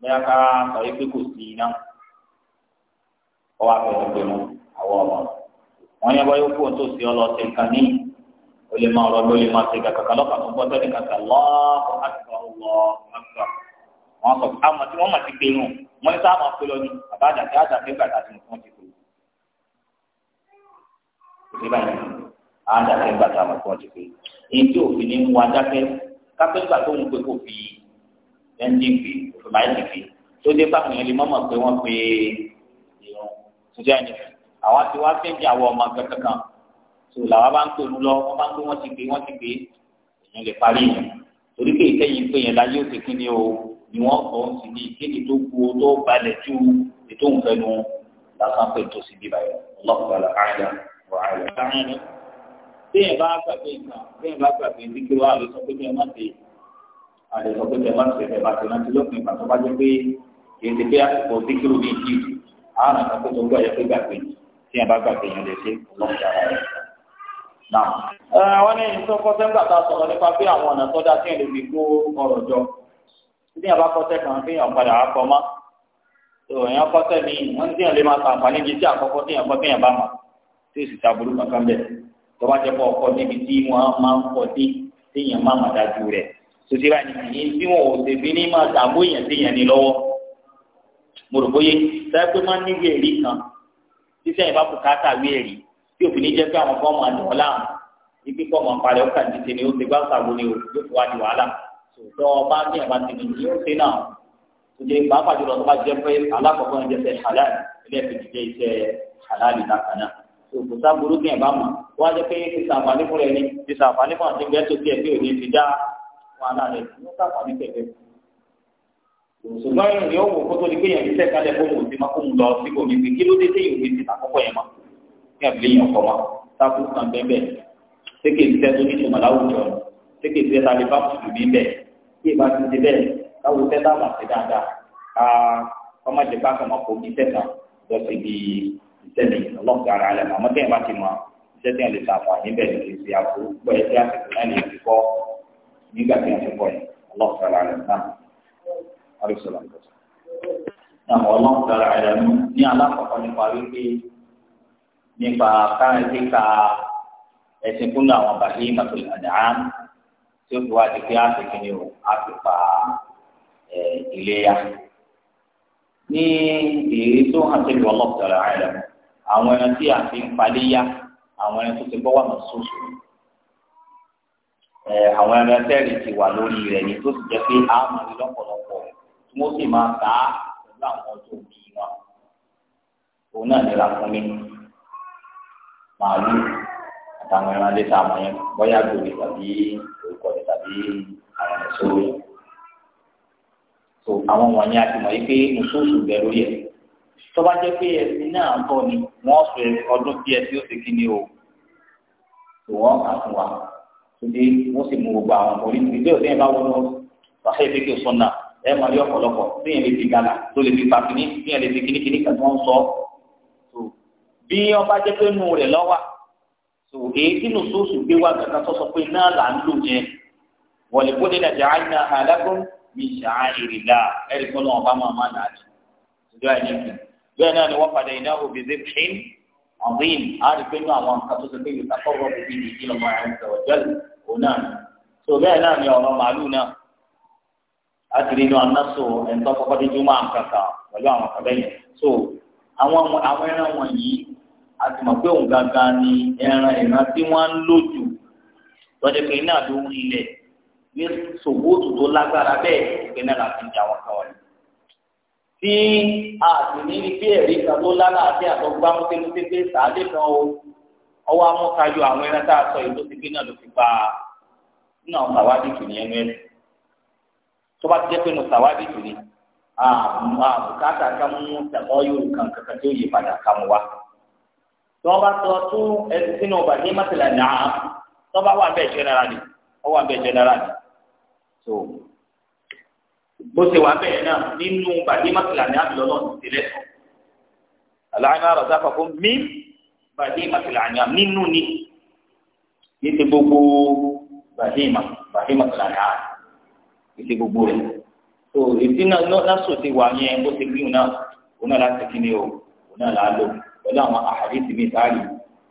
Speaker 1: bẹ́ẹ̀ ká sọ yìí pé kò sí iná ọ wá pè wọ́n pè wọ́n àwọ̀ ọmọ wọn yẹn bá yóò kó tó sí ọlọ́ọ̀tẹ̀ nǹkan o lè máa ọ̀rọ̀ ló lè máa ṣe kàkàkà lọ́kàn tó ń bọ́ sẹ́ni kàkà lọ́ọ̀kọ̀ àtìkọ̀ lọ́ọ̀kọ̀ wọn sọ àwọn tí wọ́n mà ti gbé nù wọ́n ní sáà pè lọ àbá àdàtẹ́ àdàtẹ́ gbàtà tí wọ́n ti pè á dákẹ́ ńgbà tá a mọ̀ fún ọ ti pé èyí tí òfin ní ń wá dákẹ́ kápẹ́ńgbà tó ń pé kò fi ẹ̀ńdí pé òfin máa ń ti pé tó dé bá àwọn ẹlẹ́mọ̀ mọ̀ pé wọ́n pe ìrùn tuntun ẹni àwọn ti wá fẹ́ẹ́ jẹ́ àwọn ọmọ kankan kan tó làwọn bá ń pè lọ wọ́n bá ń pè wọ́n ti pé wọ́n ti pé èèyàn lè parí yẹn torí pé ìkẹyìn pé yẹn láyé òsè kí ni o ni wọ́n kọ́ sí ní ìkéde tó kú o tó balẹ̀ tú ètò òǹfẹ́ nu lásán pé tó sì bí báyìí lọ́kùnrin àlàkàrẹ́ wà á yẹ téèyàn bá gbàgbé nǹkan téèyàn bá gbàgbé díkì wá ló sọ pé kí ẹ má ṣe àlè sọ pé kí ẹ má ṣe ẹ bá ti rántí lópin ìgbà tó bá jẹ pé kìí ṣe pé àsìkò díkì rò ní ìdí àrùn kan tó tó gbọ́ yẹ pé gbàgbé téèyàn bá gbàgbé yẹn lè ṣe ọlọ́run yàrá rẹ̀ náà. wọ́n ní ìṣó kọ́sẹ́ ń gbàtà sọ̀rọ̀ nípa pé àwọn ọ̀nà tó dá sí ẹ̀rọ fi kó ọ̀rọ̀ jọ téèyàn bá kọ́sẹ́ kan téèyàn tọ́wá jẹ́ pọ̀ ọkọ níbi tí wọ́n máa ń kọ́ dé téèyàn máa máa dájú rẹ̀ sòtì bá nìyí tí wọn ò ṣe fi ní máa dààmú èèyàn téèyàn ní lọ́wọ́ mo rò bóyá sáyẹ́ pé máa ń níwèé ẹ̀rí kan tí sẹ́yìn bá bùkátà wí ẹ̀rí tí òfin ní jẹ́ pé àwọn fọ́ọ̀mù àdìwọ́ láàmú ibi kọ́ ọmọ àpàrẹ ọkà tètè ni ó ti gbá sàbò ni ó yóò fi wá di wàhálà tòótọ́ ọba ní ẹ̀bá ti ní yóò ṣe náà tó jẹ́ pàápàá jùlọ bá jẹ́ pé alákọ̀ọ́kọ́ ń jẹ́ sẹ́ halal ilé ẹ̀fẹ̀ jẹ́ iṣẹ́ halal ìdáka náà òkúta burúkú yẹn bá mọ̀ wọ́n á jẹ́ pé ìsàǹfààní fún rẹ̀ ni ìsàǹfààní fún àti bẹ́ẹ̀ tó tiẹ̀ pé òní ti dá wàhálà rẹ̀ ló sàǹfààní tẹ̀lé. ṣùgbọ́n ìrìn yóò wò kó tó di pé yẹn ti tẹ̀kálẹ̀ fún òun ti máa kó ń lọ sí kò ní fi kí ló dé téyìn òun ti tàkọ́kọ́ yẹn mọ́ ní àbílẹ̀ yẹn ọkọ̀ mọ́ sáfù kan bẹ́ẹ̀ sékè tẹ́ tó ní ìtumọ̀ láwùjọ tẹ́lẹ̀ ọlọ́run ti ara rẹ̀ mọ̀ àmọ́ tẹ́yìn bá ti mọ̀ iṣẹ́ tẹ́yìn lè ṣàǹfààní bẹ́ẹ̀ lè ṣe àbúrò pọ̀ ẹ̀ tí àsìkò náà lè fi kọ́ nígbà tí wọ́n ti kọ́ yìí ọlọ́run ti ara rẹ̀ náà àríṣọ́lá ń bọ̀. àwọn ọlọ́run ti ara rẹ̀ mú ní alákọ̀ọ́kọ́ nípa wípé nípa káyọ̀tì ka ẹ̀sìn kúnnà àwọn bàbí màtòlì àdáhà tí ó fi wá di pé àsìkò ni ó àpèpà ìléyà ní èyí tó hàn sí ìwọlọ́pù tẹ̀lé àìlẹ́mú àwọn ẹran tí a fi ń palẹ́ yá àwọn ẹran tó ti bọ́ wà mọ́ sóṣù àwọn ẹran tẹ́rì ti wà lórí rẹ̀ ní tó sì jẹ́ pé a mọ̀ ní lọ́pọ̀lọpọ̀ tí wọ́n sì máa ta á pẹ̀lú àwọn ọjọ́ òbí wọn òun náà nira fún mi màálù àtàwọn ẹran lé ta àwọn yẹn bóyá gbòòrè tàbí orúkọ tàbí àwọn ẹ̀ṣọ́ rẹ̀ so àwọn wọ̀nyí a ti mọ̀ yí pé mùsùlùmí bẹ̀rù yẹn tọ́ba jẹ́ pé ẹ̀sìn náà ń bọ̀ ni wọ́n sọ ọdún bí ẹ̀sìn ó ti kí ni o tó wọ́n kà fún wa tóbi wọ́n sì mú gbogbo àwọn orí ti bí òsèyìn bá wọnú wàhálà ìfi kí o sọ náà ẹ máa rí ọ̀pọ̀lọpọ̀ téèyàn lè fi gàlà tó lè fi pa kíní téèyàn lè fi kíní kíní kan tó ń sọ tó bí ọba jẹ́ pé nù rẹ̀ lọ́wà tó èyí tí nù sóòsù gbé wá gàgà tó sọ pé náà là ń lò yẹn wọ̀lẹ̀ kó lè dàjà àìnà àlágún mi ṣàáìrì là ẹ̀rí kọ́ lọ́wọ́ bá máa má nà á jù ìjọ àìníkì bẹ́ẹ̀ náà ni wọ́n padà iná òbí zibṣin ọ̀gbìn àdìpẹ́nu àwọn nǹkan tó ti pé yìí káfọ́rọ́ òbí ní ìdí ọmọ ẹ̀ ń sọ̀rọ̀ jẹ́lì òun náà ni tó bẹ́ẹ̀ náà ni ọ̀rọ̀ màálù náà láti rí inú anásò ẹ̀ńtọ́ kọ́kọ́ dídú máa ń kàkà pẹ̀lú àwọn kan bẹ́yẹn so àwọn àwọn ẹran wọ̀nyí a ti mọ̀ pé òun gangan ni ẹran ìran tí wọ́n ń lò jù lọ́dẹ tí àtìní ní bí ẹ̀rí kan tó lálẹ́ àti àtọ́gbá mútẹ́mútẹ́ pé sàádé kan o ọwọ́ amúkayọ àwọn ẹran tá a sọ yìí tó ti gbé náà ló fi pa nínú àwọn sàwádìí tù ní ẹnu ẹ̀ tó bá ti jẹ́ pé nù sàwádìí tù ní àbùkátà ká mú tẹ̀kọ́ yóò kan kankan tí ó yí padà ká mú wa. tí wọ́n bá sọ tún ẹtí sínú ọba ní mọ́tìlá náà tí wọ́n bá wà bẹ́ẹ̀ jẹ́nẹ́rà ni wọ́n wà bẹ́ẹ̀ jẹ́nẹ́rà ni bó ṣe wà bẹ́ẹ̀ náà nínú bàdí màkìlàní àbílọ́ náà ti tẹ̀lé sọ. àlàyé rẹ̀ sáfà fún mi bàdí màkìlàní nínú ni ní ti gbogbo bàdí màkìlàní àbí ní ti gbogbo rẹ̀. tó ètí náà lásò ti wà yẹn bó ṣe gbìyànjú náà òun náà láti kí ni o òun náà láà lò pẹ̀lú àwọn àhàdìsí mi sáàlì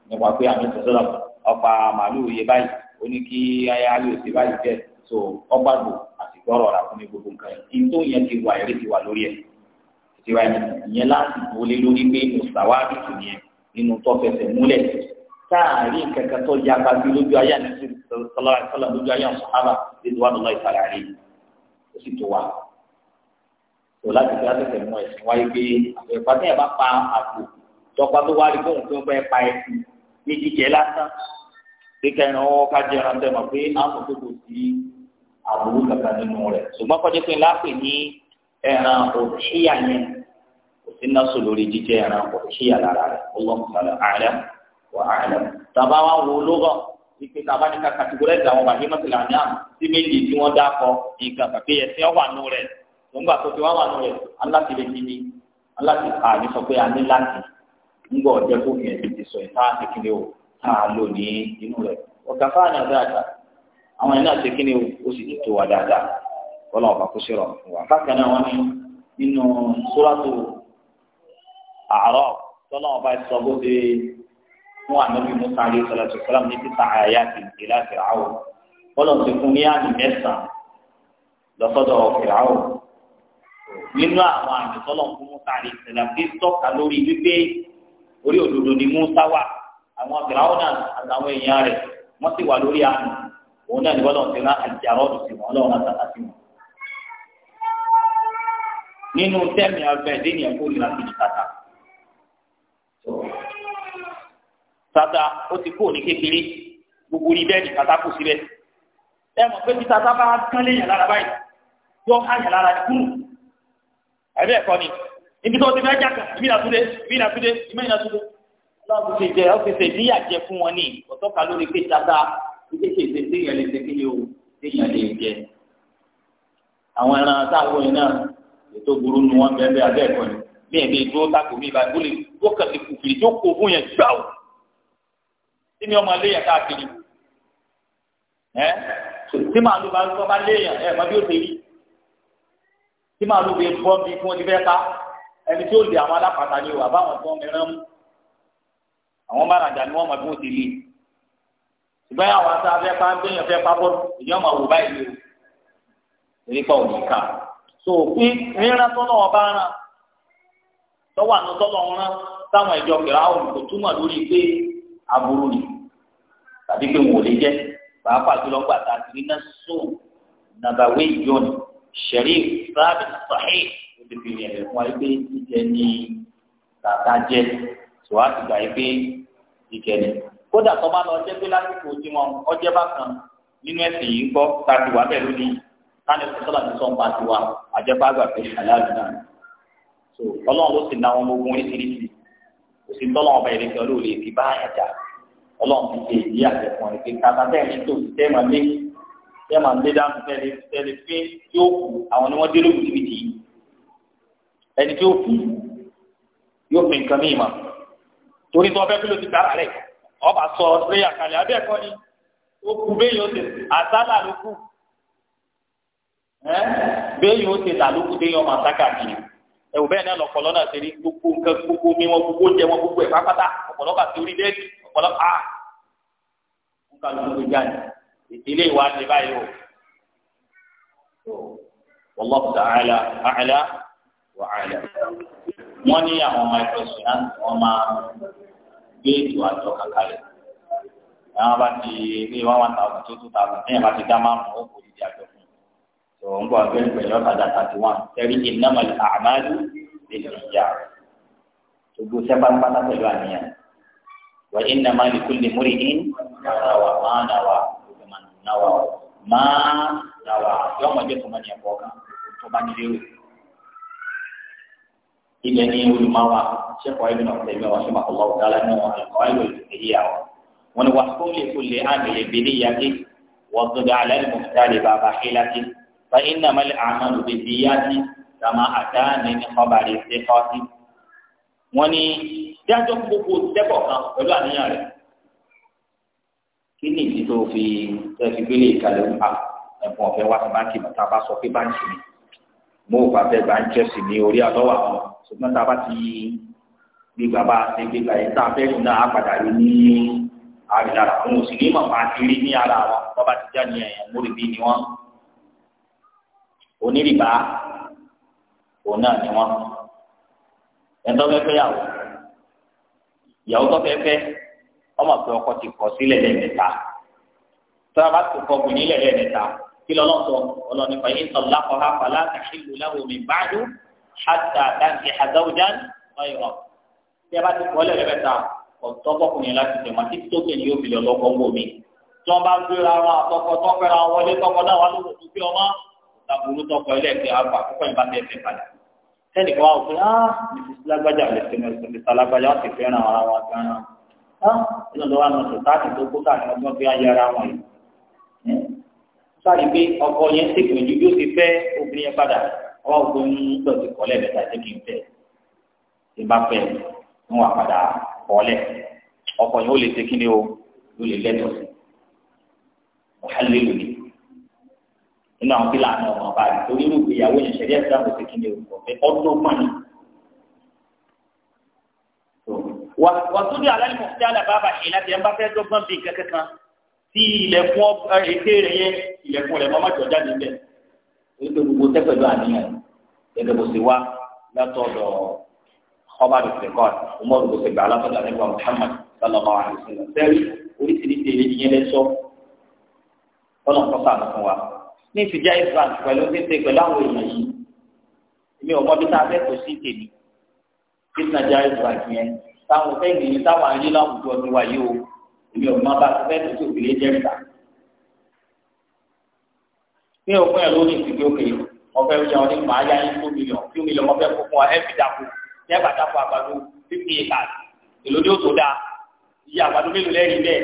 Speaker 1: nípa pé àmì sọ̀sọ̀rọ̀ ọ̀pá màálù yẹ báyìí yọrọ ra fún mi gbogbo nǹkan yìí tó yẹn ti wà ẹrí ti wà lórí ẹ ti wà ìyẹn láti wọlé lórí pé mùsàwárì tù yẹn nínú tó fẹsẹ̀ múlẹ̀ sáàárín kankan tó ya pàṣẹ lójú ayé àti sọlá sọlá lójú ayé àwọn sọhábà lẹ́nu wà lọlá ìsàlẹ̀ àárẹ ó sì tó wà tó láti fi àtẹsẹ mú ẹsìn wáyé pé àpẹẹpà tẹ bá pa àpò tọpa tó wá rí tó ń bẹ pa ẹsìn ní jíjẹ lásán pé kẹrin ọwọ́ ká jẹran tẹ mọ̀ pé àwọn tó kò sí aburú kankan nínú rẹ̀ ṣùgbọ́n kọjá pé lápè ní ẹran òṣìyà yẹn kò sí náà lórí jíjẹ ẹran òṣìyà lára wa a'lam tàbá wa wo lóko ìpè tàbá ní ká kàtìgórẹ́ ìdá wọn ní àná sí méjì tí wọ́n nǹkan nù tó ti wá wà nù rẹ̀ aláti lè ti ní aláti sọ pé a ní láti ńgbọ̀ ọ̀jẹ́ o a lò àwọn yẹn náà ṣe kí ni ó sì tó wa dáadáa kọ́lọ́ ọ̀fà kó ṣèrọ̀ fún wa. bákan náà wọ́n ní nínú sóràtò àárọ̀ tọ́lọ́ ọba sọ bó ṣe fún ànábì musa àlẹ́ sọlọ́tò sọlá ní títà àyà ti gbé láti ráwọ̀ kọ́lọ́ ti fún ní àmì mẹ́sàn-án lọ́sọ́dọ̀ nínú àwọn àmì tọ́lọ̀ fún musa àlẹ́ sọlá fi tọ́ka lórí wípé orí òdodo ni musa wà àwọn fìràwọ̀ náà àtàwọn èèyàn rẹ̀ wọ́n sì wà lórí àmì òun náà ní bọ́lá ọ̀sẹ̀ náà àjàrọ̀ ọ̀sẹ̀ wọn lọ́wọ́ náà tàbá sí wọn. nínú tẹ́mi abẹ́ dénìyàn kó nira sí ní tata. tata ó ti kó ní kékeré gbogbo ní bẹ́ẹ̀ ní tata kù síbẹ̀. ẹ mọ̀ pé tí tata bá kán léèyàn lára báyìí yọ káyàn lára kúrú. àbí ẹ̀kọ́ ni ibi tó ti fẹ́ jà kan ibi ìnàtúndé ibi ìnàtúndé ibi ìnàtúndé. ọlọ́run ti jẹ ìdíje ìdíje téèyàn lè ṣe kíni o téèyàn lè jẹ àwọn ẹran táwọn yìí náà ètò burú nu wọn bẹ́ẹ̀ bẹ́ẹ̀ abẹ́ ẹ̀kọ́ ni bí ẹ̀mí dúró tako mi ìbá gbólé tó kàn ti kùfìrì tó kó fún yẹn gbà o tí mi ọmọ léyà káàkiri ẹ tí màálù bá ń sọ bá léyà ẹ mọ bí ó ti rí tí màálù bẹ bọ́ bí fún ọdún fẹ́ ká ẹni tí ó lè àwọn alápàtà ni o àbáwọn tó ń mẹ́rán mú àwọn bá ràjà ni wọ́n mọ bí wọ́n ti lè bẹ́ẹ̀ àwọn ata fẹ́ pa gbẹ̀yàn fẹ́ pa bọ́ọ̀lù èyàn máa wò báyìí lé o èyí pa òní ká so òfin ríran tọ́lọ̀ ọba rán tọ́wọ́ àná tọ́lọ̀ ń rán táwọn ìjọ kìlá òun kò túmọ̀ lórí pé aburú ni tàbí pé wọn ò lè jẹ́ pàápàá jùlọ gbà tá a ti rí náà sóò nàbàwé john sherif sábì sahih ó ti fi fún wa pé tàtà jẹ sọ wá ti kódà tó bá lọ jẹ́ pé lásìkò tí wọn ọjẹ́ bá kan nínú ẹ̀sìn yìí ń gbọ́ tá a ti wà bẹ́ẹ̀ lónìí láti sọ́dọ̀ ti sọ́n bá ti wà àjẹpá gbà pé àyàlù náà so ọlọ́run ló sì na wọn ogun oríṣiríṣi kò sí tọ́lọ́run ọba ìrèké olóò lè fi bá ẹ̀dá ọlọ́run ti ṣe ìdí àtẹ̀kùn rẹ̀ pé kàtà bẹ́ẹ̀ ní tòun tẹ́ máa lé tẹ́ lé dáhùn tẹ́lẹ̀ tẹ́lẹ̀ pé yóò kú àwọn ni wọ́n dé lóògùn níbi yìí ẹni tí yóò kú yóò fi nǹkan mí mà torí tí wọ́n fẹ́ kí ló ti dára rẹ̀ ọba sọ pléyà kalẹ̀ abẹ́ ẹ̀kọ́ ni ó kú béèyàn ó ti àsálà ló kù béèyàn ó ti tà ló kù téèyàn máa sá káàkiri bẹ́ẹ̀ náà gbogbo nǹkan gbogbo mi wọn gbogbo oúnjẹ wọn gbogbo ìdílé ìwà báyìí o gbé ètò àjọ kàkà rẹ̀ àwọn bá ti ní one one thousand two two thousand ẹ̀yìn bá ti dá márùn-ún ó kò ní di àjọ fún un tó ń bọ̀ abẹ́rẹ́ pẹ̀lú ọ̀tajà thirty one tẹ̀rí innamal a'malu bin niyyah gbogbo sẹ́pà pátá pẹ̀lú àníyàn wa innama likulli mri'in náwà máa náwà gbogbo máa náwà máa náwà yọ̀ọ́mọ̀jẹ́ tó máa ní ẹ̀kọ́ kan tó bá nílé rẹ̀ ibẹ̀ ni olùmọ̀wá sẹ́kọ̀ ibùdó ọ̀sẹ̀mẹ̀ wọ́n sọ́mà ọ̀lọ́wọ́ dáná ní wọn ẹ̀kọ́ ẹ̀lò ìfìyà wọn. wọn ni wàá kólé kólé àmìlẹ̀ bèlè yàgé wọ́n tó dá alẹ́ ní mọ̀tàlẹ́ bàbá xélàtì fa iná mẹ́lẹ̀ àmàlù bẹ̀ bí yáàtì kàmá àtà ní ní kọ́bàrẹ̀ sẹ́kọ́tì. wọn ni dájọ́ gbogbo sẹ́kọ̀ kan pẹ̀lú àníyàn rẹ̀ kí ni ìdí tó fi tẹ́ fi gbélé ìkàlẹ̀ ń mo ò fàfẹ́ gba Chelsea ní orí àtọ́wà wọn ṣùgbọ́n tá a bá ti gbé bàbá ṣe gbé gbà yẹn tá a fẹ́ràn náà á padà rí ní àrìlára àwọn òsì ní màmá ti rí ní ara wọn wọ́n bá ti já ní ẹ̀yàn mórí bí ni wọ́n onírìbá òun náà ni wọ́n ẹ̀ńtọ́ fẹ́ fẹ́ yàwó ìyàwó tó fẹ́ ọmọ pé ọkọ ti kọ̀ sílẹ̀ lẹ́ẹ̀mẹ́ta tó a bá ti kọ̀ bù nílẹ̀ lẹ́ẹ̀mẹ́ta kí lọ́lọ́ sọ ọlọ́ni fàyè sọ̀lá kọ́ha fàlà tàṣílù láwọ̀ mi báàdù hàtà dáńkì hàdáwùjá ọ̀yọ̀ tí a bá ti kọ́ lẹ́rẹ̀ mẹ́ta ọ̀tọ́kọ̀kùnrin láti tẹ̀mọ́ títí tó kéde yóò fi lọ lọ́kọ́ wò mí tí wọ́n bá gbéra wọn àtọkọ tọ́pẹ́ra wọn wọlé tọkọ náà wọn lóko tó fi ọmọ ìtàkùrú tọkọ ẹlẹ́ẹ̀kẹ́ àgbà púpọ̀ ìbá tẹ̀ fẹ́ padà sẹ́ni kan sáàrí pé ọkọ yẹn ṣe gbìyànjú bí ó ti fẹ́ obìnrin yẹn padà ọwọ́ gbogbo ń lọ sí kọ́lẹ̀ mẹ́ta ṣé kí n fẹ́ ṣe bá fẹ́ ń wà padà kọ́lẹ̀ ọkọ yẹn ó lè ṣe kí ni o ló lè lẹ́tọ̀ọ́ sí ọ̀hálẹ́ lónìí nínú àwọn pílà náà wọn bá rí torí irú ìyàwó yẹn ṣẹlẹ̀ ẹsẹ àbòsí kí ni òkú ọfẹ ọdún pọnì. wà á tún bí alẹ́ mọ̀ sí láti ẹ̀ ń bá fẹ́ dọ́gbọ́n bíi kankan tí ilẹ̀kùn èké rẹ̀ yẹ ilẹ̀kùn rẹ̀ mọ́mọ́ jọ jáde bẹ̀ èyí tó gbogbo tẹ́ pẹ̀lú àníyàn gẹ́gẹ́ bó ṣe wá látọ̀dọ̀ ọba rẹ̀ kọ́ ọmọdé bó ṣe gbà látọ̀dọ̀ àlẹ́ wọn Muhammad sallallahu alayhi wa sallam sẹ́rí oríṣiríṣi èyí yẹn lẹ́ sọ ọ̀nà kọ́sà fún wa ní ìfìjà islam pẹ̀lú títẹ pẹ̀lú àwọn èèyàn yìí èmi ò mọbi tá a fẹ́ kó sí tèmi títí nàìjíríà islam yẹn táwọn fẹ́ẹ́ nìyí táwọn ayé láwùjọ ti wáyé o èmi ò máa bá ti fẹ́ẹ́ tó òbí lé jẹ́ níta. ní òpin ẹ̀ lórí ìsìnkú òkè ọ̀fẹ́ yẹn ní màá yá yín tó mílíọ̀n tó mílíọ̀n ọ̀fẹ́ kó fún wa ẹ̀ fi dàpọ̀ ní àgbàdà fún àgbàdo fífi ìka èlò ní òtò dáa iye àgbàdo mélòó lẹ́yìn bẹ́ẹ̀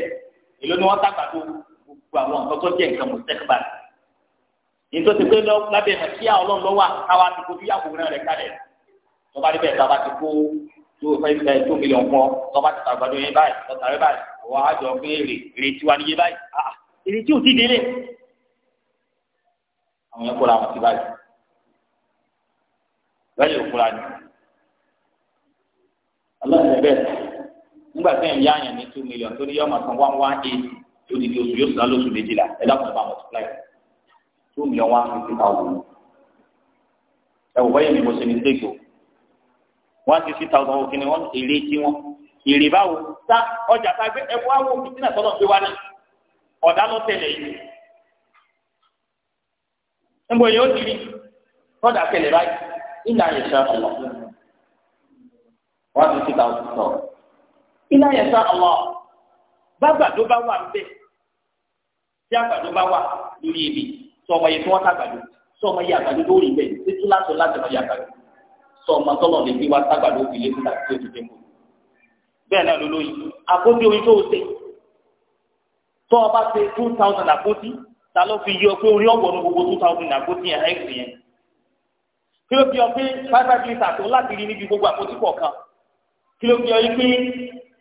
Speaker 1: èlò ni wọ́n tàgbàdo gbogbo àwọn nǹkan tó jẹ́ nǹkan mọ̀tẹ́kìbà nítorí pé lábẹ́ ẹ̀ kí àwọn ọlọ́run lọ́wọ́ káwa ti kojú àwòrán rẹ̀ kalẹ̀ tọ́ba níbẹ̀ tọ́ba ti kó tó mílíọ̀n fún àwọn àjọ pé èrè èrè níye báyìí ah, ah, èrè tí ò ti délé àwọn yẹn kóra wọn ti báyìí báyìí ò kóra ni ọlọ́run bẹ́ẹ̀ nígbà tí ẹ̀ ń yá àyàn ní two million tó ní yọ̀ọ́ màtán one one eight tó ní di oṣù yóò sàn lóṣù méjìlá ẹ dákun ẹ bá multiply two million one fifty thousand ẹ wò báyìí ni mo ṣe ní sèkò one fifty thousand òkè ni wọ́n èrè tí wọ́n èrè báwo sá ọjà tá a gbé ẹ̀kọ́ àwọn òkùnkùn náà tọ́lọ̀ gbé wá náà ọ̀dà lọ tẹ̀lẹ̀ yìí níbo yóò ti rí tọ́jà tẹ̀lẹ̀ báyìí ilà yẹn sá ọ̀lọ́ wọ́n ti fi tàwọn sọ̀ ilà yẹn sá ọ̀lọ́ bàgbàdo bá wà ń bẹ̀ tí àgbàdo bá wà lórí ibi sọmọ yẹn tí wọ́n tàgbàdo sọmọ yẹn àgbàdo lórí ibẹ̀ títí látọ̀ láti ọmọ àgbàdo sọmọ tọ́lọ̀ lè fi wá tàgbàdo òfin lé bẹ́ẹ̀ náà lólóyìn àpótí orin tó o ṣe tó o bá ṣe two thousand àpótí ta ló fi yọ pé orin ọ̀wọ́ ní gbogbo two thousand àpótí yẹn x yẹn kí ló fi ọ pé five five litres tó láti rí níbi gbogbo àpótí kọ̀ọ̀kan kí ló fi ọ pé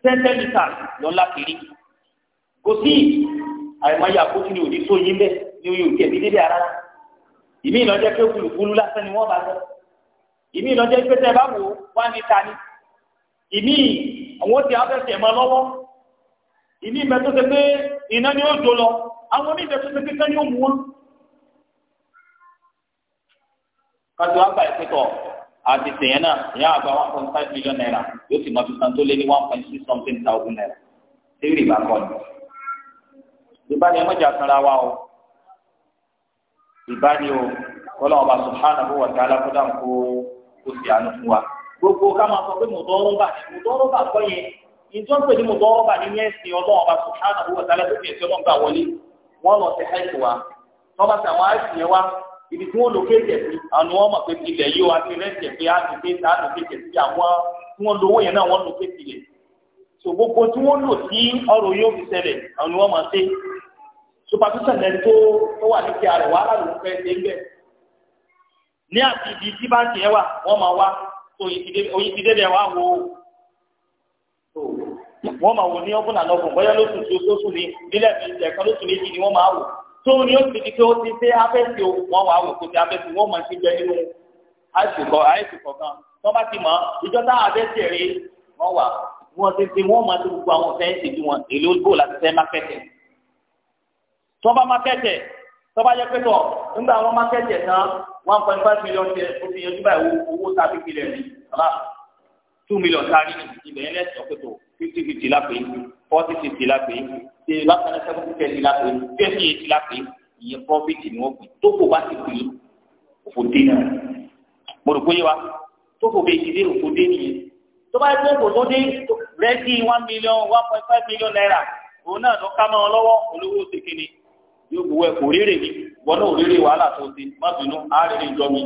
Speaker 1: ten ten litres lọ láti rí kò sí àìmọye àpótí ni òní tó yín bẹ́ẹ̀ ni oyè òkè ní dédé ara ìmí ìlọ́jẹ́ pé kùlùkùlù lásán ni wọ́n bá lọ ìmí ìlọ́jẹ́ pé tẹ́ bá wò wá ní ta ni ìmí àwọn ó ti afẹ́fẹ́ ma lọ́wọ́ ìní ìmẹ́ tó ṣe pé iná ni ó jò lọ àwọn oníbẹ̀ tó ṣe pé kẹ́ ni ó mú wọn. kájú àgbà ìpẹ́tọ̀ àti tèèyàn náà ìyá àgbà one point five million naira yóò sì máa fi san tó lé ní one point six something thousand naira lérí ìgbà kan ní. ìbáni ẹmọ́jà sanra wa o ìbáni o kọ́lá ọba subhanahu wa ta'ala kó dáhùn kó kó sì àánú fún wa gbogbo ká máa sọ pé mùtọ́rọ́bà ni mùtọ́rọ́bà kọ́ yẹn ìjọ pé ní mùtọ́rọ́bà ni yẹn sìn ọlọ́run ọba subhanahu wa ta'ala tó fi ẹ̀sẹ̀ ọlọ́run gbà wọlé wọ́n lọ sí hẹ́ẹ̀kì wa tọ́ba tí àwọn àìsàn yẹn wá ibi tí wọ́n lo kéèjẹ̀ sí àwọn ọmọ pé ilẹ̀ yìí wá sí rẹ́ǹtẹ̀ pé á lo kéèjẹ̀ á lo kéèjẹ̀ sí àwọn tí wọ́n lo owó yẹn náà wọ́n lo kéèjẹ̀ lẹ̀ so gbogbo tí wọ́n lò sí ọ̀rọ̀ yóò fi ṣẹlẹ̀ àwọn ọmọ ṣe superstition lẹni tó tó wà ní kí a rẹ̀ wá láàrú fẹ́ ṣe ń bẹ̀ ní àti ibi tí báńkì yẹn wà wọ́n máa wá oyin ti débẹ̀ wá wo wọ́n máa wò ní ọ̀gbọ́n náà lọ́gbọ̀n bóyá lóṣù tó sóṣù ní nílẹ̀ méjì ẹ̀kan lóṣù méjì ni wọ́n máa wò tó ní oṣù tí ó ti ṣe abẹ́sì wọn wà wò kó ti abẹ́sì wọn máa ti bẹ nínú àìsùkọ àìsùkọ kan tó bá ti mọ̀ ìjọ táwọn abẹ́sì rẹ̀ wọ́n wà wọ́n ti ti wọ́n máa ti gbogbo àwọn fẹ́ǹsì tí wọ́n èlò gbò láti fẹ́ mákẹ́tẹ̀ tó bá mákẹ́tẹ̀ tọ́ba jẹ́ pẹ́tọ̀ nígbà wọn mákẹ́tì ẹ̀ tán one point five million ṣe oṣù yẹn nígbà ìwò owó tàbí kílẹ̀ ní ọ̀la two million kárí ibẹ̀ yẹn lẹ́sìn ọ̀pẹ̀tọ̀ fifty fifty lápè forty fifty lápè ṣe lápẹ̀ seventy thirty lápè twenty eighty lápè ìyẹn profit ni wọ́n pè tó kò bá ti pè òfò dé náà mo rò pé yé wa tó kò bẹ́ẹ̀ ti dé nìyẹn tọ́ba jẹ́ pẹ́tọ̀ tó dé rẹ́ẹ̀dì one million one point five million naira òun náà lọ yóò gbowó ẹ kò rírè ni wọn náà ò rírè wàhálà tó ti má bínú á rírè ìjọ mi.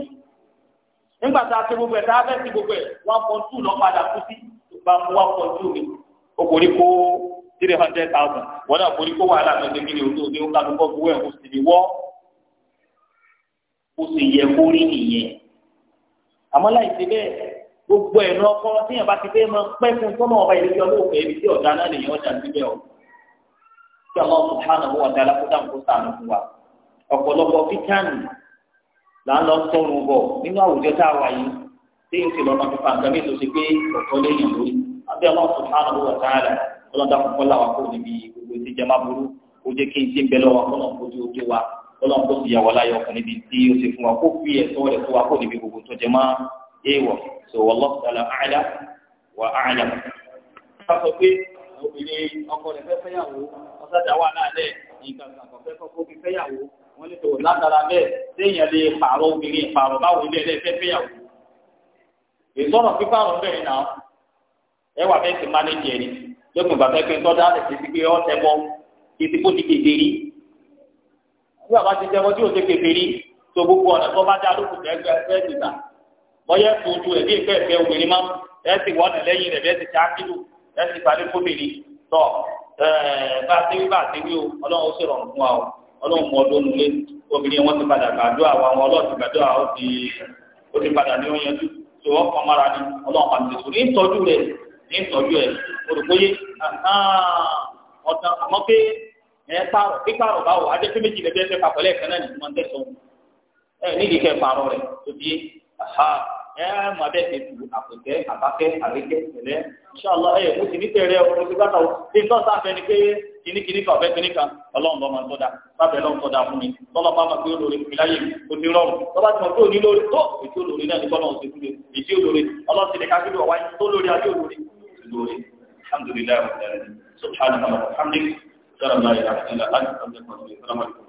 Speaker 1: nígbà tá a ti gbogbo ẹ tá a fẹ́ sí gbogbo ẹ one point two lọ padà kú sí bá one point two mi o kò ní kó three hundred thousand wọn náà kò ní kó wàhálà tó ti kiri òtún òní ó kánú kó gbowó ẹ kó sì ní wọ́ kó sì yẹ kó rí nìyẹn. àmọ́ láì ṣe bẹ́ẹ̀ gbogbo ẹ̀ lọ́kọ́ tíyẹn bá ti fẹ́ máa pẹ́ fún tọ́nà ọba ìlú kí Allah subhanahu wa ta'ala kó dáhùn kó sànù fún wa ọ̀pọ̀lọpọ̀ fítánì là ń lọ sọ̀rùn bọ̀ nínú àwùjọ tá a wà yìí tí yóò ti lọ́ọ́ máa fi fàǹtà mi tó ṣe pé ọ̀tọ́ léèyàn lórí àbí Allah subhanahu wa ta'ala ọlọ́dà kọ́kọ́ làwọn kò níbi gbogbo ti jẹ́ má burú ó jẹ́ kí n ti ń bẹ lọ́wọ́ kọ́nà kojú ojú wa kọ́nà kó so wallahu ta'ala a'la wa a'lam. ká sọ pé obìnrin ọkọ rẹ̀ fẹ́ fẹ́yàwó ọ̀sájà wà láàlẹ̀ nǹkan kan kọ́kọ́ fi fẹ́yàwó wọ́n ní tòun látara bẹ́ẹ̀ téèyàn lè pààrọ̀ obìnrin pààrọ̀ báwo ilé ẹ̀ fẹ́ fẹ́yàwó. ìsọ̀rọ̀ pípààrọ̀ bẹ́ẹ̀ náà ẹ wà bẹ́ẹ̀ ti mánéjì ẹ̀rí lókun bàbá pé tọ́jú àti títí pé ọ́ tẹ́wọ́ títí kó ti kékeré. bí bàbá ti tẹ́wọ́ tí ò ti kékeré tó gbogbo ọ̀nà tó bá dá lókun tẹ́gbẹ́ ẹ̀ ti ṣáàkìlù ẹ̀ sì parí kóbìnrin Eh, bá a ti wí bá a ti wí o ọlọ́run ó sì rọrùn fún wa o ọlọ́run mọ ọdún nulẹ̀ obìnrin wọn ti padà gbàdúrà wa wọn ọlọ́run ti gbàdúrà ó ti ó ti padà ní oyanjú tó wọ́n kọ́ mára ni ọlọ́run pàmì tètè ní ìtọ́jú rẹ̀ ní ìtọ́jú ẹ̀ olùkóyè ọ̀tàn àmọ́ pé ẹ pààrọ̀ pípààrọ̀ báwo adékè méjì lẹ́gbẹ́ fẹ́ papọ̀ náà ní ẹ máa bẹ́ẹ̀ fi tu àpòtẹ́ àbáfẹ́ àríkẹ́ ìpẹ̀lẹ́ ṣáàlá ẹ mo ti ní tẹ̀rẹ̀ ọmọ ti bá tàwọn ṣé nǹkan sáfẹ́ ni pé kìnnìkìnnì kan ọ̀fẹ́ kìnnìkà ọlọ́run lọ́mọ sọ́dà sábẹ́ lọ́mọ sọ́dà fún mi tọ́lọ́ bá máa pé ó lórí fún mi láyé o ti rọrùn tọ́ba tí mo tó ní lórí tó ètí olórí náà ní kọ́nà òsè fúnlẹ̀ ètí olórí ọlọ́run ti lè ká kílò ọ̀wáyé
Speaker 2: tó